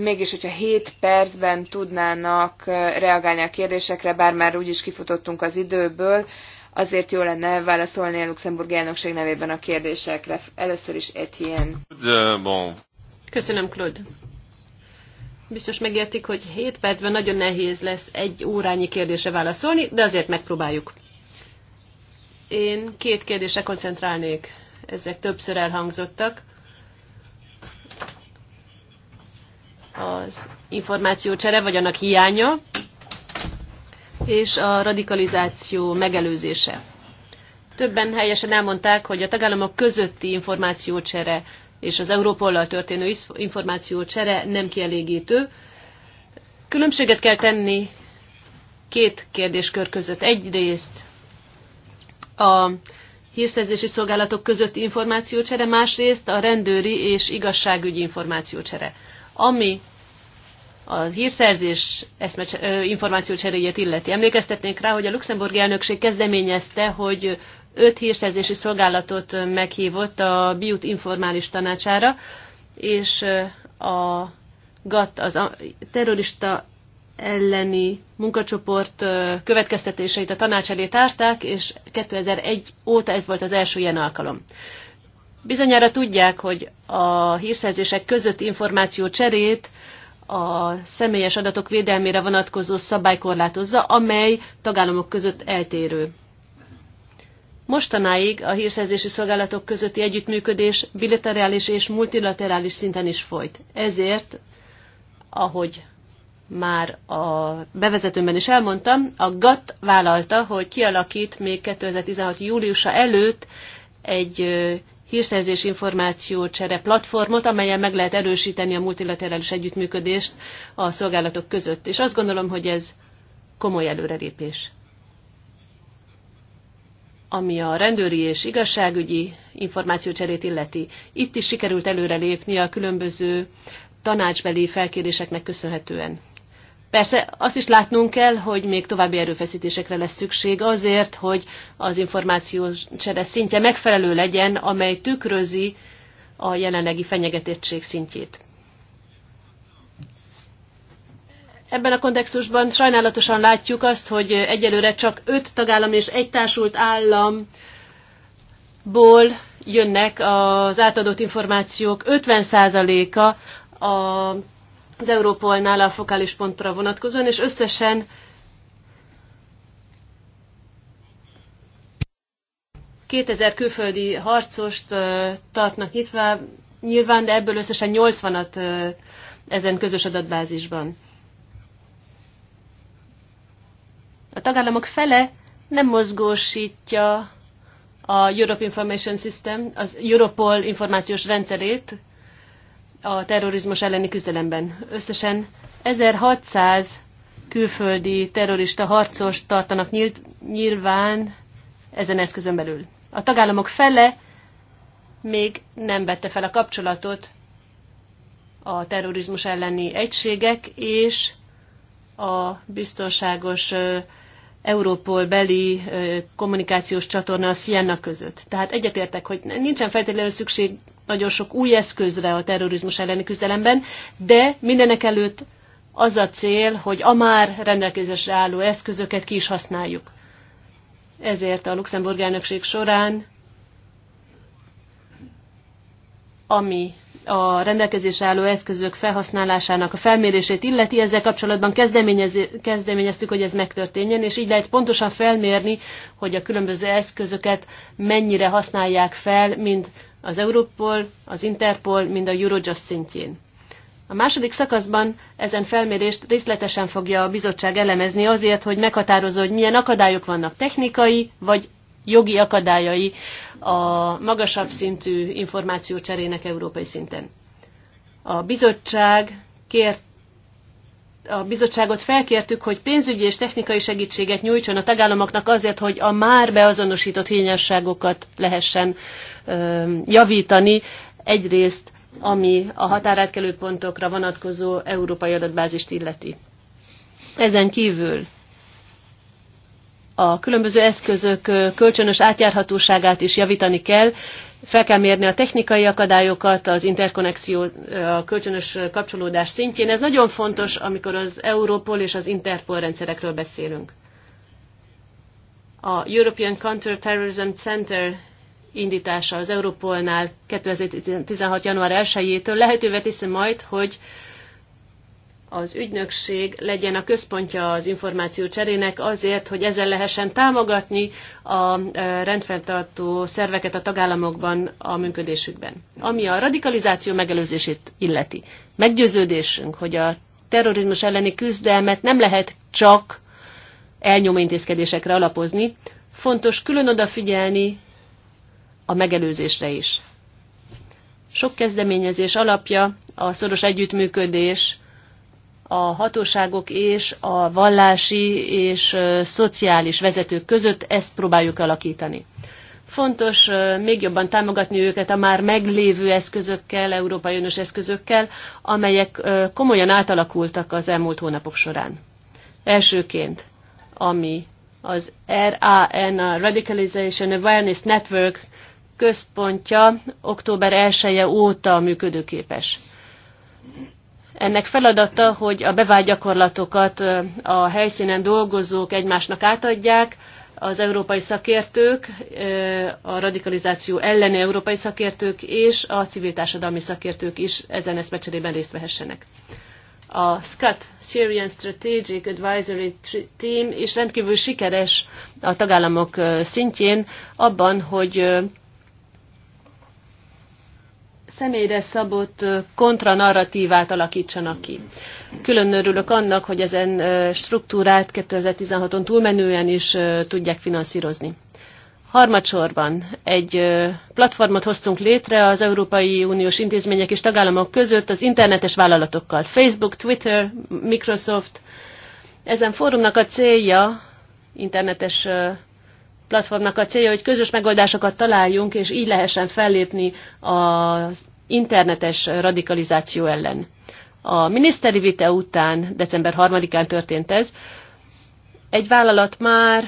mégis, hogyha 7 percben tudnának reagálni a kérdésekre, bár már úgyis kifutottunk az időből, azért jó lenne válaszolni a Luxemburg elnökség nevében a kérdésekre. Először is Etienne. Euh, Köszönöm, Claude. Biztos megértik, hogy 7 percben nagyon nehéz lesz egy órányi kérdésre válaszolni, de azért megpróbáljuk. Én két kérdésre koncentrálnék, ezek többször elhangzottak. az információcsere, vagy annak hiánya, és a radikalizáció megelőzése. Többen helyesen elmondták, hogy a tagállamok közötti információcsere és az Európollal történő információcsere nem kielégítő. Különbséget kell tenni két kérdéskör között. Egyrészt a hírszerzési szolgálatok közötti információcsere, másrészt a rendőri és igazságügyi információcsere. Ami a hírszerzés információcseréjét illeti. Emlékeztetnénk rá, hogy a luxemburgi elnökség kezdeményezte, hogy öt hírszerzési szolgálatot meghívott a BIUT informális tanácsára, és a GATT, az a terrorista elleni munkacsoport következtetéseit a tanács elé tárták, és 2001 óta ez volt az első ilyen alkalom. Bizonyára tudják, hogy a hírszerzések között információ cserét a személyes adatok védelmére vonatkozó szabály korlátozza, amely tagállamok között eltérő. Mostanáig a hírszerzési szolgálatok közötti együttműködés bilaterális és multilaterális szinten is folyt. Ezért, ahogy már a bevezetőmben is elmondtam, a GATT vállalta, hogy kialakít még 2016. júliusa előtt egy hírszerzés csere platformot, amelyen meg lehet erősíteni a multilaterális együttműködést a szolgálatok között. És azt gondolom, hogy ez komoly előrelépés. Ami a rendőri és igazságügyi információcserét illeti. Itt is sikerült előrelépni a különböző tanácsbeli felkéréseknek köszönhetően. Persze azt is látnunk kell, hogy még további erőfeszítésekre lesz szükség azért, hogy az információs csere szintje megfelelő legyen, amely tükrözi a jelenlegi fenyegetettség szintjét. Ebben a kontextusban sajnálatosan látjuk azt, hogy egyelőre csak öt tagállam és egy társult államból jönnek az átadott információk 50%-a a az Európolnál a fokális pontra vonatkozóan, és összesen kétezer külföldi harcost tartnak nyitva, nyilván, de ebből összesen 80-at ezen közös adatbázisban. A tagállamok fele nem mozgósítja a Europe Information System, az Europol információs rendszerét, a terrorizmus elleni küzdelemben. Összesen 1600 külföldi terrorista harcos tartanak nyilván ezen eszközön belül. A tagállamok fele még nem vette fel a kapcsolatot a terrorizmus elleni egységek és a biztonságos Európol beli kommunikációs csatorna a Sienna között. Tehát egyetértek, hogy nincsen feltétlenül szükség nagyon sok új eszközre a terrorizmus elleni küzdelemben, de mindenek előtt az a cél, hogy a már rendelkezésre álló eszközöket ki is használjuk. Ezért a Luxemburg elnökség során, ami a rendelkezésre álló eszközök felhasználásának a felmérését illeti, ezzel kapcsolatban kezdeményeztük, hogy ez megtörténjen, és így lehet pontosan felmérni, hogy a különböző eszközöket mennyire használják fel, mind az Europol, az Interpol, mind a Eurojust szintjén. A második szakaszban ezen felmérést részletesen fogja a bizottság elemezni azért, hogy meghatározza, hogy milyen akadályok vannak technikai vagy jogi akadályai a magasabb szintű információcserének európai szinten. A bizottság kért a bizottságot felkértük, hogy pénzügyi és technikai segítséget nyújtson a tagállamoknak azért, hogy a már beazonosított hiányosságokat lehessen javítani, egyrészt ami a határátkelő pontokra vonatkozó európai adatbázist illeti. Ezen kívül a különböző eszközök kölcsönös átjárhatóságát is javítani kell, fel kell mérni a technikai akadályokat, az interkonnexió, a kölcsönös kapcsolódás szintjén. Ez nagyon fontos, amikor az Europol és az Interpol rendszerekről beszélünk. A European Counter-Terrorism Center indítása az Európolnál 2016. január 1-től lehetővé teszi majd, hogy az ügynökség legyen a központja az információ cserének azért, hogy ezzel lehessen támogatni a e, rendfenntartó szerveket a tagállamokban a működésükben. Ami a radikalizáció megelőzését illeti. Meggyőződésünk, hogy a terrorizmus elleni küzdelmet nem lehet csak elnyomó intézkedésekre alapozni. Fontos külön odafigyelni a megelőzésre is. Sok kezdeményezés alapja a szoros együttműködés a hatóságok és a vallási és szociális vezetők között, ezt próbáljuk alakítani. Fontos még jobban támogatni őket a már meglévő eszközökkel, Európai Önös eszközökkel, amelyek komolyan átalakultak az elmúlt hónapok során. Elsőként, ami az RAN, a Radicalization Awareness Network központja október 1 -e óta működőképes. Ennek feladata, hogy a bevált gyakorlatokat a helyszínen dolgozók egymásnak átadják, az európai szakértők, a radikalizáció elleni európai szakértők és a civil társadalmi szakértők is ezen eszmecserében részt vehessenek. A SCAT, Syrian Strategic Advisory Team is rendkívül sikeres a tagállamok szintjén abban, hogy személyre szabott kontranarratívát alakítsanak ki. Külön örülök annak, hogy ezen struktúrát 2016-on túlmenően is tudják finanszírozni. Harmadsorban egy platformot hoztunk létre az Európai Uniós intézmények és tagállamok között az internetes vállalatokkal. Facebook, Twitter, Microsoft. Ezen fórumnak a célja internetes platformnak a célja, hogy közös megoldásokat találjunk, és így lehessen fellépni az internetes radikalizáció ellen. A miniszteri vite után, december 3-án történt ez, egy vállalat már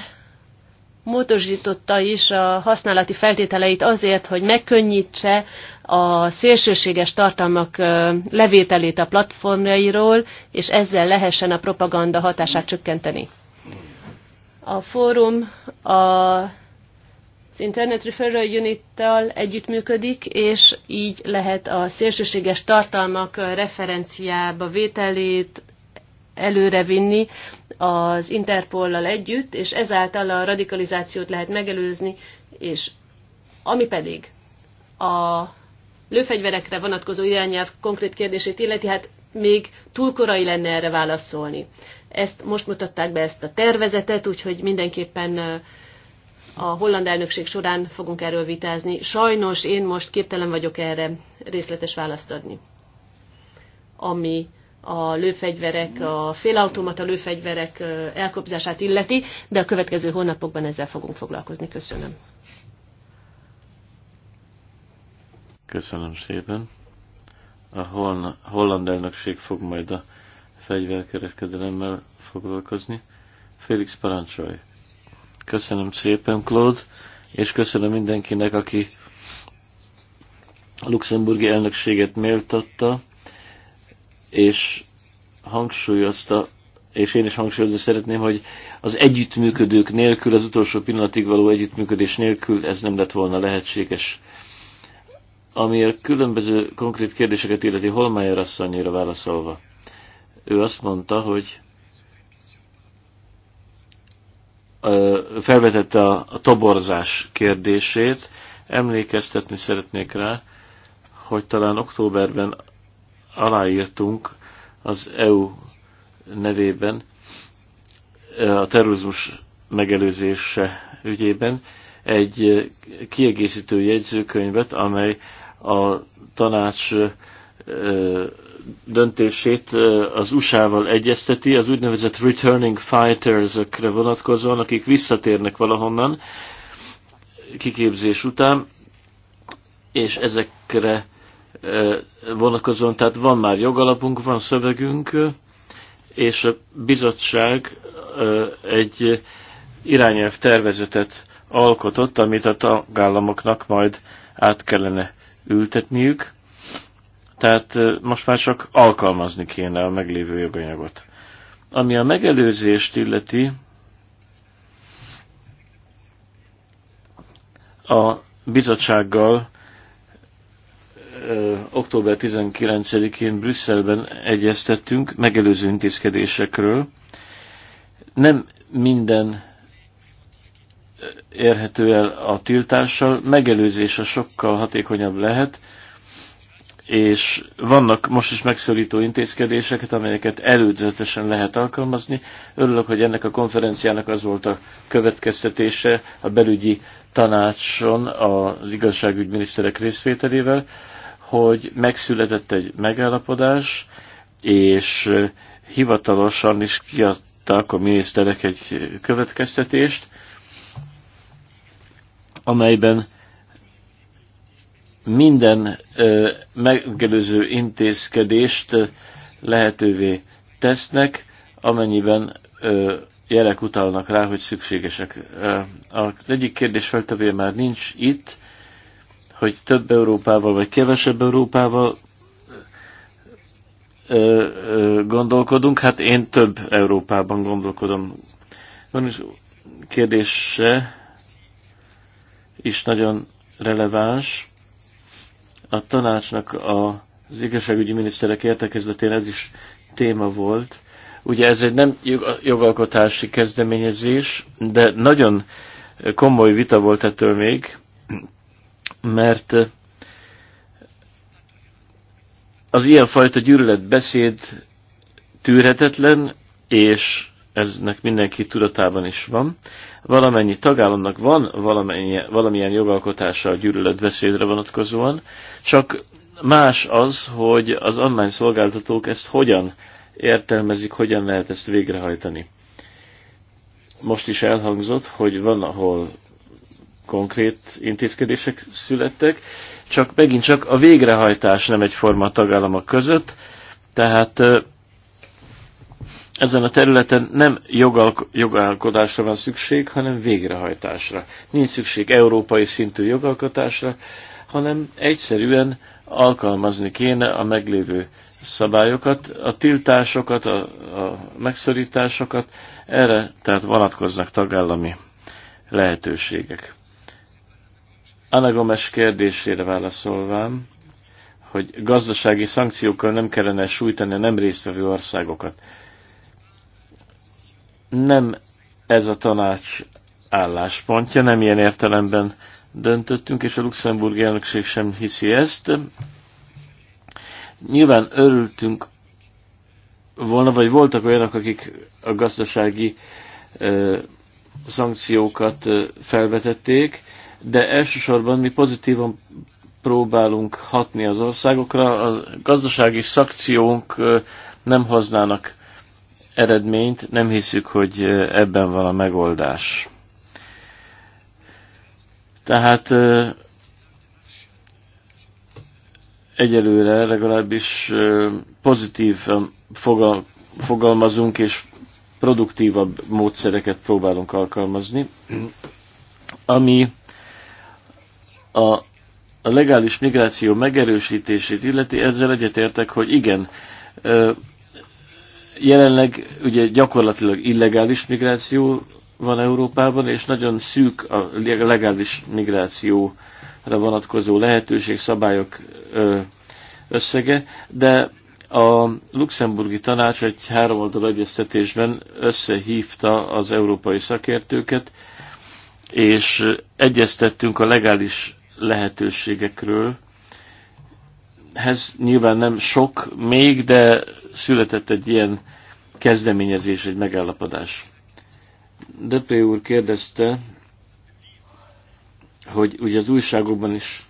módosította is a használati feltételeit azért, hogy megkönnyítse a szélsőséges tartalmak levételét a platformjairól, és ezzel lehessen a propaganda hatását csökkenteni. A fórum a, az Internet Referral Unit-tal együttműködik, és így lehet a szélsőséges tartalmak referenciába vételét előrevinni az Interpollal együtt, és ezáltal a radikalizációt lehet megelőzni, és ami pedig a lőfegyverekre vonatkozó irányelv konkrét kérdését illeti, hát még túl korai lenne erre válaszolni. Ezt most mutatták be ezt a tervezetet, úgyhogy mindenképpen a holland elnökség során fogunk erről vitázni. Sajnos én most képtelen vagyok erre részletes választ adni. Ami a lőfegyverek, a félautomata lőfegyverek elkobzását illeti, de a következő hónapokban ezzel fogunk foglalkozni. Köszönöm. Köszönöm szépen. A holland elnökség fog majd a fegyverkereskedelemmel foglalkozni. Félix parancsolj! Köszönöm szépen, Claude, és köszönöm mindenkinek, aki a luxemburgi elnökséget méltatta, és hangsúlyozta, és én is hangsúlyozni szeretném, hogy az együttműködők nélkül, az utolsó pillanatig való együttműködés nélkül ez nem lett volna lehetséges. Amiért különböző konkrét kérdéseket illeti Holmeyer asszonyra válaszolva ő azt mondta, hogy felvetette a, a toborzás kérdését. Emlékeztetni szeretnék rá, hogy talán októberben aláírtunk az EU nevében a terrorizmus megelőzése ügyében egy kiegészítő jegyzőkönyvet, amely a tanács döntését az USA-val egyezteti, az úgynevezett returning fighters-ökre vonatkozóan, akik visszatérnek valahonnan kiképzés után, és ezekre vonatkozóan, tehát van már jogalapunk, van szövegünk, és a bizottság egy irányelv tervezetet alkotott, amit a tagállamoknak majd át kellene ültetniük tehát most már csak alkalmazni kéne a meglévő joganyagot. Ami a megelőzést illeti, a bizottsággal ö, október 19-én Brüsszelben egyeztettünk megelőző intézkedésekről. Nem minden érhető el a tiltással, megelőzése sokkal hatékonyabb lehet, és vannak most is megszorító intézkedéseket, amelyeket előzetesen lehet alkalmazni. Örülök, hogy ennek a konferenciának az volt a következtetése a belügyi tanácson az igazságügyminiszterek részvételével, hogy megszületett egy megállapodás, és hivatalosan is kiadtak a miniszterek egy következtetést, amelyben minden megelőző intézkedést lehetővé tesznek, amennyiben jelek utalnak rá, hogy szükségesek. Az egyik kérdés feltevé már nincs itt, hogy több Európával vagy kevesebb Európával gondolkodunk. Hát én több Európában gondolkodom. Van is kérdése is nagyon releváns. A tanácsnak a, az igazságügyi miniszterek értekezletén ez is téma volt. Ugye ez egy nem jogalkotási kezdeményezés, de nagyon komoly vita volt ettől még, mert az ilyenfajta gyűlöletbeszéd tűrhetetlen, és eznek mindenki tudatában is van. Valamennyi tagállamnak van valamennyi, valamilyen jogalkotása a gyűlöletbeszédre vonatkozóan, csak más az, hogy az online szolgáltatók ezt hogyan értelmezik, hogyan lehet ezt végrehajtani. Most is elhangzott, hogy van, ahol konkrét intézkedések születtek, csak megint csak a végrehajtás nem egyforma a tagállamok között, tehát ezen a területen nem jogalk jogalkodásra van szükség, hanem végrehajtásra. Nincs szükség európai szintű jogalkotásra, hanem egyszerűen alkalmazni kéne a meglévő szabályokat, a tiltásokat, a, a megszorításokat, erre tehát vonatkoznak tagállami lehetőségek. Anna Gomes kérdésére válaszolvám, hogy gazdasági szankciókkal nem kellene sújtani a nem résztvevő országokat. Nem ez a tanács álláspontja, nem ilyen értelemben döntöttünk, és a luxemburgi elnökség sem hiszi ezt. Nyilván örültünk volna, vagy voltak olyanok, akik a gazdasági ö, szankciókat ö, felvetették, de elsősorban mi pozitívan próbálunk hatni az országokra. A gazdasági szankciónk ö, nem hoznának eredményt, nem hiszük, hogy ebben van a megoldás. Tehát egyelőre legalábbis pozitív fogalmazunk, és produktívabb módszereket próbálunk alkalmazni. Ami a, a legális migráció megerősítését illeti, ezzel egyetértek, hogy igen, Jelenleg ugye gyakorlatilag illegális migráció van Európában, és nagyon szűk a legális migrációra vonatkozó lehetőség, szabályok összege, de a luxemburgi tanács egy háromoldal egyeztetésben összehívta az európai szakértőket, és egyeztettünk a legális lehetőségekről. Ez nyilván nem sok még, de született egy ilyen kezdeményezés, egy megállapodás. Döpré úr kérdezte, hogy ugye az újságokban is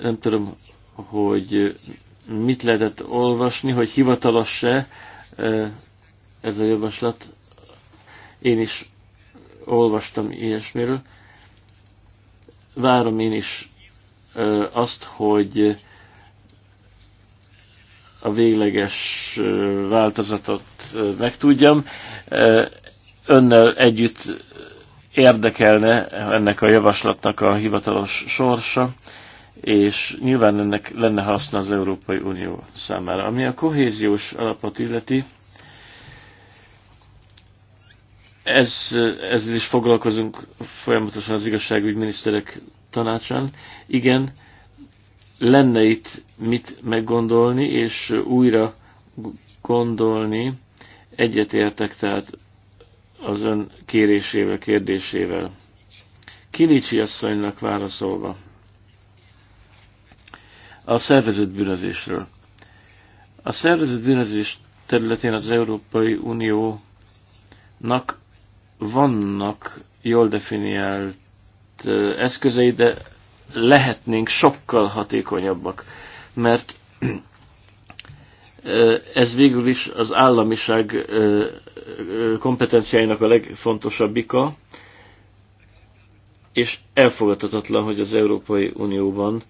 nem tudom, hogy mit lehetett olvasni, hogy hivatalos-e ez a javaslat. Én is olvastam ilyesmiről. Várom én is azt, hogy a végleges változatot megtudjam. Önnel együtt érdekelne ennek a javaslatnak a hivatalos sorsa, és nyilván ennek lenne haszna az Európai Unió számára. Ami a kohéziós alapot illeti, ez, ezzel is foglalkozunk folyamatosan az igazságügyminiszterek tanácsán. Igen, lenne itt mit meggondolni, és újra gondolni. Egyetértek tehát az ön kérésével, kérdésével. Kilicsi asszonynak válaszolva a szervezett bűnözésről. A szervezett bűnözés területén az Európai Uniónak vannak jól definiált eh, eszközei, de lehetnénk sokkal hatékonyabbak, mert ez végül is az államiság kompetenciáinak a legfontosabbika, és elfogadhatatlan, hogy az Európai Unióban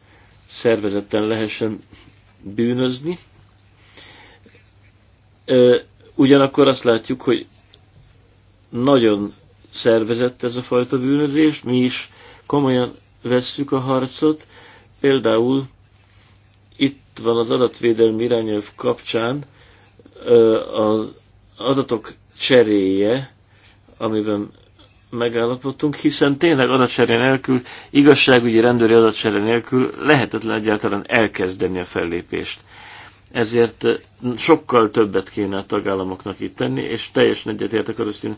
szervezetten lehessen bűnözni. Ugyanakkor azt látjuk, hogy nagyon szervezett ez a fajta bűnözés, mi is komolyan vesszük a harcot. Például itt van az adatvédelmi irányelv kapcsán az adatok cseréje, amiben megállapodtunk, hiszen tényleg adatserén nélkül, igazságügyi rendőri adatserén nélkül lehetetlen egyáltalán elkezdeni a fellépést. Ezért sokkal többet kéne a tagállamoknak itt tenni, és teljesen egyetértek hogy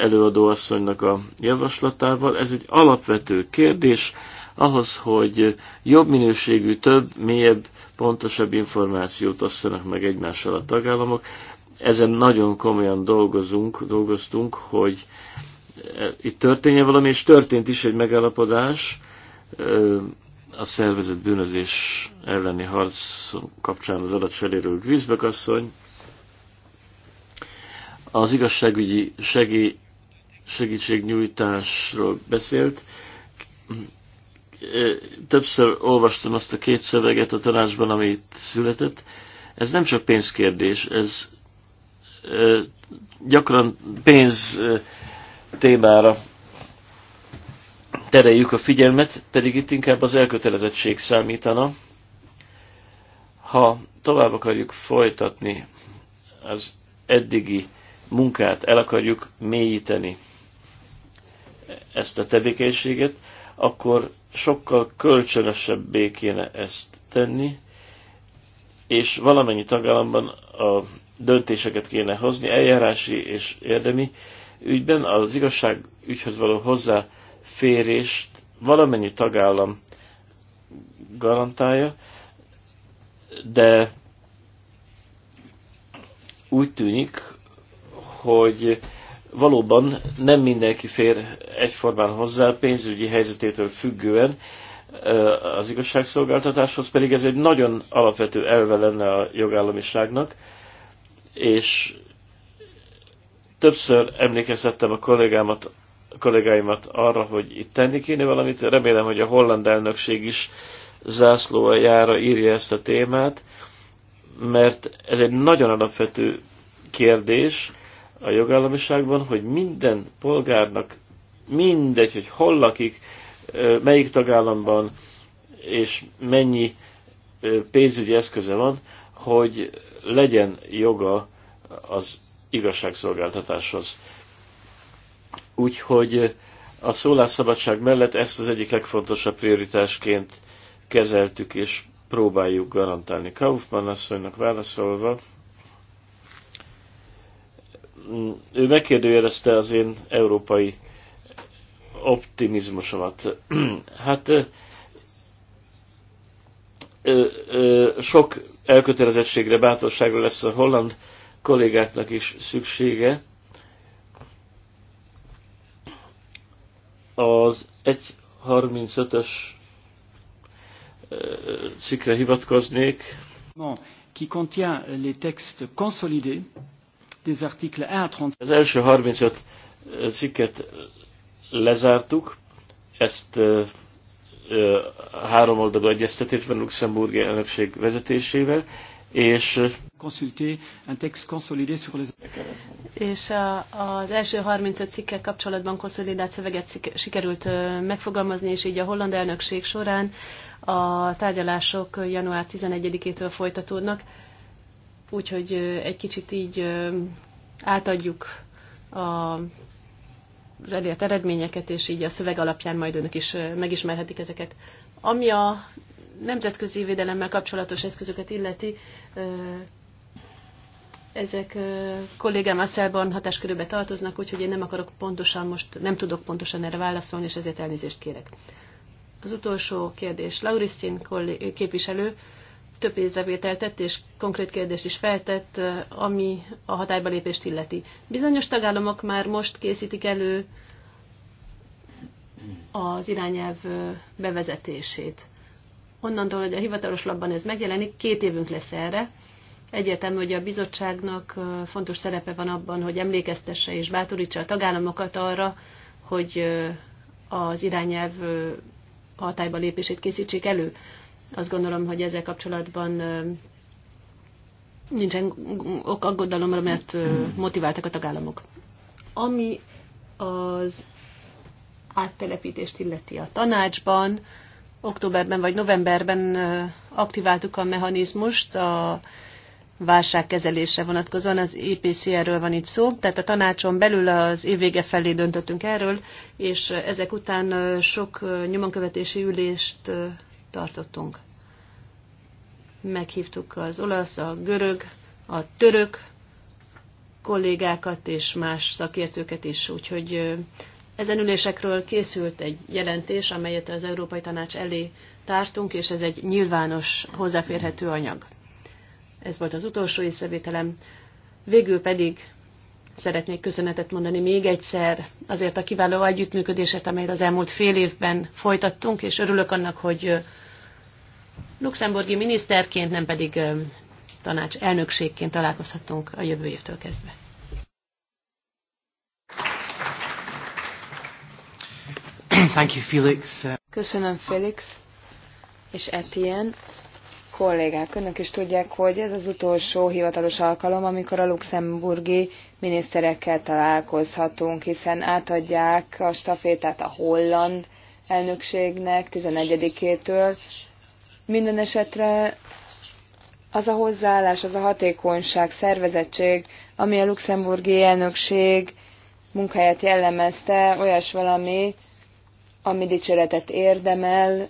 előadóasszonynak a javaslatával. Ez egy alapvető kérdés ahhoz, hogy jobb minőségű, több, mélyebb, pontosabb információt osszanak meg egymással a tagállamok. Ezen nagyon komolyan dolgozunk, dolgoztunk, hogy itt történje valami, és történt is egy megállapodás a szervezet bűnözés elleni harc kapcsán az adatcseréről Grisbeck asszony, az igazságügyi segély, segítségnyújtásról beszélt. Többször olvastam azt a két szöveget a tanácsban, amit született. Ez nem csak pénzkérdés, ez gyakran pénz témára tereljük a figyelmet, pedig itt inkább az elkötelezettség számítana. Ha tovább akarjuk folytatni az eddigi munkát el akarjuk mélyíteni ezt a tevékenységet, akkor sokkal kölcsönösebbé kéne ezt tenni, és valamennyi tagállamban a döntéseket kéne hozni, eljárási és érdemi ügyben az igazság ügyhöz való hozzáférést valamennyi tagállam garantálja, de úgy tűnik, hogy valóban nem mindenki fér egyformán hozzá pénzügyi helyzetétől függően, az igazságszolgáltatáshoz pedig ez egy nagyon alapvető elve lenne a jogállamiságnak, és többször emlékeztettem a kollégámat, a kollégáimat arra, hogy itt tenni kéne valamit. Remélem, hogy a holland elnökség is zászlójára írja ezt a témát, mert ez egy nagyon alapvető kérdés, a jogállamiságban, hogy minden polgárnak mindegy, hogy hol lakik, melyik tagállamban, és mennyi pénzügyi eszköze van, hogy legyen joga az igazságszolgáltatáshoz. Úgyhogy a szólásszabadság mellett ezt az egyik legfontosabb prioritásként kezeltük és próbáljuk garantálni. Kaufmann asszonynak válaszolva, ő megkérdőjelezte az én európai optimizmusomat. hát ö, ö, sok elkötelezettségre, bátorságra lesz a holland kollégáknak is szüksége. Az 1.35-ös cikkre hivatkoznék. Bon, Qui contient les textes consolidés des articles 1 à Az első 35 cikket lezártuk, ezt ö, ö, három oldalú egyeztetésben Luxemburg elnökség vezetésével, és és a, az első 35 cikkel kapcsolatban konszolidált szöveget sikerült megfogalmazni, és így a holland elnökség során a tárgyalások január 11-től folytatódnak úgyhogy egy kicsit így átadjuk a az elért eredményeket, és így a szöveg alapján majd önök is megismerhetik ezeket. Ami a nemzetközi védelemmel kapcsolatos eszközöket illeti, ezek kollégám Szelban hatáskörülbe tartoznak, úgyhogy én nem akarok pontosan most, nem tudok pontosan erre válaszolni, és ezért elnézést kérek. Az utolsó kérdés. Laurisztin képviselő több észrevételt tett és konkrét kérdést is feltett, ami a hatályba lépést illeti. Bizonyos tagállamok már most készítik elő az irányelv bevezetését. Onnantól, hogy a hivatalos labban ez megjelenik, két évünk lesz erre. Egyetem, hogy a bizottságnak fontos szerepe van abban, hogy emlékeztesse és bátorítsa a tagállamokat arra, hogy az irányelv hatályba lépését készítsék elő. Azt gondolom, hogy ezzel kapcsolatban nincsen ok aggodalomra, mert motiváltak a tagállamok. Ami az áttelepítést illeti a tanácsban, októberben vagy novemberben aktiváltuk a mechanizmust a válságkezelésre vonatkozóan, az EPC-ről van itt szó, tehát a tanácson belül az évvége felé döntöttünk erről, és ezek után sok nyomonkövetési ülést tartottunk. Meghívtuk az olasz, a görög, a török kollégákat és más szakértőket is, úgyhogy ezen ülésekről készült egy jelentés, amelyet az Európai Tanács elé tártunk, és ez egy nyilvános, hozzáférhető anyag. Ez volt az utolsó észrevételem. Végül pedig szeretnék köszönetet mondani még egyszer azért a kiváló együttműködésért, amelyet az elmúlt fél évben folytattunk, és örülök annak, hogy Luxemburgi miniszterként, nem pedig tanács elnökségként találkozhatunk a jövő évtől kezdve. Thank you, Felix. Köszönöm, Felix és Etienne kollégák, önök is tudják, hogy ez az utolsó hivatalos alkalom, amikor a luxemburgi miniszterekkel találkozhatunk, hiszen átadják a stafétát a holland elnökségnek 11-től, minden esetre az a hozzáállás, az a hatékonyság, szervezettség, ami a luxemburgi elnökség munkáját jellemezte, olyas valami, ami dicséretet érdemel,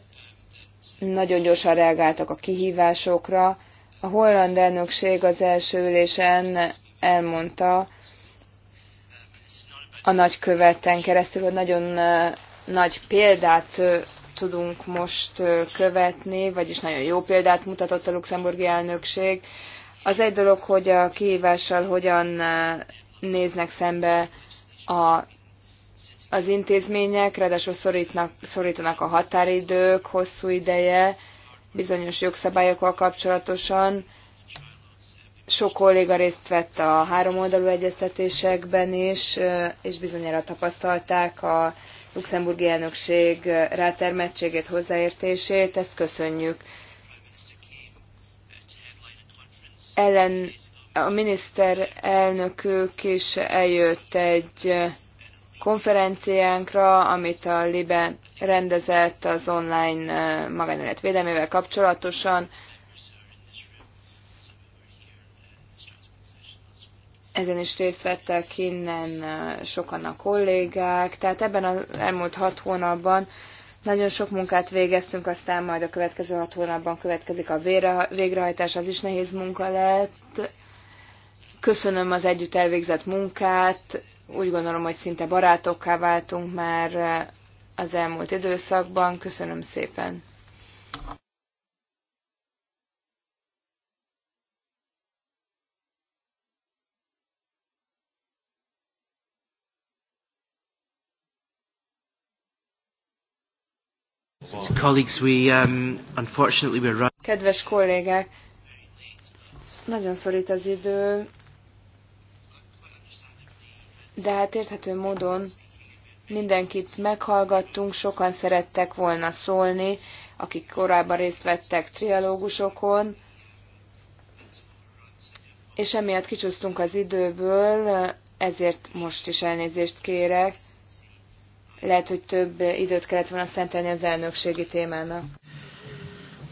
nagyon gyorsan reagáltak a kihívásokra. A holland elnökség az első ülésen elmondta a nagyköveten keresztül, hogy nagyon eh, nagy példát eh, tudunk most követni, vagyis nagyon jó példát mutatott a luxemburgi elnökség. Az egy dolog, hogy a kihívással hogyan néznek szembe a, az intézmények, ráadásul szorítnak, szorítanak a határidők hosszú ideje bizonyos jogszabályokkal kapcsolatosan. Sok kolléga részt vett a három oldalú egyeztetésekben is, és bizonyára tapasztalták a luxemburgi elnökség eh, rátermettségét, hozzáértését, ezt köszönjük. Ellen a miniszterelnökük is eljött egy eh, konferenciánkra, amit a LIBE rendezett az online eh, magánélet védelmével kapcsolatosan. ezen is részt vettek innen sokan a kollégák, tehát ebben az elmúlt hat hónapban nagyon sok munkát végeztünk, aztán majd a következő hat hónapban következik a végrehajtás, az is nehéz munka lett. Köszönöm az együtt elvégzett munkát, úgy gondolom, hogy szinte barátokká váltunk már az elmúlt időszakban. Köszönöm szépen! Um, Kedves kollégák, nagyon szorít az idő, de hát érthető módon mindenkit meghallgattunk, sokan szerettek volna szólni, akik korábban részt vettek trialógusokon, és emiatt kicsúsztunk az időből, ezért most is elnézést kérek. Lehet, hogy több időt kellett volna szentelni az elnökségi témának.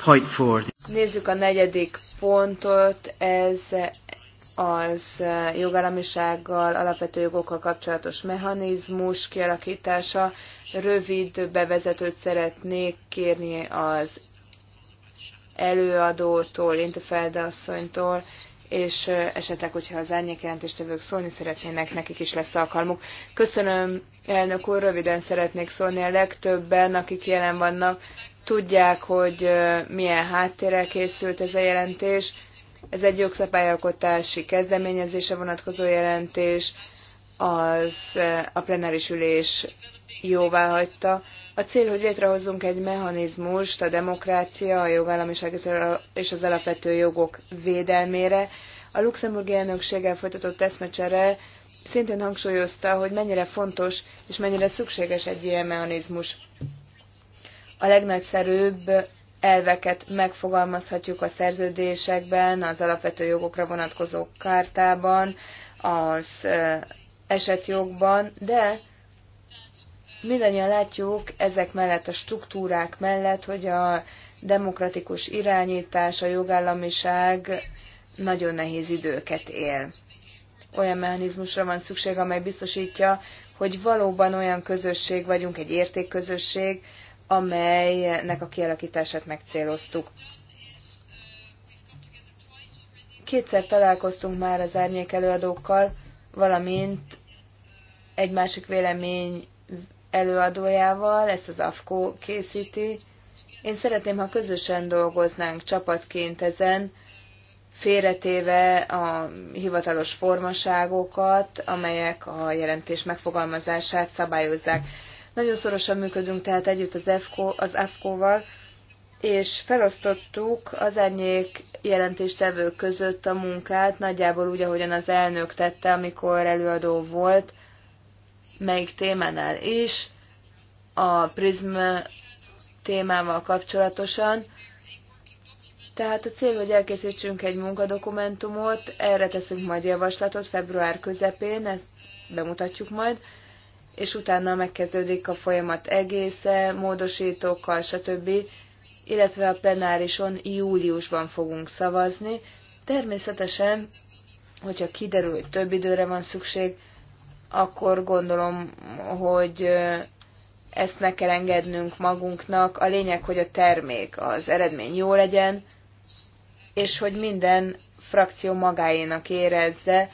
Point four. Nézzük a negyedik pontot, ez az jogállamisággal, alapvető jogokkal kapcsolatos mechanizmus kialakítása. Rövid bevezetőt szeretnék kérni az előadótól, Intefelde asszonytól, és esetleg, hogyha az árnyékjelentéstevők szólni szeretnének, nekik is lesz alkalmuk. Köszönöm, elnök úr, röviden szeretnék szólni. A legtöbben, akik jelen vannak, tudják, hogy milyen háttérrel készült ez a jelentés. Ez egy jogszabályalkotási kezdeményezése vonatkozó jelentés, az a plenáris ülés jóvá hagyta, a cél, hogy létrehozzunk egy mechanizmust a demokrácia, a jogállamiság és az alapvető jogok védelmére. A luxemburgi elnökséggel folytatott eszmecsere szintén hangsúlyozta, hogy mennyire fontos és mennyire szükséges egy ilyen mechanizmus. A legnagyszerűbb elveket megfogalmazhatjuk a szerződésekben, az alapvető jogokra vonatkozó kártában, az esetjogban, de mindannyian látjuk ezek mellett, a struktúrák mellett, hogy a demokratikus irányítás, a jogállamiság nagyon nehéz időket él. Olyan mechanizmusra van szükség, amely biztosítja, hogy valóban olyan közösség vagyunk, egy értékközösség, amelynek a kialakítását megcéloztuk. Kétszer találkoztunk már az árnyék előadókkal, valamint egy másik vélemény előadójával, ezt az AFKO készíti. Én szeretném, ha közösen dolgoznánk csapatként ezen, félretéve a hivatalos formaságokat, amelyek a jelentés megfogalmazását szabályozzák. Nagyon szorosan működünk tehát együtt az AFKO, az AFKO-val, és felosztottuk az árnyék jelentéstevők között a munkát, nagyjából úgy, ahogyan az elnök tette, amikor előadó volt melyik témánál is, a PRISM témával kapcsolatosan. Tehát a cél, hogy elkészítsünk egy munkadokumentumot, erre teszünk majd javaslatot február közepén, ezt bemutatjuk majd, és utána megkezdődik a folyamat egésze, módosítókkal, stb., illetve a plenárison júliusban fogunk szavazni. Természetesen, hogyha kiderül, hogy több időre van szükség, akkor gondolom, hogy ezt meg kell engednünk magunknak. A lényeg, hogy a termék, az eredmény jó legyen, és hogy minden frakció magáénak érezze,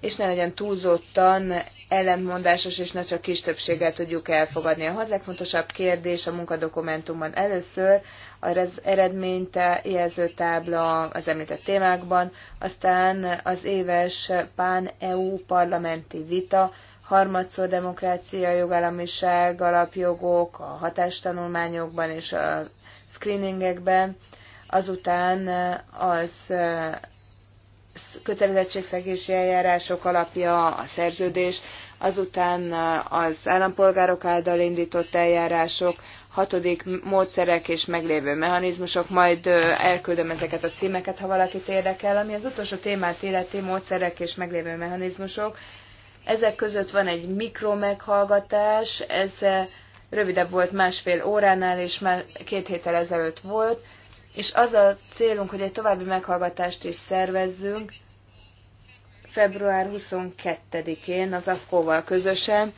és ne legyen túlzottan ellentmondásos, és ne csak kis többséggel tudjuk elfogadni. A hat legfontosabb kérdés a munkadokumentumban először az eredményt jelző tábla az említett témákban, aztán az éves PÁN-EU parlamenti vita, harmadszor demokrácia, jogállamiság, alapjogok a hatástanulmányokban és a screeningekben, azután az kötelezettségszegési eljárások alapja a szerződés, azután az állampolgárok által indított eljárások, hatodik módszerek és meglévő mechanizmusok, majd elküldöm ezeket a címeket, ha valakit érdekel, ami az utolsó témát életi módszerek és meglévő mechanizmusok. Ezek között van egy mikromeghallgatás, ez rövidebb volt másfél óránál, és már két héttel ezelőtt volt, és az a célunk, hogy egy további meghallgatást is szervezzünk február 22-én az AFKO-val közösen,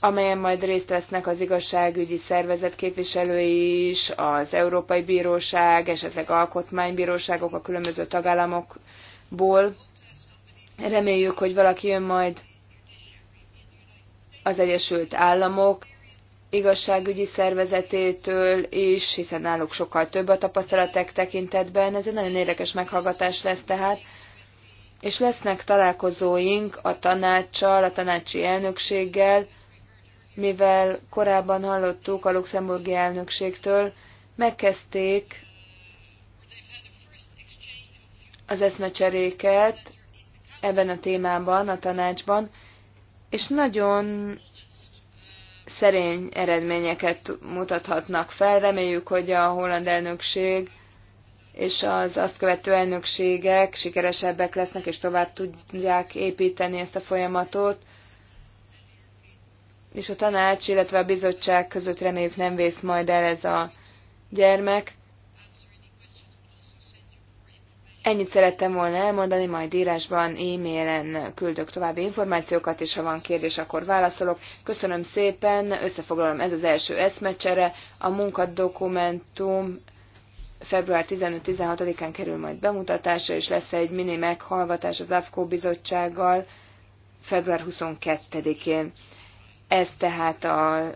amelyen majd részt vesznek az igazságügyi szervezet képviselői is, az Európai Bíróság, esetleg alkotmánybíróságok a különböző tagállamokból. Reméljük, hogy valaki jön majd az Egyesült Államok igazságügyi szervezetétől is, hiszen náluk sokkal több a tapasztalatek tekintetben. Ez egy nagyon érdekes meghallgatás lesz tehát. És lesznek találkozóink a tanácssal, a tanácsi elnökséggel, mivel korábban hallottuk a luxemburgi elnökségtől, megkezdték az eszmecseréket ebben a témában, a tanácsban, és nagyon szerény eredményeket mutathatnak fel. Reméljük, hogy a holland elnökség és az azt követő elnökségek sikeresebbek lesznek, és tovább tudják építeni ezt a folyamatot. És a tanács, illetve a bizottság között reméljük nem vész majd el ez a gyermek. Ennyit szerettem volna elmondani, majd írásban, e-mailen küldök további információkat, és ha van kérdés, akkor válaszolok. Köszönöm szépen, összefoglalom, ez az első eszmecsere. A munkadokumentum február 15-16-án kerül majd bemutatásra, és lesz egy mini meghallgatás az AFKO bizottsággal február 22-én. Ez tehát a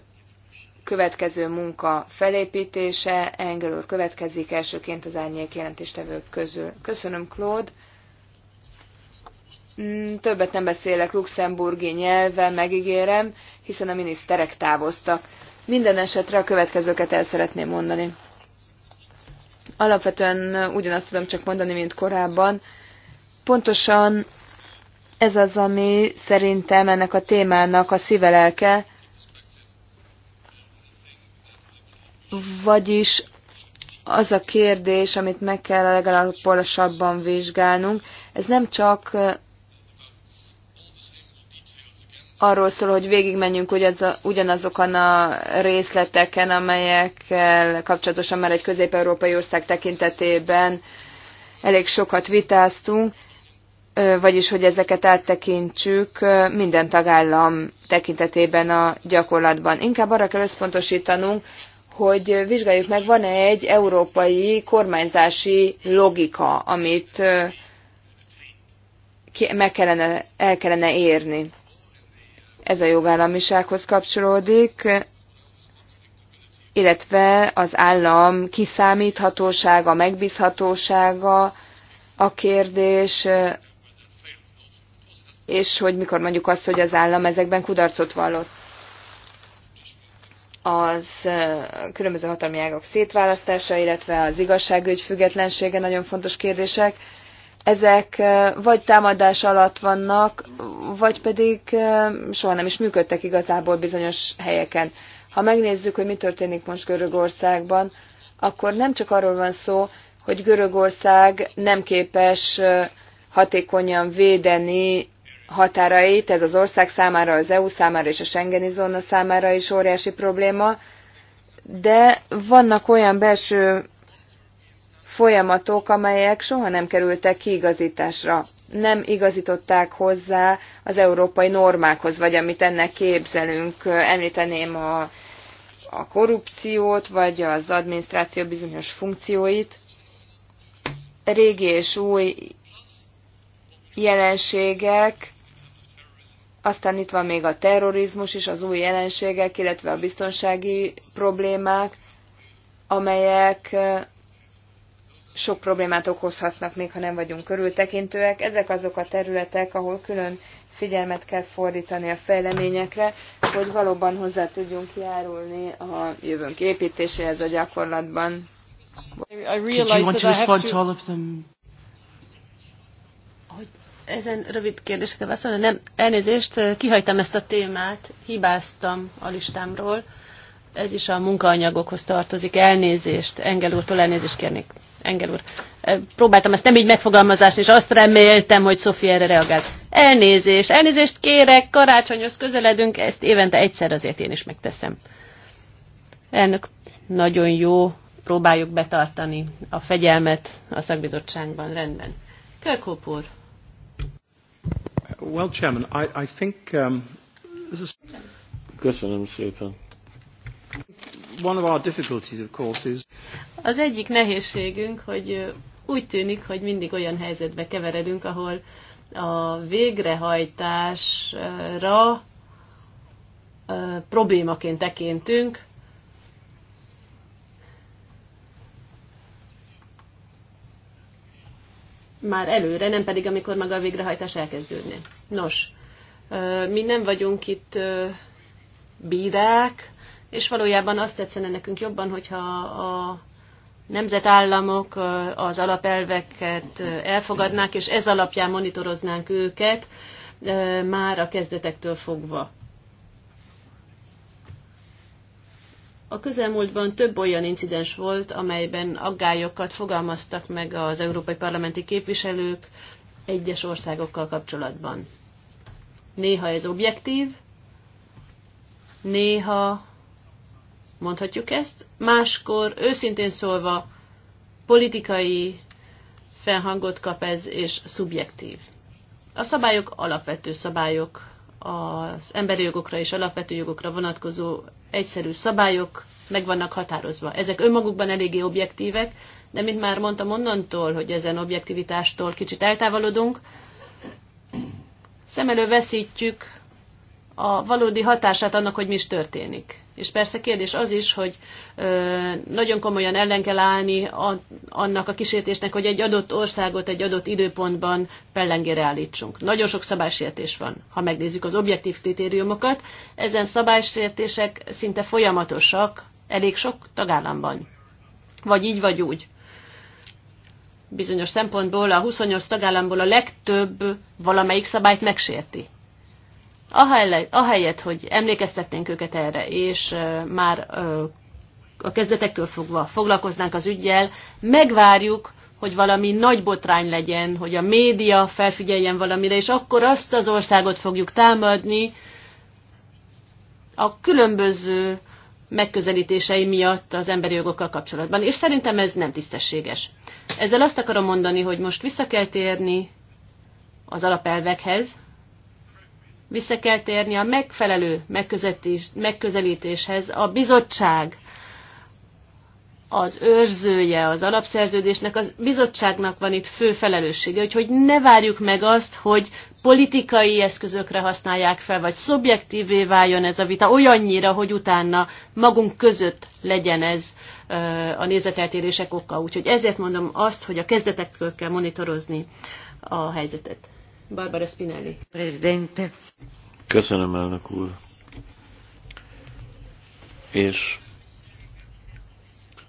következő munka felépítése. Engel úr következik elsőként az árnyék jelentéstevők közül. Köszönöm, Claude. Mm, többet nem beszélek luxemburgi nyelven, megígérem, hiszen a miniszterek távoztak. Minden esetre a következőket el szeretném mondani. Alapvetően ugyanazt tudom csak mondani, mint korábban. Pontosan ez az, ami szerintem ennek a témának a szívelelke, Vagyis az a kérdés, amit meg kell a legalaposabban vizsgálnunk, ez nem csak arról szól, hogy végigmenjünk ugyanazokon a részleteken, amelyekkel kapcsolatosan már egy közép-európai ország tekintetében elég sokat vitáztunk, vagyis hogy ezeket áttekintsük minden tagállam tekintetében a gyakorlatban. Inkább arra kell összpontosítanunk, hogy vizsgáljuk meg, van-e egy európai kormányzási logika, amit meg kellene, el kellene érni. Ez a jogállamisághoz kapcsolódik, illetve az állam kiszámíthatósága, megbízhatósága a kérdés, és hogy mikor mondjuk azt, hogy az állam ezekben kudarcot vallott az különböző hatalmi ágak szétválasztása, illetve az igazságügy függetlensége nagyon fontos kérdések. Ezek vagy támadás alatt vannak, vagy pedig soha nem is működtek igazából bizonyos helyeken. Ha megnézzük, hogy mi történik most Görögországban, akkor nem csak arról van szó, hogy Görögország nem képes hatékonyan védeni határait, ez az ország számára, az EU számára és a Schengeni zóna számára is óriási probléma, de vannak olyan belső folyamatok, amelyek soha nem kerültek kiigazításra. Nem igazították hozzá az európai normákhoz, vagy amit ennek képzelünk. Említeném a, a korrupciót, vagy az adminisztráció bizonyos funkcióit. Régi és új jelenségek aztán itt van még a terrorizmus is, az új jelenségek, illetve a biztonsági problémák, amelyek sok problémát okozhatnak, még ha nem vagyunk körültekintőek. Ezek azok a területek, ahol külön figyelmet kell fordítani a fejleményekre, hogy valóban hozzá tudjunk járulni a jövőnk építéséhez a gyakorlatban ezen rövid kérdésekre válaszolni. Nem, elnézést, kihagytam ezt a témát, hibáztam a listámról. Ez is a munkaanyagokhoz tartozik. Elnézést, Engel úrtól elnézést kérnék. Engel úr, próbáltam ezt nem így megfogalmazást, és azt reméltem, hogy Szofi erre reagált. Elnézést, elnézést kérek, karácsonyhoz közeledünk, ezt évente egyszer azért én is megteszem. Elnök, nagyon jó, próbáljuk betartani a fegyelmet a szakbizottságban, rendben. Kölkóp úr. Well, Chairman, I, I think um, this is... Köszönöm szépen. One of our difficulties, of course, is... Az egyik nehézségünk, hogy úgy tűnik, hogy mindig olyan helyzetbe keveredünk, ahol a végrehajtásra problémaként tekintünk, már előre, nem pedig amikor maga a végrehajtás elkezdődne. Nos, mi nem vagyunk itt bírák, és valójában azt tetszene nekünk jobban, hogyha a nemzetállamok az alapelveket elfogadnák, és ez alapján monitoroznánk őket már a kezdetektől fogva. A közelmúltban több olyan incidens volt, amelyben aggályokat fogalmaztak meg az európai parlamenti képviselők egyes országokkal kapcsolatban. Néha ez objektív, néha, mondhatjuk ezt, máskor őszintén szólva politikai felhangot kap ez, és szubjektív. A szabályok alapvető szabályok, az emberi jogokra és alapvető jogokra vonatkozó egyszerű szabályok meg vannak határozva. Ezek önmagukban eléggé objektívek, de mint már mondtam, onnantól, hogy ezen objektivitástól kicsit eltávolodunk, szem elő veszítjük a valódi hatását annak, hogy mi is történik. És persze kérdés az is, hogy ö, nagyon komolyan ellen kell állni a, annak a kísértésnek, hogy egy adott országot egy adott időpontban pellengére állítsunk. Nagyon sok szabálysértés van, ha megnézzük az objektív kritériumokat. Ezen szabálysértések szinte folyamatosak, elég sok tagállamban. Vagy így, vagy úgy. Bizonyos szempontból a 28 tagállamból a legtöbb valamelyik szabályt megsérti ahelyett, hogy emlékeztetnénk őket erre, és már a kezdetektől fogva foglalkoznánk az ügyjel, megvárjuk, hogy valami nagy botrány legyen, hogy a média felfigyeljen valamire, és akkor azt az országot fogjuk támadni a különböző megközelítései miatt az emberi jogokkal kapcsolatban. És szerintem ez nem tisztességes. Ezzel azt akarom mondani, hogy most vissza kell térni az alapelvekhez, vissza kell térni a megfelelő megközelítéshez. A bizottság az őrzője az alapszerződésnek, a bizottságnak van itt fő felelőssége, úgyhogy ne várjuk meg azt, hogy politikai eszközökre használják fel, vagy szubjektívé váljon ez a vita olyannyira, hogy utána magunk között legyen ez a nézeteltérések oka. Úgyhogy ezért mondom azt, hogy a kezdetektől kell monitorozni a helyzetet. Barbara Spinelli. Presidente. Köszönöm, elnök úr. És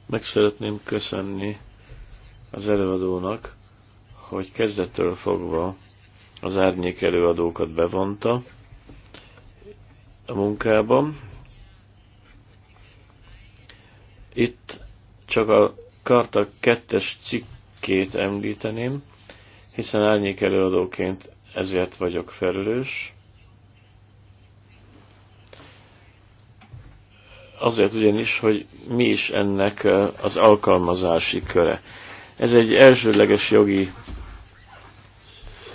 meg szeretném köszönni az előadónak, hogy kezdettől fogva az árnyék előadókat bevonta a munkában. Itt csak a Karta kettes cikkét említeném, hiszen árnyék előadóként ezért vagyok felelős. Azért ugyanis, hogy mi is ennek eh, az alkalmazási köre. Ez egy elsődleges jogi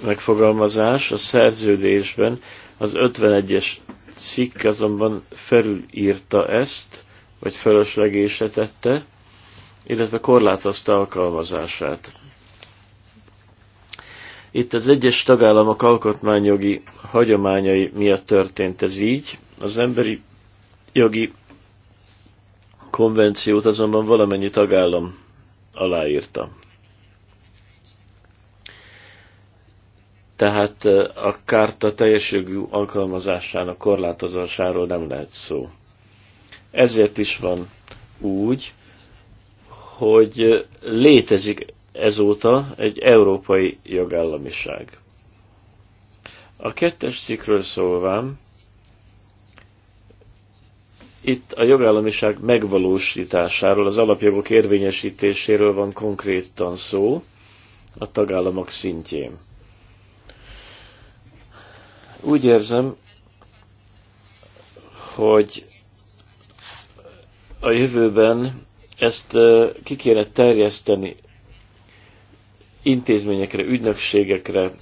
megfogalmazás a szerződésben, az 51-es cikk azonban felülírta ezt, vagy fölöslegésre tette, illetve korlátozta alkalmazását. Itt az egyes tagállamok alkotmányjogi hagyományai miatt történt ez így. Az emberi jogi konvenciót azonban valamennyi tagállam aláírta. Tehát a kárta teljes jogú alkalmazásának korlátozásáról nem lehet szó. Ezért is van úgy, hogy létezik ezóta egy európai jogállamiság. A kettes cikkről szólván, itt a jogállamiság megvalósításáról, az alapjogok érvényesítéséről van konkrétan szó a tagállamok szintjén. Úgy érzem, hogy a jövőben ezt eh, ki kéne terjeszteni intézményekre, ügynökségekre,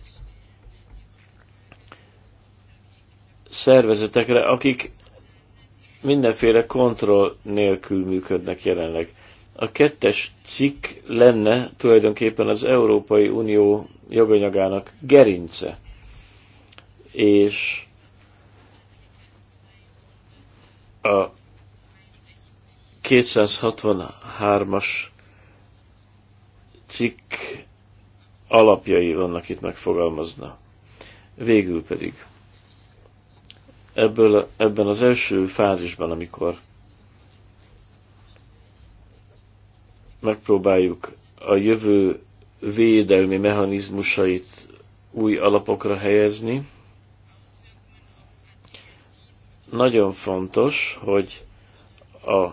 szervezetekre, akik mindenféle kontroll nélkül működnek jelenleg. A kettes cikk lenne tulajdonképpen az Európai Unió joganyagának gerince. És a 263-as cikk alapjai vannak itt megfogalmazna. Végül pedig ebből, ebben az első fázisban, amikor megpróbáljuk a jövő védelmi mechanizmusait új alapokra helyezni, nagyon fontos, hogy a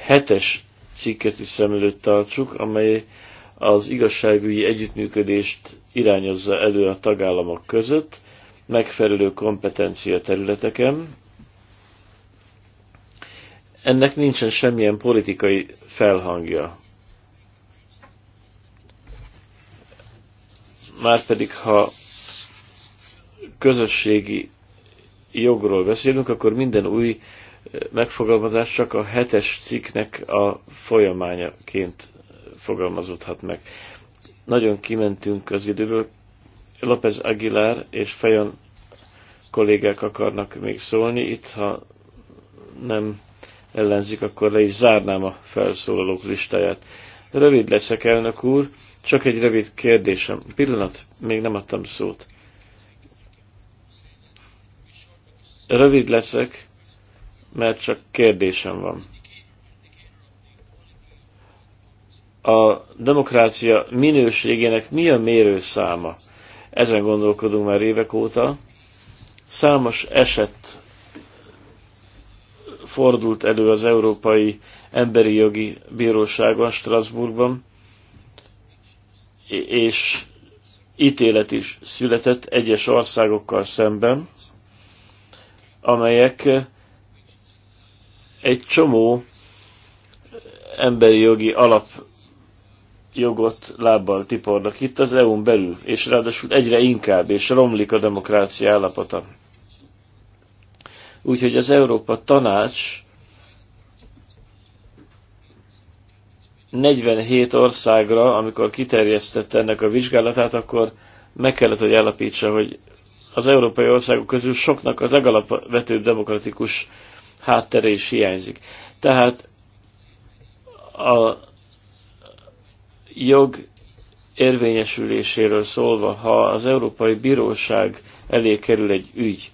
hetes cikket is szem előtt tartsuk, amely az igazságügyi együttműködést irányozza elő a tagállamok között, megfelelő kompetencia területeken. Ennek nincsen semmilyen politikai felhangja. Márpedig, ha közösségi jogról beszélünk, akkor minden új megfogalmazás csak a hetes cikknek a folyamányaként fogalmazódhat meg. Nagyon kimentünk az időből. López Aguilar és Fejon kollégák akarnak még szólni. Itt, ha nem ellenzik, akkor le is zárnám a felszólalók listáját. Rövid leszek, elnök úr. Csak egy rövid kérdésem. Pillanat, még nem adtam szót. Rövid leszek, mert csak kérdésem van. a demokrácia minőségének mi a mérőszáma? Ezen gondolkodunk már évek óta. Számos eset fordult elő az Európai Emberi Jogi Bíróságon, Strasbourgban, és ítélet is született egyes országokkal szemben, amelyek egy csomó emberi jogi alap jogot lábbal tipornak itt az EU-n belül, és ráadásul egyre inkább, és romlik a demokrácia állapota. Úgyhogy az Európa Tanács 47 országra, amikor kiterjesztette ennek a vizsgálatát, akkor meg kellett, hogy állapítsa, hogy az európai országok közül soknak az legalapvetőbb demokratikus háttere is hiányzik. Tehát a jog érvényesüléséről szólva, ha az Európai Bíróság elé kerül egy ügy,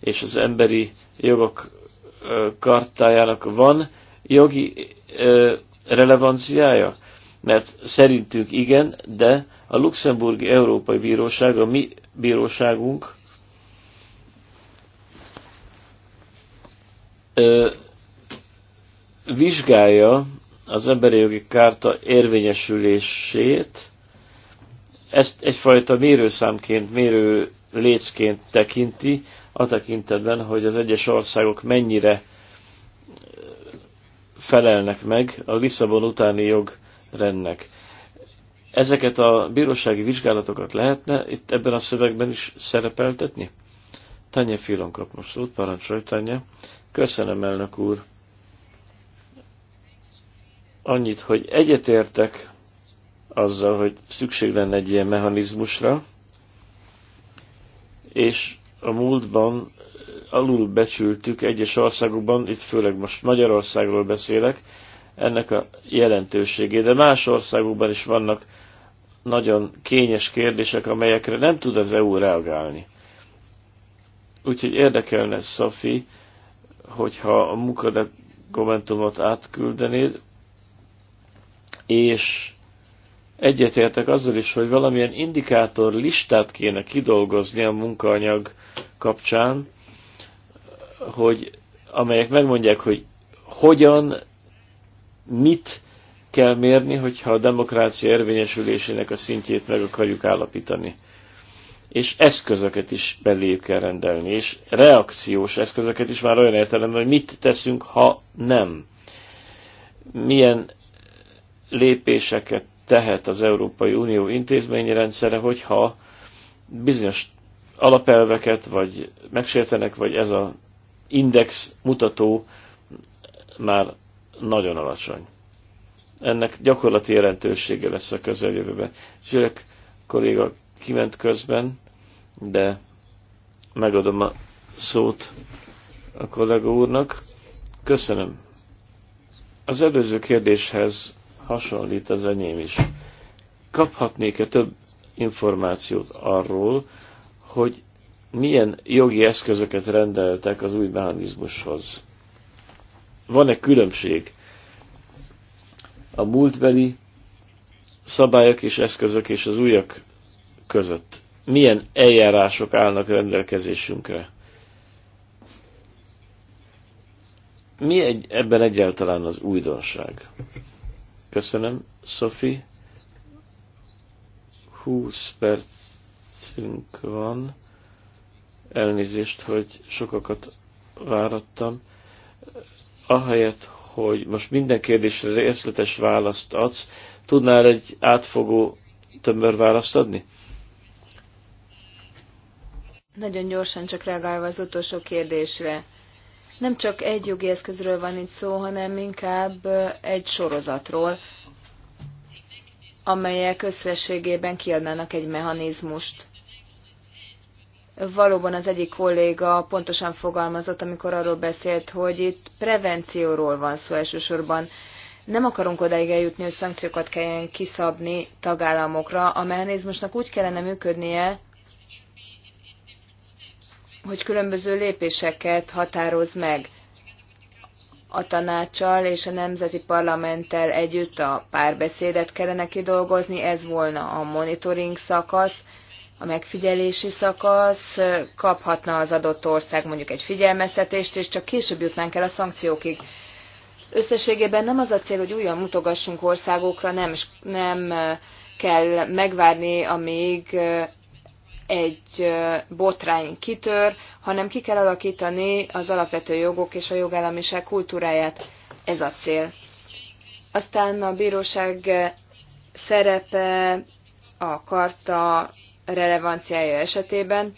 és az emberi jogok kartájának van jogi relevanciája? Mert szerintünk igen, de a Luxemburgi Európai Bíróság, a mi bíróságunk vizsgálja az emberi jogi kárta érvényesülését, ezt egyfajta mérőszámként, mérő lécként tekinti, a tekintetben, hogy az egyes országok mennyire felelnek meg a Lisszabon utáni jogrendnek. Ezeket a bírósági vizsgálatokat lehetne itt ebben a szövegben is szerepeltetni? Tanya Filon kap most szót, parancsolj Tanya. Köszönöm, elnök úr annyit, hogy egyetértek azzal, hogy szükség lenne egy ilyen mechanizmusra, és a múltban alul becsültük egyes országokban, itt főleg most Magyarországról beszélek, ennek a jelentőségét, de más országokban is vannak nagyon kényes kérdések, amelyekre nem tud az EU reagálni. Úgyhogy érdekelne, Szafi, hogyha a munkadokumentumot átküldenéd, és egyetértek azzal is, hogy valamilyen indikátor listát kéne kidolgozni a munkaanyag kapcsán, hogy amelyek megmondják, hogy hogyan, mit kell mérni, hogyha a demokrácia érvényesülésének a szintjét meg akarjuk állapítani. És eszközöket is belé kell rendelni, és reakciós eszközöket is már olyan értelemben, hogy mit teszünk, ha nem. Milyen lépéseket tehet az Európai Unió intézményi rendszere, hogyha bizonyos alapelveket vagy megsértenek, vagy ez a index mutató már nagyon alacsony. Ennek gyakorlati jelentősége lesz a közeljövőben. Zsirek kolléga kiment közben, de megadom a szót a kollega úrnak. Köszönöm. Az előző kérdéshez hasonlít az enyém is. Kaphatnék-e több információt arról, hogy milyen jogi eszközöket rendeltek az új mechanizmushoz? Van-e különbség a múltbeli szabályok és eszközök és az újak között? Milyen eljárások állnak rendelkezésünkre? mi egy, ebben egyáltalán az újdonság? Köszönöm, Sophie. 20 percünk van. Elnézést, hogy sokakat várattam. Ahelyett, hogy most minden kérdésre részletes választ adsz, tudnál egy átfogó tömör választ adni? Nagyon gyorsan csak reagálva az utolsó kérdésre nem csak egy jogi eszközről van itt szó, hanem inkább egy sorozatról, amelyek összességében kiadnának egy mechanizmust. Valóban az egyik kolléga pontosan fogalmazott, amikor arról beszélt, hogy itt prevencióról van szó elsősorban. Nem akarunk odáig eljutni, hogy szankciókat kelljen kiszabni tagállamokra. A mechanizmusnak úgy kellene működnie, hogy különböző lépéseket határoz meg a tanácssal és a nemzeti parlamenttel együtt a párbeszédet kellene kidolgozni, ez volna a monitoring szakasz, a megfigyelési szakasz, kaphatna az adott ország mondjuk egy figyelmeztetést, és csak később jutnánk el a szankciókig. Összességében nem az a cél, hogy újra mutogassunk országokra, nem, nem eh, kell megvárni, amíg eh, egy botrány kitör, hanem ki kell alakítani az alapvető jogok és a jogállamiság kultúráját. Ez a cél. Aztán a bíróság szerepe a karta relevanciája esetében.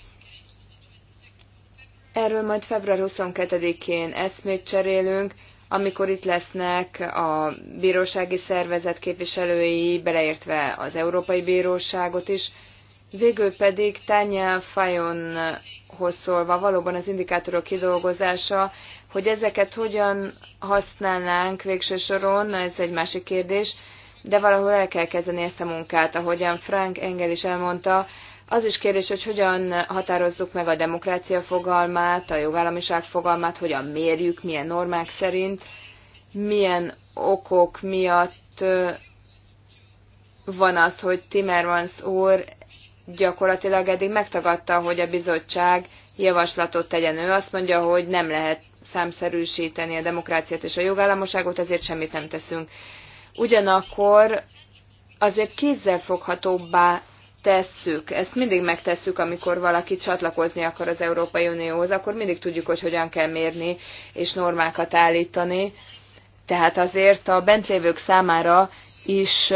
Erről majd február 22-én eszmét cserélünk, amikor itt lesznek a bírósági szervezet képviselői, beleértve az Európai Bíróságot is, Végül pedig Tanya Fajonhoz szólva valóban az indikátorok kidolgozása, hogy ezeket hogyan használnánk végső soron, ez egy másik kérdés, de valahol el kell kezdeni ezt a munkát, ahogyan Frank Engel is elmondta, az is kérdés, hogy hogyan határozzuk meg a demokrácia fogalmát, a jogállamiság fogalmát, hogyan mérjük, milyen normák szerint, milyen okok miatt van az, hogy Timmermans úr gyakorlatilag eddig megtagadta, hogy a bizottság javaslatot tegyen. Ő azt mondja, hogy nem lehet számszerűsíteni a demokráciát és a jogállamoságot, ezért semmit nem teszünk. Ugyanakkor azért kézzelfoghatóbbá tesszük, ezt mindig megtesszük, amikor valaki csatlakozni akar az Európai Unióhoz, akkor mindig tudjuk, hogy hogyan kell mérni és normákat állítani. Tehát azért a bentlévők számára is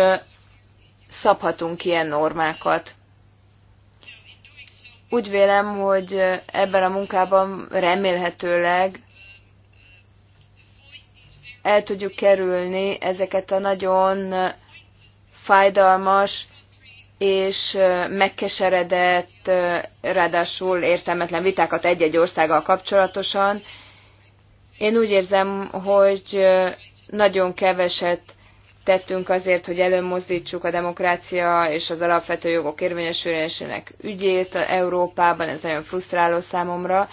szabhatunk ilyen normákat. Úgy vélem, hogy ebben a munkában remélhetőleg el tudjuk kerülni ezeket a nagyon fájdalmas és megkeseredett, ráadásul értelmetlen vitákat egy-egy országgal kapcsolatosan. Én úgy érzem, hogy nagyon keveset tettünk azért, hogy előmozdítsuk a demokrácia és az alapvető jogok érvényesülésének ügyét Európában, ez nagyon frusztráló számomra.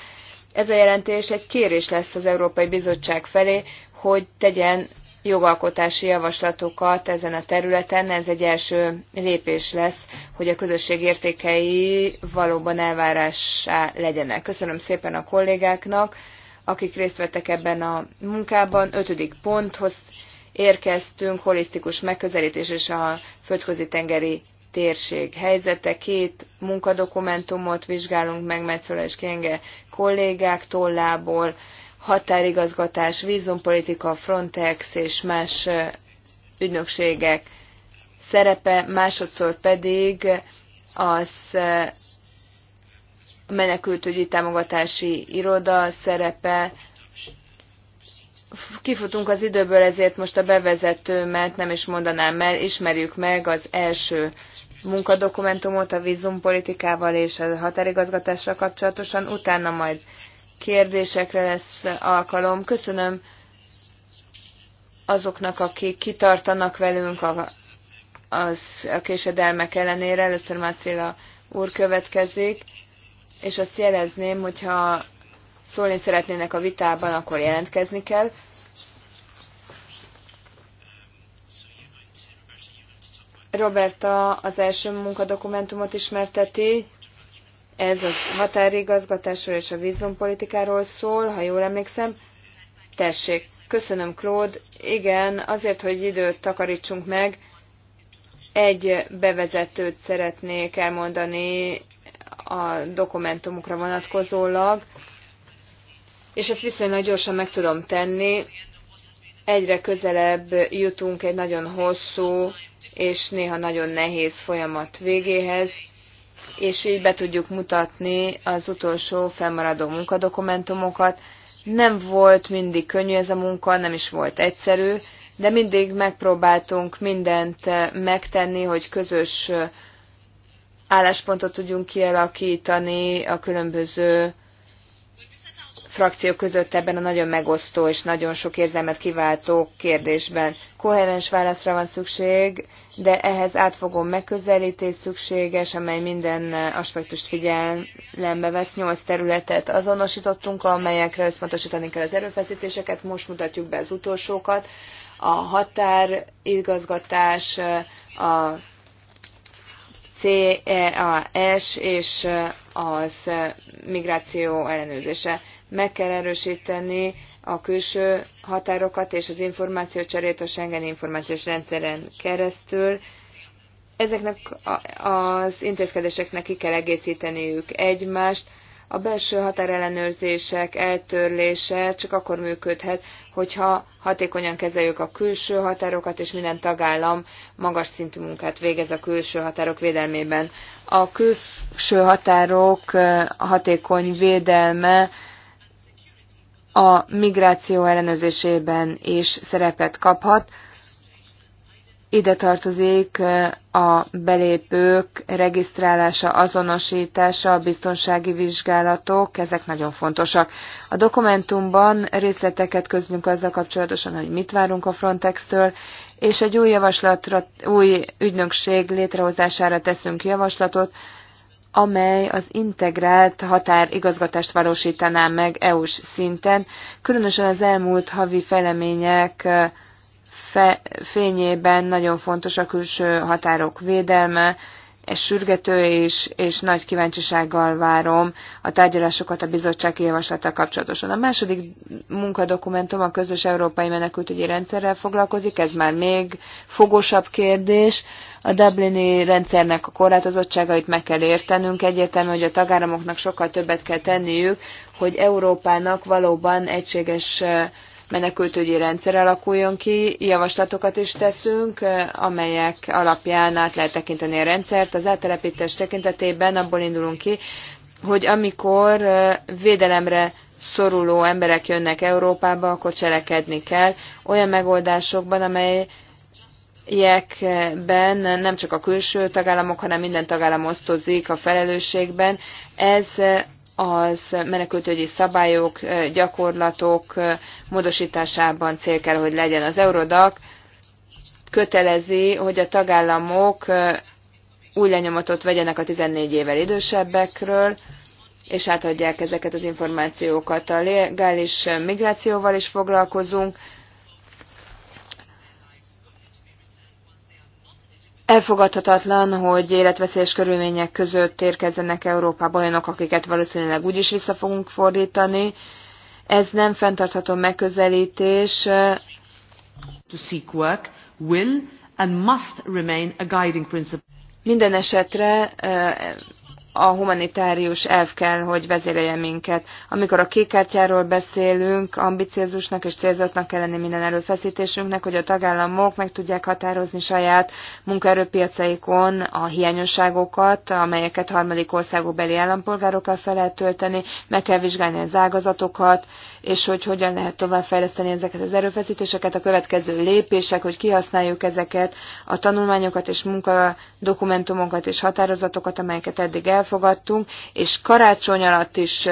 Ez a jelentés egy kérés lesz az Európai Bizottság felé, hogy tegyen jogalkotási javaslatokat ezen a területen. Ez egy első lépés lesz, hogy a közösség értékei valóban elvárásá legyenek. Köszönöm szépen a kollégáknak, akik részt vettek ebben a munkában. Ötödik ponthoz érkeztünk, holisztikus megközelítés és a földközi tengeri térség helyzete. Két munkadokumentumot vizsgálunk meg Metszola és Kenge kollégák tollából, határigazgatás, vízumpolitika, Frontex és más ügynökségek szerepe, másodszor pedig az menekültügyi támogatási iroda szerepe, kifutunk az időből, ezért most a bevezetőmet nem is mondanám el, ismerjük meg az első munkadokumentumot a vízumpolitikával és a határigazgatással kapcsolatosan, utána majd kérdésekre lesz alkalom. Köszönöm azoknak, akik kitartanak velünk a, az, a késedelmek ellenére. Először Mászrila úr következik, és azt jelezném, hogyha szólni szeretnének a vitában, akkor jelentkezni kell. Roberta az első munkadokumentumot ismerteti, ez a határigazgatásról és a vízumpolitikáról szól, ha jól emlékszem. Tessék, köszönöm, Claude. Igen, azért, hogy időt takarítsunk meg, egy bevezetőt szeretnék elmondani a dokumentumokra vonatkozólag és ezt viszonylag gyorsan meg tudom tenni. Egyre közelebb jutunk egy nagyon hosszú és néha nagyon nehéz folyamat végéhez, és így be tudjuk mutatni az utolsó felmaradó munkadokumentumokat. Nem volt mindig könnyű ez a munka, nem is volt egyszerű, de mindig megpróbáltunk mindent megtenni, hogy közös álláspontot tudjunk kialakítani a különböző frakciók között ebben a nagyon megosztó és nagyon sok érzelmet kiváltó kérdésben. Koherens válaszra van szükség, de ehhez átfogó megközelítés szükséges, amely minden aspektust figyelembe vesz. Nyolc területet azonosítottunk, amelyekre összpontosítani kell az erőfeszítéseket, most mutatjuk be az utolsókat. A határigazgatás, a CEAS és az migráció ellenőrzése meg kell erősíteni a külső határokat és az információcserét a Schengen információs rendszeren keresztül. Ezeknek az intézkedéseknek ki kell egészíteniük egymást. A belső határellenőrzések eltörlése csak akkor működhet, hogyha hatékonyan kezeljük a külső határokat, és minden tagállam magas szintű munkát végez a külső határok védelmében. A külső határok eh, hatékony védelme a migráció ellenőrzésében is szerepet kaphat. Ide tartozik eh, a belépők regisztrálása, azonosítása, a biztonsági vizsgálatok, ezek nagyon fontosak. A dokumentumban részleteket közlünk azzal kapcsolatosan, hogy mit várunk a Frontex-től, és egy új javaslatra, új ügynökség létrehozására teszünk javaslatot, amely az integrált határigazgatást valósítaná meg EU-s szinten, különösen az elmúlt havi felemények fe, fényében nagyon fontos a külső határok védelme, és sürgető, és, és nagy kíváncsisággal várom a tárgyalásokat a bizottság javaslattal kapcsolatosan. A második munkadokumentum a közös európai menekültügyi rendszerrel foglalkozik, ez már még fogosabb kérdés. A Dublini rendszernek a korlátozottságait meg kell értenünk, egyértelmű, hogy a tagállamoknak sokkal többet kell tenniük, hogy Európának valóban egységes menekültügyi rendszer alakuljon ki. Javaslatokat is teszünk, amelyek alapján át lehet tekinteni a rendszert. Az áttelepítés tekintetében abból indulunk ki, hogy amikor védelemre szoruló emberek jönnek Európába, akkor cselekedni kell olyan megoldásokban, amely ügyekben nem csak a külső tagállamok, hanem minden tagállam osztozik a felelősségben. Ez az menekültügyi szabályok, gyakorlatok módosításában cél kell, hogy legyen. Az Eurodac kötelezi, hogy a tagállamok új lenyomatot vegyenek a 14 évvel idősebbekről, és átadják ezeket az információkat. A legális migrációval is foglalkozunk, Elfogadhatatlan, hogy életveszélyes körülmények között érkezzenek Európába olyanok, akiket valószínűleg úgyis vissza fogunk fordítani. Ez nem fenntartható megközelítés. To seek work will and must remain a guiding principle. Minden esetre eh, a humanitárius elv kell, hogy vezérelje minket. Amikor a kékkártyáról beszélünk, ambiciózusnak és célzottnak kell lenni minden erőfeszítésünknek, hogy a tagállamok meg tudják határozni saját munkaerőpiacaikon a hiányosságokat, amelyeket harmadik beli állampolgárokkal fel lehet tölteni, meg kell vizsgálni az ágazatokat, és hogy hogyan lehet továbbfejleszteni ezeket az erőfeszítéseket, a következő lépések, hogy kihasználjuk ezeket a tanulmányokat és munkadokumentumokat és határozatokat, amelyeket eddig elfogadtunk, és karácsony alatt is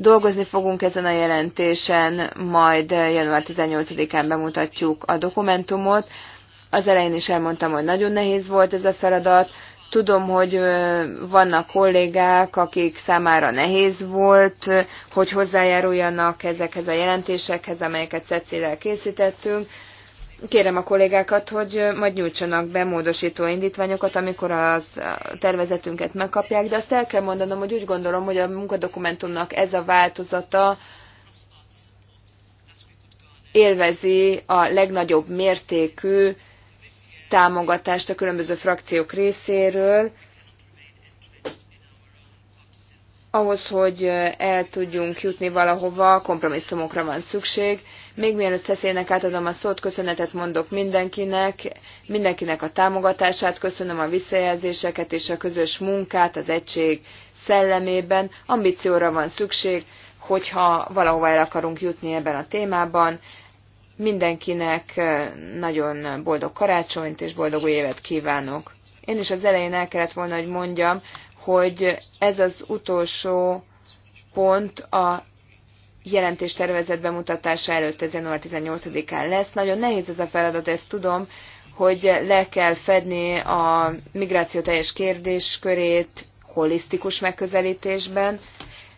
Dolgozni fogunk ezen a jelentésen, majd január 18-án bemutatjuk a dokumentumot. Az elején is elmondtam, hogy nagyon nehéz volt ez a feladat, Tudom, hogy vannak kollégák, akik számára nehéz volt, hogy hozzájáruljanak ezekhez a jelentésekhez, amelyeket Cecilel készítettünk. Kérem a kollégákat, hogy majd nyújtsanak be módosító indítványokat, amikor az tervezetünket megkapják, de azt el kell mondanom, hogy úgy gondolom, hogy a munkadokumentumnak ez a változata élvezi a legnagyobb mértékű támogatást a különböző frakciók részéről, ahhoz, hogy el tudjunk jutni valahova, kompromisszumokra van szükség. Még mielőtt Szeszélynek átadom a szót, köszönetet mondok mindenkinek, mindenkinek a támogatását, köszönöm a visszajelzéseket és a közös munkát az egység szellemében. Ambícióra van szükség, hogyha valahova el akarunk jutni ebben a témában. Mindenkinek eh, nagyon boldog karácsonyt és boldog új évet kívánok. Én is az elején el kellett volna, hogy mondjam, hogy ez az utolsó pont a jelentéstervezet bemutatása előtt, ez január 18-án lesz. Nagyon nehéz ez a feladat, ezt tudom, hogy le kell fedni a migráció teljes kérdéskörét holisztikus megközelítésben.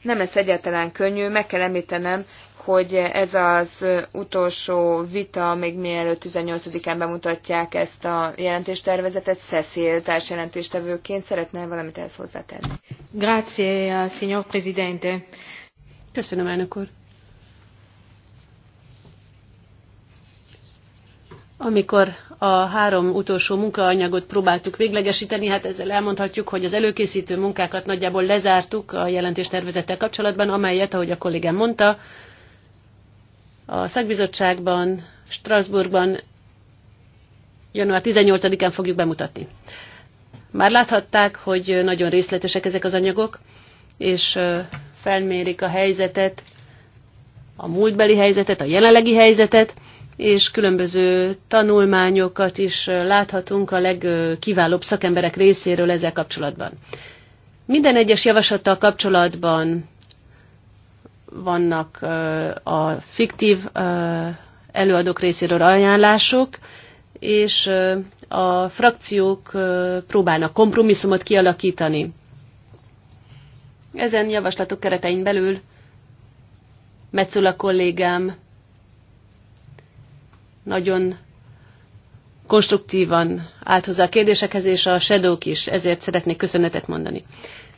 Nem lesz egyáltalán könnyű, meg kell említenem, hogy ez az utolsó vita, még mielőtt 18-án bemutatják ezt a jelentéstervezetet, Cecil társjelentéstevőként szeretnél valamit ehhez hozzátenni. Grazie, eh, signor Presidente. Köszönöm, elnök úr. Amikor a három utolsó munkaanyagot próbáltuk véglegesíteni, hát ezzel elmondhatjuk, hogy az előkészítő munkákat nagyjából lezártuk a jelentéstervezettel kapcsolatban, amelyet, ahogy a kollégám mondta, a szakbizottságban, Strasbourgban január 18-án fogjuk bemutatni. Már láthatták, hogy nagyon részletesek ezek az anyagok, és felmérik a helyzetet, a múltbeli helyzetet, a jelenlegi helyzetet, és különböző tanulmányokat is láthatunk a legkiválóbb szakemberek részéről ezzel kapcsolatban. Minden egyes javaslattal kapcsolatban vannak a fiktív előadók részéről ajánlások, és a frakciók próbálnak kompromisszumot kialakítani. Ezen javaslatok keretein belül a kollégám nagyon konstruktívan állt hozzá a kérdésekhez, és a Shadow is, ezért szeretnék köszönetet mondani.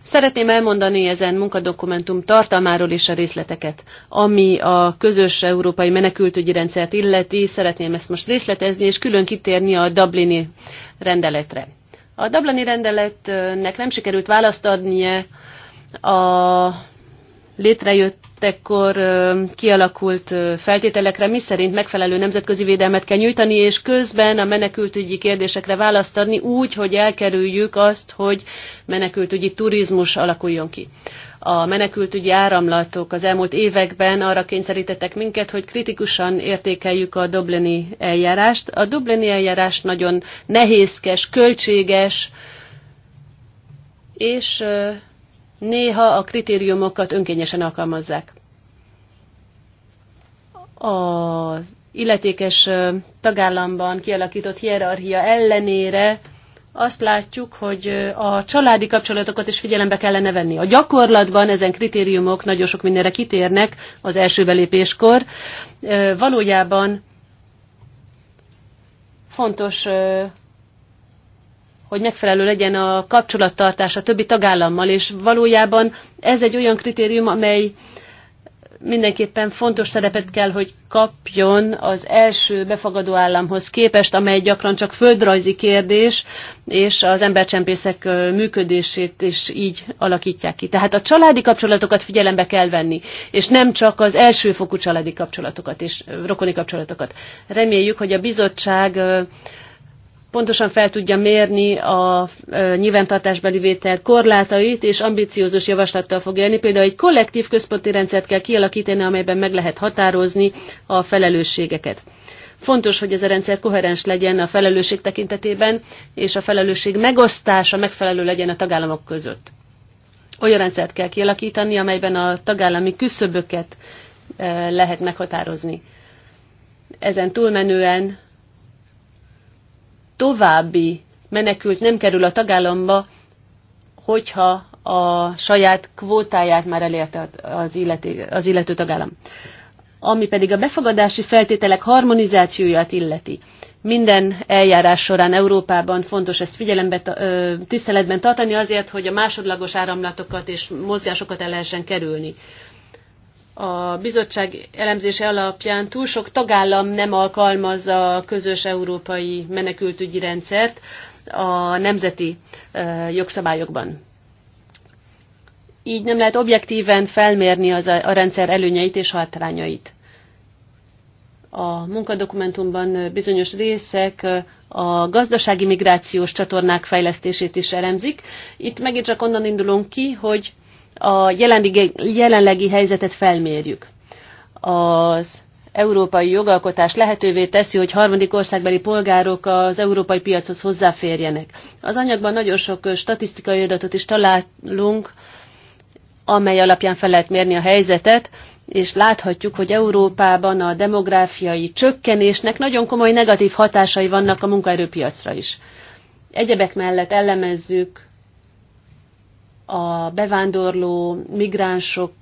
Szeretném elmondani ezen munkadokumentum tartalmáról is a részleteket. Ami a közös európai menekültügyi rendszert illeti, szeretném ezt most részletezni, és külön kitérni a Dublini rendeletre. A Dublini rendeletnek nem sikerült választ adnie a létrejött ekkor kialakult feltételekre, miszerint megfelelő nemzetközi védelmet kell nyújtani, és közben a menekültügyi kérdésekre választ adni úgy, hogy elkerüljük azt, hogy menekültügyi turizmus alakuljon ki. A menekültügyi áramlatok az elmúlt években arra kényszerítettek minket, hogy kritikusan értékeljük a Dublini eljárást. A Dublini eljárás nagyon nehézkes, költséges, és néha a kritériumokat önkényesen alkalmazzák. Az illetékes tagállamban kialakított hierarchia ellenére azt látjuk, hogy a családi kapcsolatokat is figyelembe kellene venni. A gyakorlatban ezen kritériumok nagyon sok mindenre kitérnek az első belépéskor. Valójában fontos hogy megfelelő legyen a kapcsolattartás a többi tagállammal, és valójában ez egy olyan kritérium, amely mindenképpen fontos szerepet kell, hogy kapjon az első befogadó államhoz képest, amely gyakran csak földrajzi kérdés, és az embercsempészek működését is így alakítják ki. Tehát a családi kapcsolatokat figyelembe kell venni, és nem csak az első fokú családi kapcsolatokat és rokoni kapcsolatokat. Reméljük, hogy a bizottság pontosan fel tudja mérni a nyilvántartásbeli vétel korlátait, és ambiciózus javaslattal fog élni. Például egy kollektív központi rendszert kell kialakítani, amelyben meg lehet határozni a felelősségeket. Fontos, hogy ez a rendszer koherens legyen a felelősség tekintetében, és a felelősség megosztása megfelelő legyen a tagállamok között. Olyan rendszert kell kialakítani, amelyben a tagállami küszöböket lehet meghatározni. Ezen túlmenően további menekült nem kerül a tagállamba, hogyha a saját kvótáját már elérte az, illeti, az illető tagállam. Ami pedig a befogadási feltételek harmonizációját illeti. Minden eljárás során Európában fontos ezt figyelembe, tiszteletben tartani azért, hogy a másodlagos áramlatokat és mozgásokat el lehessen kerülni a bizottság elemzése alapján túl sok tagállam nem alkalmazza a közös európai menekültügyi rendszert a nemzeti jogszabályokban. Így nem lehet objektíven felmérni az a, a rendszer előnyeit és hátrányait. A munkadokumentumban bizonyos részek a gazdasági migrációs csatornák fejlesztését is elemzik. Itt megint csak onnan indulunk ki, hogy a jelenlegi, helyzetet felmérjük. Az európai jogalkotás lehetővé teszi, hogy harmadik országbeli polgárok az európai piachoz hozzáférjenek. Az anyagban nagyon sok statisztikai adatot is találunk, amely alapján fel lehet mérni a helyzetet, és láthatjuk, hogy Európában a demográfiai csökkenésnek nagyon komoly negatív hatásai vannak a munkaerőpiacra is. Egyebek mellett elemezzük a bevándorló migránsok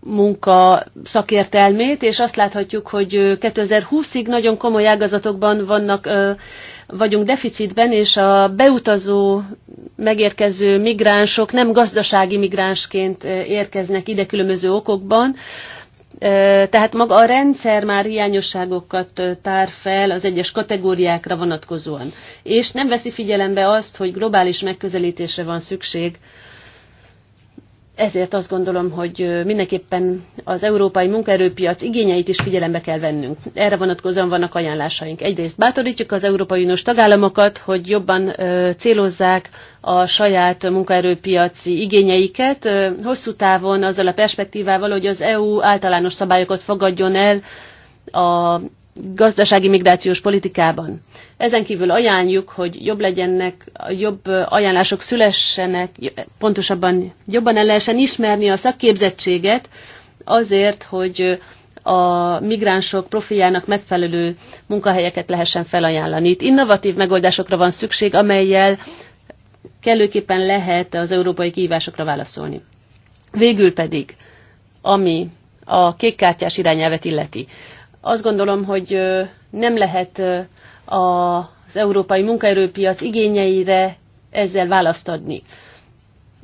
munka szakértelmét, és azt láthatjuk, hogy 2020-ig nagyon komoly ágazatokban vannak, vagyunk deficitben, és a beutazó, megérkező migránsok nem gazdasági migránsként érkeznek ide különböző okokban, tehát maga a rendszer már hiányosságokat tár fel az egyes kategóriákra vonatkozóan, és nem veszi figyelembe azt, hogy globális megközelítésre van szükség ezért azt gondolom, hogy mindenképpen az európai munkaerőpiac igényeit is figyelembe kell vennünk. Erre vonatkozóan vannak ajánlásaink. Egyrészt bátorítjuk az Európai Uniós tagállamokat, hogy jobban célozzák a saját munkaerőpiaci igényeiket, hosszú távon azzal a perspektívával, hogy az EU általános szabályokat fogadjon el a gazdasági migrációs politikában. Ezen kívül ajánljuk, hogy jobb legyenek, jobb ajánlások szülessenek, pontosabban jobban el lehessen ismerni a szakképzettséget azért, hogy a migránsok profiljának megfelelő munkahelyeket lehessen felajánlani. Itt innovatív megoldásokra van szükség, amelyel kellőképpen lehet az európai kihívásokra válaszolni. Végül pedig, ami a kékkártyás irányelvet illeti. Azt gondolom, hogy nem lehet az európai munkaerőpiac igényeire ezzel választ adni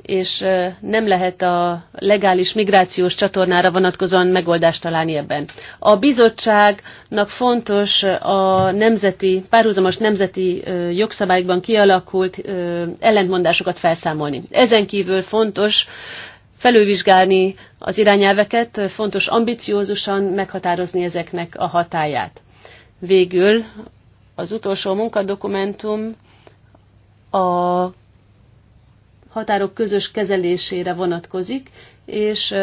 és nem lehet a legális migrációs csatornára vonatkozóan megoldást találni ebben. A bizottságnak fontos a nemzeti, párhuzamos nemzeti jogszabályokban kialakult ellentmondásokat felszámolni. Ezen kívül fontos felülvizsgálni az irányelveket, fontos ambiciózusan meghatározni ezeknek a hatáját. Végül az utolsó munkadokumentum a határok közös kezelésére vonatkozik, és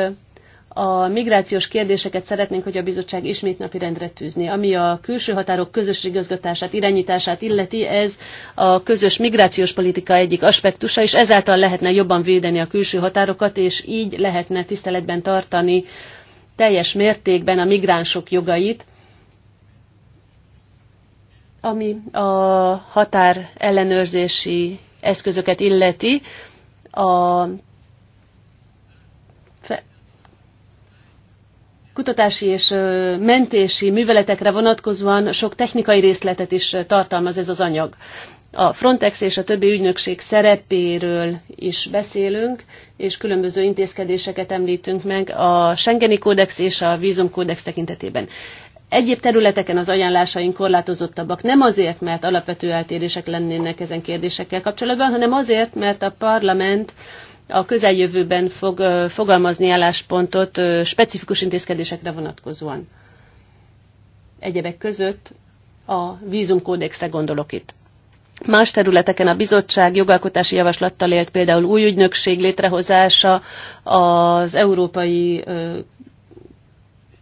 a migrációs kérdéseket szeretnénk, hogy a bizottság ismét napirendre tűzni. Ami a külső határok közös igazgatását, irányítását illeti, ez a közös migrációs politika egyik aspektusa, és ezáltal lehetne jobban védeni a külső határokat, és így lehetne tiszteletben tartani teljes mértékben a migránsok jogait, ami a határ ellenőrzési eszközöket illeti, a kutatási és mentési műveletekre vonatkozóan sok technikai részletet is tartalmaz ez az anyag. A Frontex és a többi ügynökség szerepéről is beszélünk, és különböző intézkedéseket említünk meg a Schengeni Kódex és a kódex tekintetében. Egyéb területeken az ajánlásaink korlátozottabbak, nem azért, mert alapvető eltérések lennének ezen kérdésekkel kapcsolatban, hanem azért, mert a parlament a közeljövőben fog fogalmazni álláspontot specifikus intézkedésekre vonatkozóan. Egyebek között a vízumkódexre gondolok itt. Más területeken a bizottság jogalkotási javaslattal élt például új ügynökség létrehozása, az európai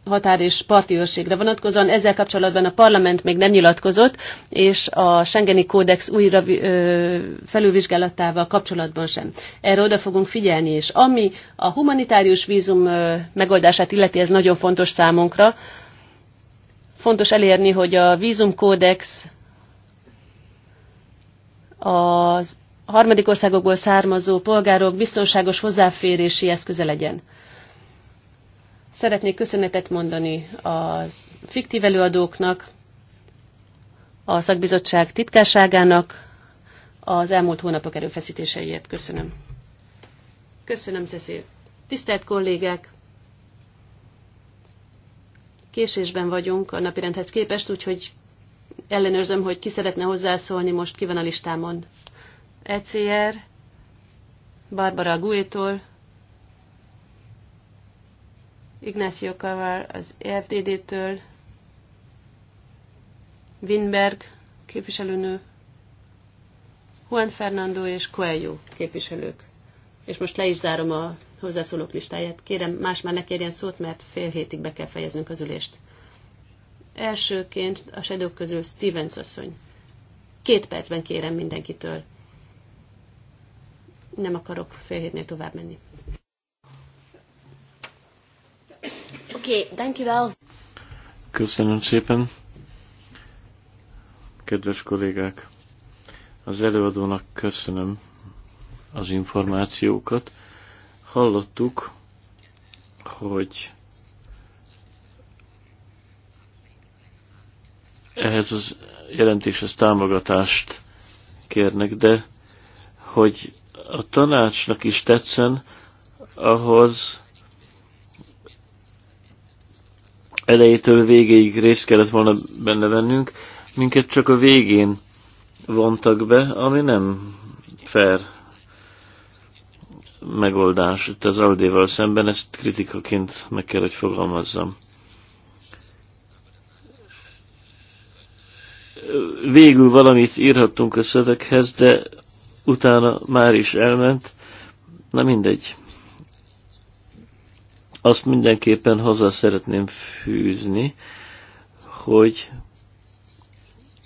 határ és parti őrségre vonatkozóan. Ezzel kapcsolatban a parlament még nem nyilatkozott, és a Schengeni Kódex újra ö, felülvizsgálatával kapcsolatban sem. Erre oda fogunk figyelni, és ami a humanitárius vízum ö, megoldását illeti, ez nagyon fontos számunkra. Fontos elérni, hogy a vízumkódex az harmadik országokból származó polgárok biztonságos hozzáférési eszköze legyen. Szeretnék köszönetet mondani a fiktív előadóknak, a szakbizottság titkárságának az elmúlt hónapok erőfeszítéseiért. Köszönöm. Köszönöm, Cecil. Tisztelt kollégák! Késésben vagyunk a napirendhez képest, úgyhogy ellenőrzöm, hogy ki szeretne hozzászólni most, ki van a listámon. ECR, Barbara Guétól, Ignácio Kavar az FDD-től, Winberg képviselőnő, Juan Fernando és Coelho képviselők. És most le is zárom a hozzászólók listáját. Kérem, más már ne kérjen szót, mert fél hétig be kell fejeznünk az ülést. Elsőként a sedők közül Stevens asszony. Két percben kérem mindenkitől. Nem akarok fél hétnél tovább menni. Oké, okay, Köszönöm szépen, kedves kollégák. Az előadónak köszönöm az információkat. Hallottuk, hogy ehhez az jelentéshez támogatást kérnek, de hogy a tanácsnak is tetszen, ahhoz elejétől végéig részt kellett volna benne vennünk, minket csak a végén vontak be, ami nem fair megoldás. Itt az Aldéval szemben ezt kritikaként meg kell, hogy fogalmazzam. Végül valamit írhattunk a szöveghez, de utána már is elment. Na mindegy azt mindenképpen hozzá szeretném fűzni, hogy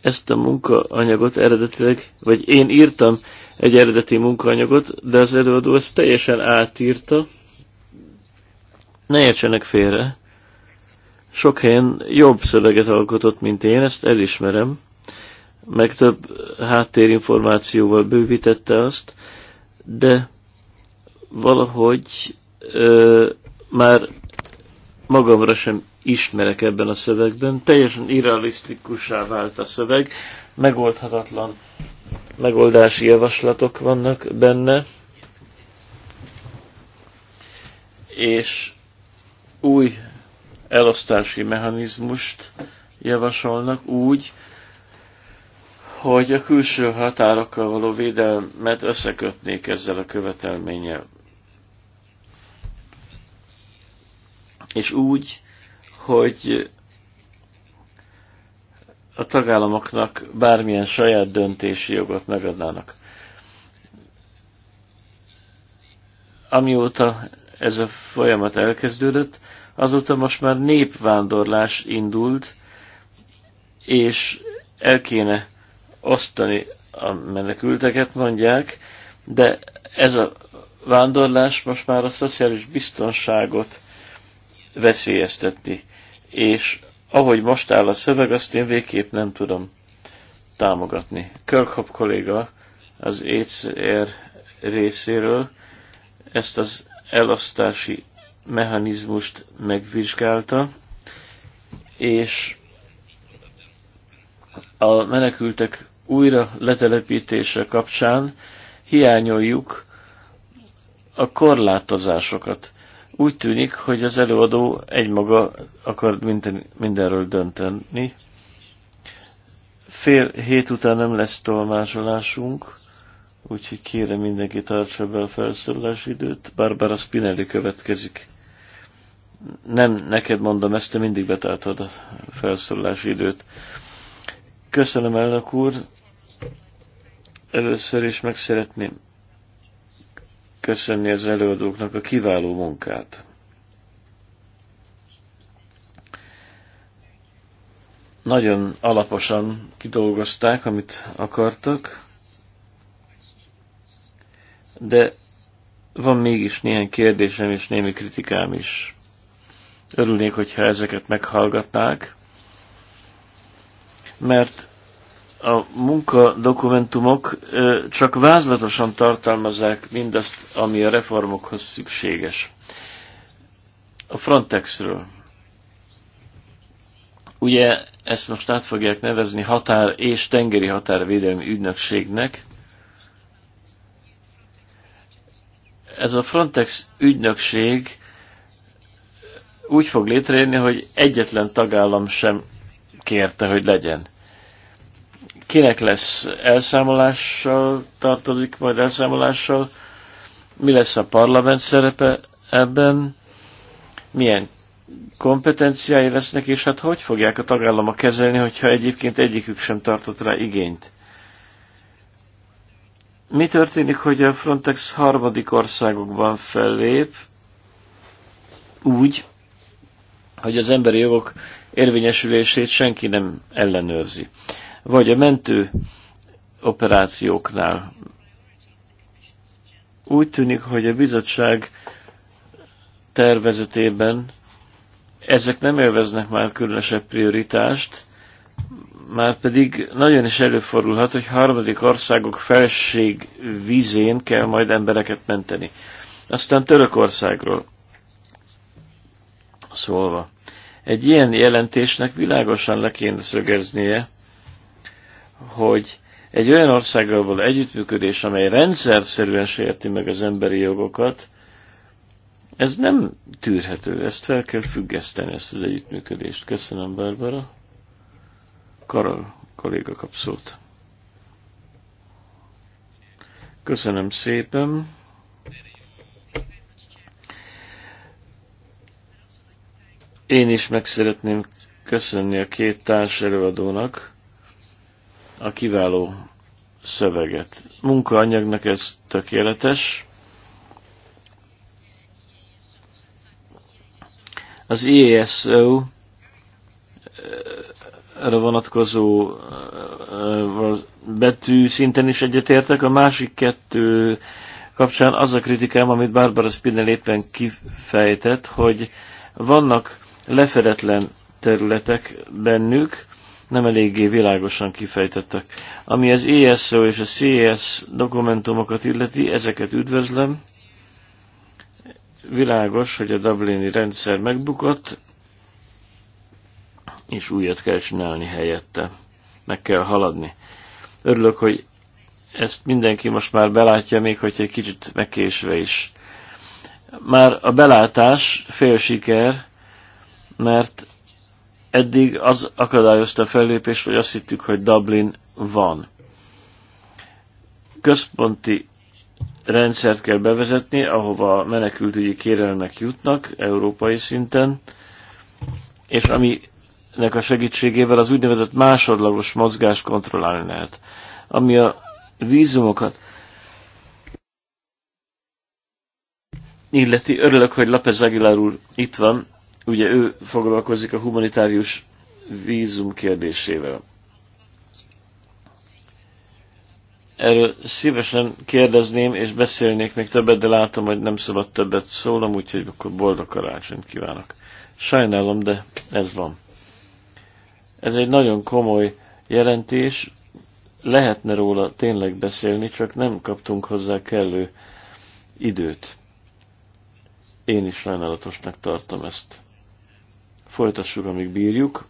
ezt a munkaanyagot eredetileg, vagy én írtam egy eredeti munkaanyagot, de az előadó ezt teljesen átírta. Ne értsenek félre. Sok helyen jobb szöveget alkotott, mint én, ezt elismerem. Meg több háttérinformációval bővítette azt, de valahogy ö, már magamra sem ismerek ebben a szövegben. Teljesen irrealisztikussá vált a szöveg, megoldhatatlan megoldási javaslatok vannak benne, és új elosztási mechanizmust javasolnak úgy, hogy a külső határokkal való védelmet összekötnék ezzel a követelménnyel. és úgy, hogy a tagállamoknak bármilyen saját döntési jogot megadnának. Amióta ez a folyamat elkezdődött, azóta most már népvándorlás indult, és el kéne osztani a menekülteket, mondják, de ez a vándorlás most már a szociális biztonságot veszélyeztetni. És ahogy most áll a szöveg, azt én végképp nem tudom támogatni. Kirkhop kolléga az ECR részéről ezt az elosztási mechanizmust megvizsgálta, és a menekültek újra letelepítése kapcsán hiányoljuk a korlátozásokat. Úgy tűnik, hogy az előadó egymaga akar minden, mindenről dönteni. Fél hét után nem lesz tolmásolásunk, úgyhogy kérem mindenki tartsa be a felszólalási időt. Barbara Spinelli következik. Nem neked mondom ezt, te mindig betartod a felszólalási időt. Köszönöm, elnök úr! Először is meg szeretném köszönni az előadóknak a kiváló munkát. Nagyon alaposan kidolgozták, amit akartak, de van mégis néhány kérdésem és némi kritikám is. Örülnék, hogyha ezeket meghallgatnák, mert a munkadokumentumok csak vázlatosan tartalmazzák mindazt, ami a reformokhoz szükséges. A Frontexről. Ugye ezt most át fogják nevezni határ és tengeri határvédelmi ügynökségnek. Ez a Frontex ügynökség úgy fog létrejönni, hogy egyetlen tagállam sem kérte, hogy legyen kinek lesz elszámolással, tartozik majd elszámolással, mi lesz a parlament szerepe ebben, milyen kompetenciái lesznek, és hát hogy fogják a tagállamok kezelni, hogyha egyébként egyikük sem tartott rá igényt. Mi történik, hogy a Frontex harmadik országokban fellép úgy, hogy az emberi jogok érvényesülését senki nem ellenőrzi vagy a mentő operációknál. Úgy tűnik, hogy a bizottság tervezetében ezek nem élveznek már különösebb prioritást, már pedig nagyon is előfordulhat, hogy harmadik országok felség vízén kell majd embereket menteni. Aztán Törökországról szólva. Egy ilyen jelentésnek világosan le kéne szögeznie, hogy egy olyan országgal való együttműködés, amely szerűen sérti meg az emberi jogokat, ez nem tűrhető, ezt fel kell függeszteni, ezt az együttműködést. Köszönöm, Barbara. Karol kolléga kap szót. Köszönöm szépen. Én is meg szeretném köszönni a két társ előadónak a kiváló szöveget. Munkaanyagnak ez tökéletes. Az IESO e eh, erre vonatkozó eh, eh, betű szinten is egyetértek, a másik kettő kapcsán az a kritikám, amit Barbara Spinell éppen kifejtett, hogy vannak lefedetlen területek bennük, nem eléggé világosan kifejtettek. Ami az ESO és a CES dokumentumokat illeti, ezeket üdvözlöm. Világos, hogy a Dublini rendszer megbukott, és újat kell csinálni helyette. Meg kell haladni. Örülök, hogy ezt mindenki most már belátja, még hogyha egy kicsit megkésve is. Már a belátás fél siker, mert eddig az akadályozta a fellépést, hogy azt hittük, hogy Dublin van. Központi rendszert kell bevezetni, ahova a menekültügyi kérelmek jutnak európai szinten, és aminek a segítségével az úgynevezett másodlagos mozgás kontrollálni lehet. Ami a vízumokat illeti, örülök, hogy Lapez Aguilar úr itt van, ugye ő foglalkozik a humanitárius vízum kérdésével. Erről szívesen kérdezném, és beszélnék még többet, de látom, hogy nem szabad többet szólom, úgyhogy akkor boldog karácsonyt kívánok. Sajnálom, de ez van. Ez egy nagyon komoly jelentés, lehetne róla tényleg beszélni, csak nem kaptunk hozzá kellő időt. Én is sajnálatosnak tartom ezt. Folytassuk, amíg bírjuk.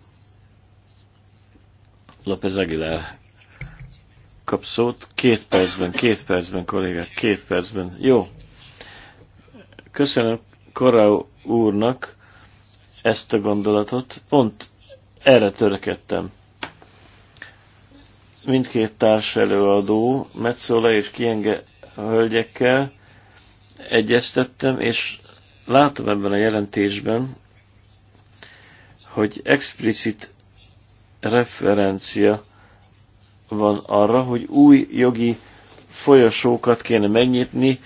López Aguilar kap szót. Két percben, két percben, kollégák, két percben. Jó. Köszönöm Korau úrnak ezt a gondolatot. Pont erre törekedtem. Mindkét társ előadó, Metszola és Kienge hölgyekkel egyeztettem, és látom ebben a jelentésben, hogy explicit referencia van arra, hogy új jogi folyosókat kéne megnyitni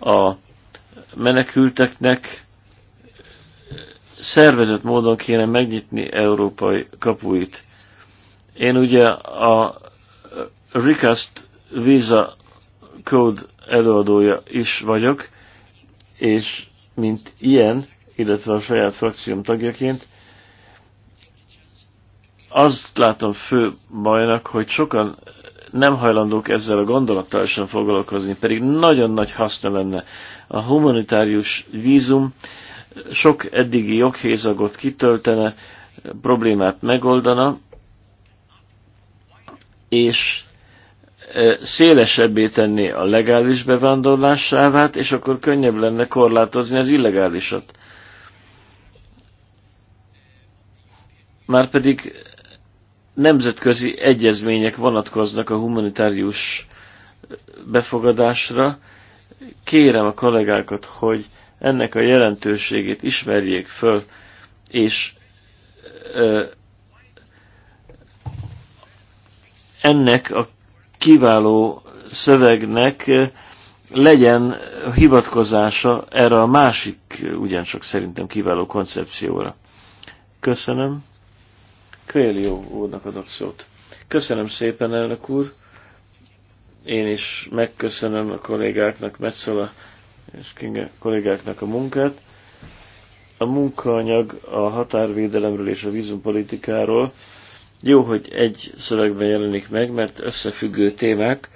a menekülteknek, szervezett módon kéne megnyitni európai kapuit. Én ugye a request Visa Code előadója is vagyok, és mint ilyen, illetve a saját frakcióm tagjaként, azt látom fő bajnak, hogy sokan nem hajlandók ezzel a gondolattal sem foglalkozni, pedig nagyon nagy haszna lenne. A humanitárius vízum sok eddigi joghézagot kitöltene, problémát megoldana, és e, szélesebbé tenni a legális bevándorlásávát, és akkor könnyebb lenne korlátozni az illegálisat. Márpedig nemzetközi egyezmények vonatkoznak a humanitárius befogadásra. Kérem a kollégákat, hogy ennek a jelentőségét ismerjék föl, és ennek a kiváló szövegnek legyen hivatkozása erre a másik ugyancsak szerintem kiváló koncepcióra. Köszönöm. Kvélió úrnak adok szót. Köszönöm szépen, elnök úr. Én is megköszönöm a kollégáknak, Metszola és Kinge kollégáknak a munkát. A munkaanyag a határvédelemről és a vízumpolitikáról jó, hogy egy szövegben jelenik meg, mert összefüggő témák,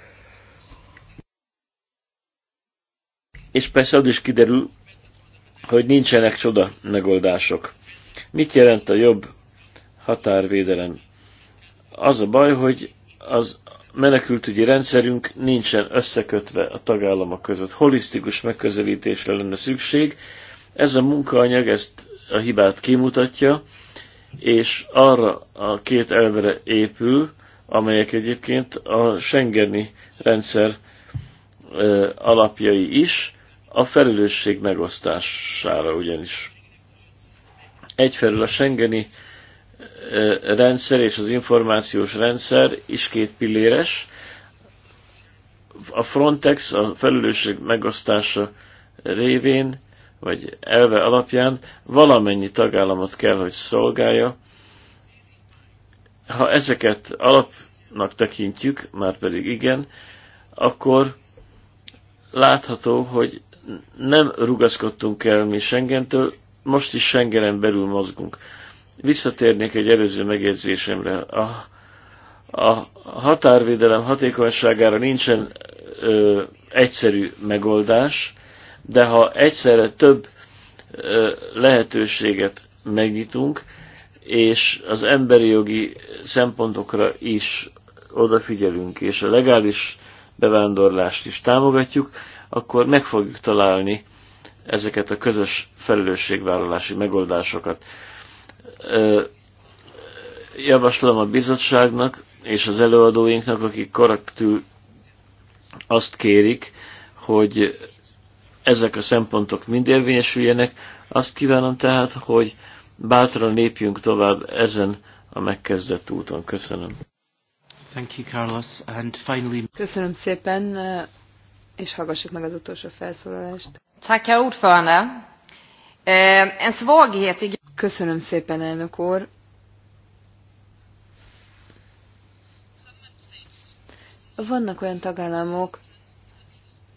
és persze az is kiderül, hogy nincsenek csoda megoldások. Mit jelent a jobb határvédelem. Az a baj, hogy az menekültügyi rendszerünk nincsen összekötve a tagállamok között. Holisztikus megközelítésre lenne szükség. Ez a munkaanyag ezt a hibát kimutatja, és arra a két elvere épül, amelyek egyébként a Schengeni rendszer alapjai is, a felelősség megosztására ugyanis. Egyfelől a Schengeni rendszer és az információs rendszer is két pilléres. A Frontex a felelősség megosztása révén, vagy elve alapján valamennyi tagállamot kell, hogy szolgálja. Ha ezeket alapnak tekintjük, már pedig igen, akkor látható, hogy nem rugaszkodtunk el mi Schengentől, most is Schengenen belül mozgunk visszatérnék egy előző megjegyzésemre. A, a határvédelem hatékonyságára nincsen ö, egyszerű megoldás, de ha egyszerre több ö, lehetőséget megnyitunk, és az emberi jogi szempontokra is odafigyelünk, és a legális bevándorlást is támogatjuk, akkor meg fogjuk találni ezeket a közös felelősségvállalási megoldásokat javaslom a bizottságnak és az előadóinknak, akik korrektül azt kérik, hogy ezek a szempontok mind érvényesüljenek. Azt kívánom tehát, hogy bátran lépjünk tovább ezen a megkezdett úton. Köszönöm. Thank you, Carlos. And finally... Köszönöm szépen, és hallgassuk meg az utolsó felszólalást. Tack, ordförande. Eh, en svaghet i Köszönöm szépen, elnök úr. Vannak olyan tagállamok,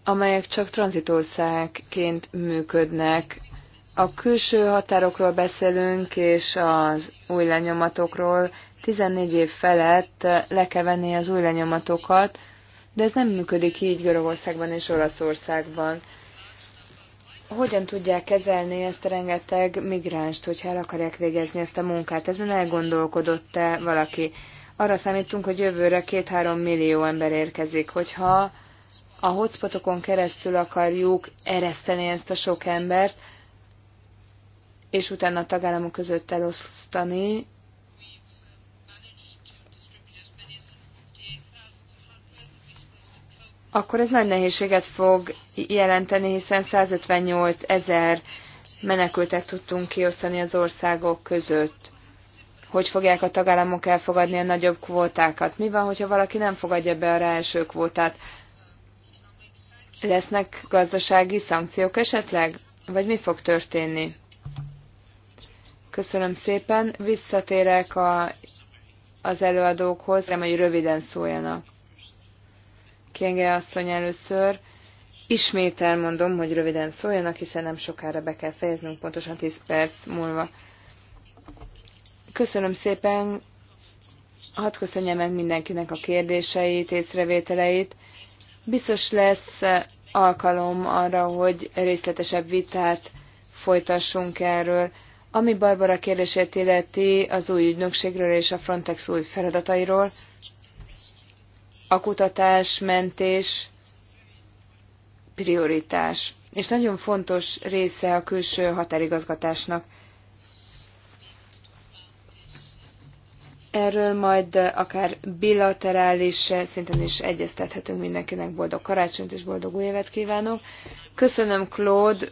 amelyek csak tranzitországként működnek. A külső határokról beszélünk, és az új lenyomatokról 14 év felett le kell venni az új lenyomatokat, de ez nem működik így Görögországban és Olaszországban hogyan tudják kezelni ezt a rengeteg migránst, hogyha el akarják végezni ezt a munkát? Ezen elgondolkodott-e valaki? Arra számítunk, hogy jövőre két-három millió ember érkezik. Hogyha a hotspotokon keresztül akarjuk ereszteni ezt a sok embert, és utána a tagállamok között elosztani, akkor ez nagy nehézséget fog jelenteni, hiszen 158 ezer menekültet tudtunk kiosztani az országok között. Hogy fogják a tagállamok elfogadni a nagyobb kvótákat? Mi van, hogyha valaki nem fogadja be a rá első kvótát? Lesznek gazdasági szankciók esetleg? Vagy mi fog történni? Köszönöm szépen. Visszatérek a, az előadókhoz, remélem, hogy röviden szóljanak. Kienge asszony először. Ismét elmondom, hogy röviden szóljanak, hiszen nem sokára be kell fejeznünk, pontosan 10 perc múlva. Köszönöm szépen, hadd köszönjem meg mindenkinek a kérdéseit, észrevételeit. Biztos lesz alkalom arra, hogy részletesebb vitát folytassunk erről. Ami Barbara kérdését illeti az új ügynökségről és a Frontex új feladatairól, a kutatás, mentés prioritás, és nagyon fontos része a külső határigazgatásnak. Erről majd akár bilaterális szinten is egyeztethetünk mindenkinek. Boldog karácsonyt és boldog új évet kívánok. Köszönöm, Claude.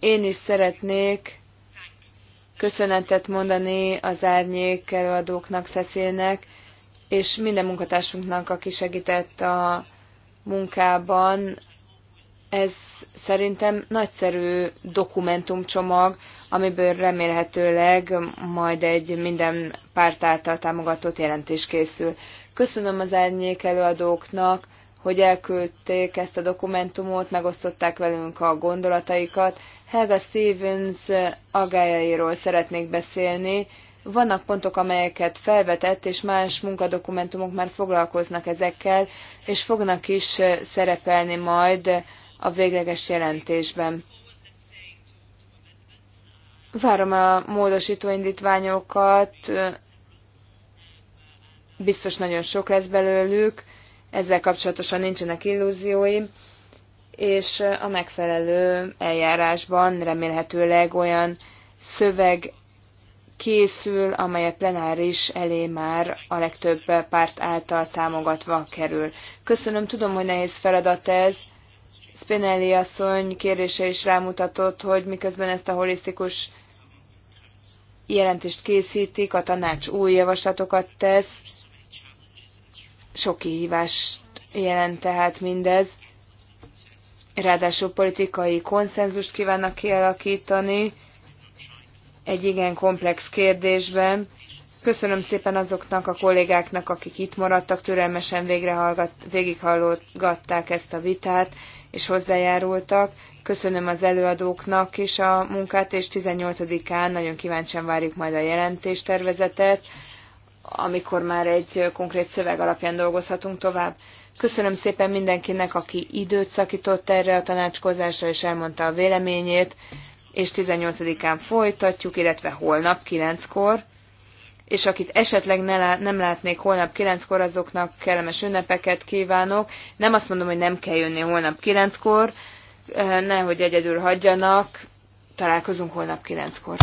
Én is szeretnék köszönetet mondani az árnyék előadóknak, Szeszélnek, és minden munkatársunknak, aki segített a munkában, ez szerintem nagyszerű dokumentumcsomag, amiből remélhetőleg majd egy minden párt által támogatott jelentés készül. Köszönöm az árnyék előadóknak, hogy elküldték ezt a dokumentumot, megosztották velünk a gondolataikat. Helga Stevens agájairól szeretnék beszélni, vannak pontok, amelyeket felvetett, és más munkadokumentumok már foglalkoznak ezekkel, és fognak is szerepelni majd a végleges jelentésben. Várom a módosító indítványokat, biztos nagyon sok lesz belőlük, ezzel kapcsolatosan nincsenek illúzióim, és a megfelelő eljárásban remélhetőleg olyan szöveg készül, amely a plenáris elé már a legtöbb párt által támogatva kerül. Köszönöm, tudom, hogy nehéz feladat ez. Spinelli asszony kérése is rámutatott, hogy miközben ezt a holisztikus jelentést készítik, a tanács új javaslatokat tesz. Sok kihívást jelent tehát mindez. Ráadásul politikai konszenzust kívánnak kialakítani egy igen komplex kérdésben. Köszönöm szépen azoknak a kollégáknak, akik itt maradtak, türelmesen végighallgatták ezt a vitát, és hozzájárultak. Köszönöm az előadóknak is a munkát, és 18-án nagyon kíváncsian várjuk majd a jelentéstervezetet, amikor már egy konkrét szöveg alapján dolgozhatunk tovább. Köszönöm szépen mindenkinek, aki időt szakított erre a tanácskozásra, és elmondta a véleményét és 18-án folytatjuk, illetve holnap 9-kor. És akit esetleg ne lát, nem látnék holnap 9-kor, azoknak kellemes ünnepeket kívánok. Nem azt mondom, hogy nem kell jönni holnap 9-kor, eh, nehogy egyedül hagyjanak. Találkozunk holnap 9-kor.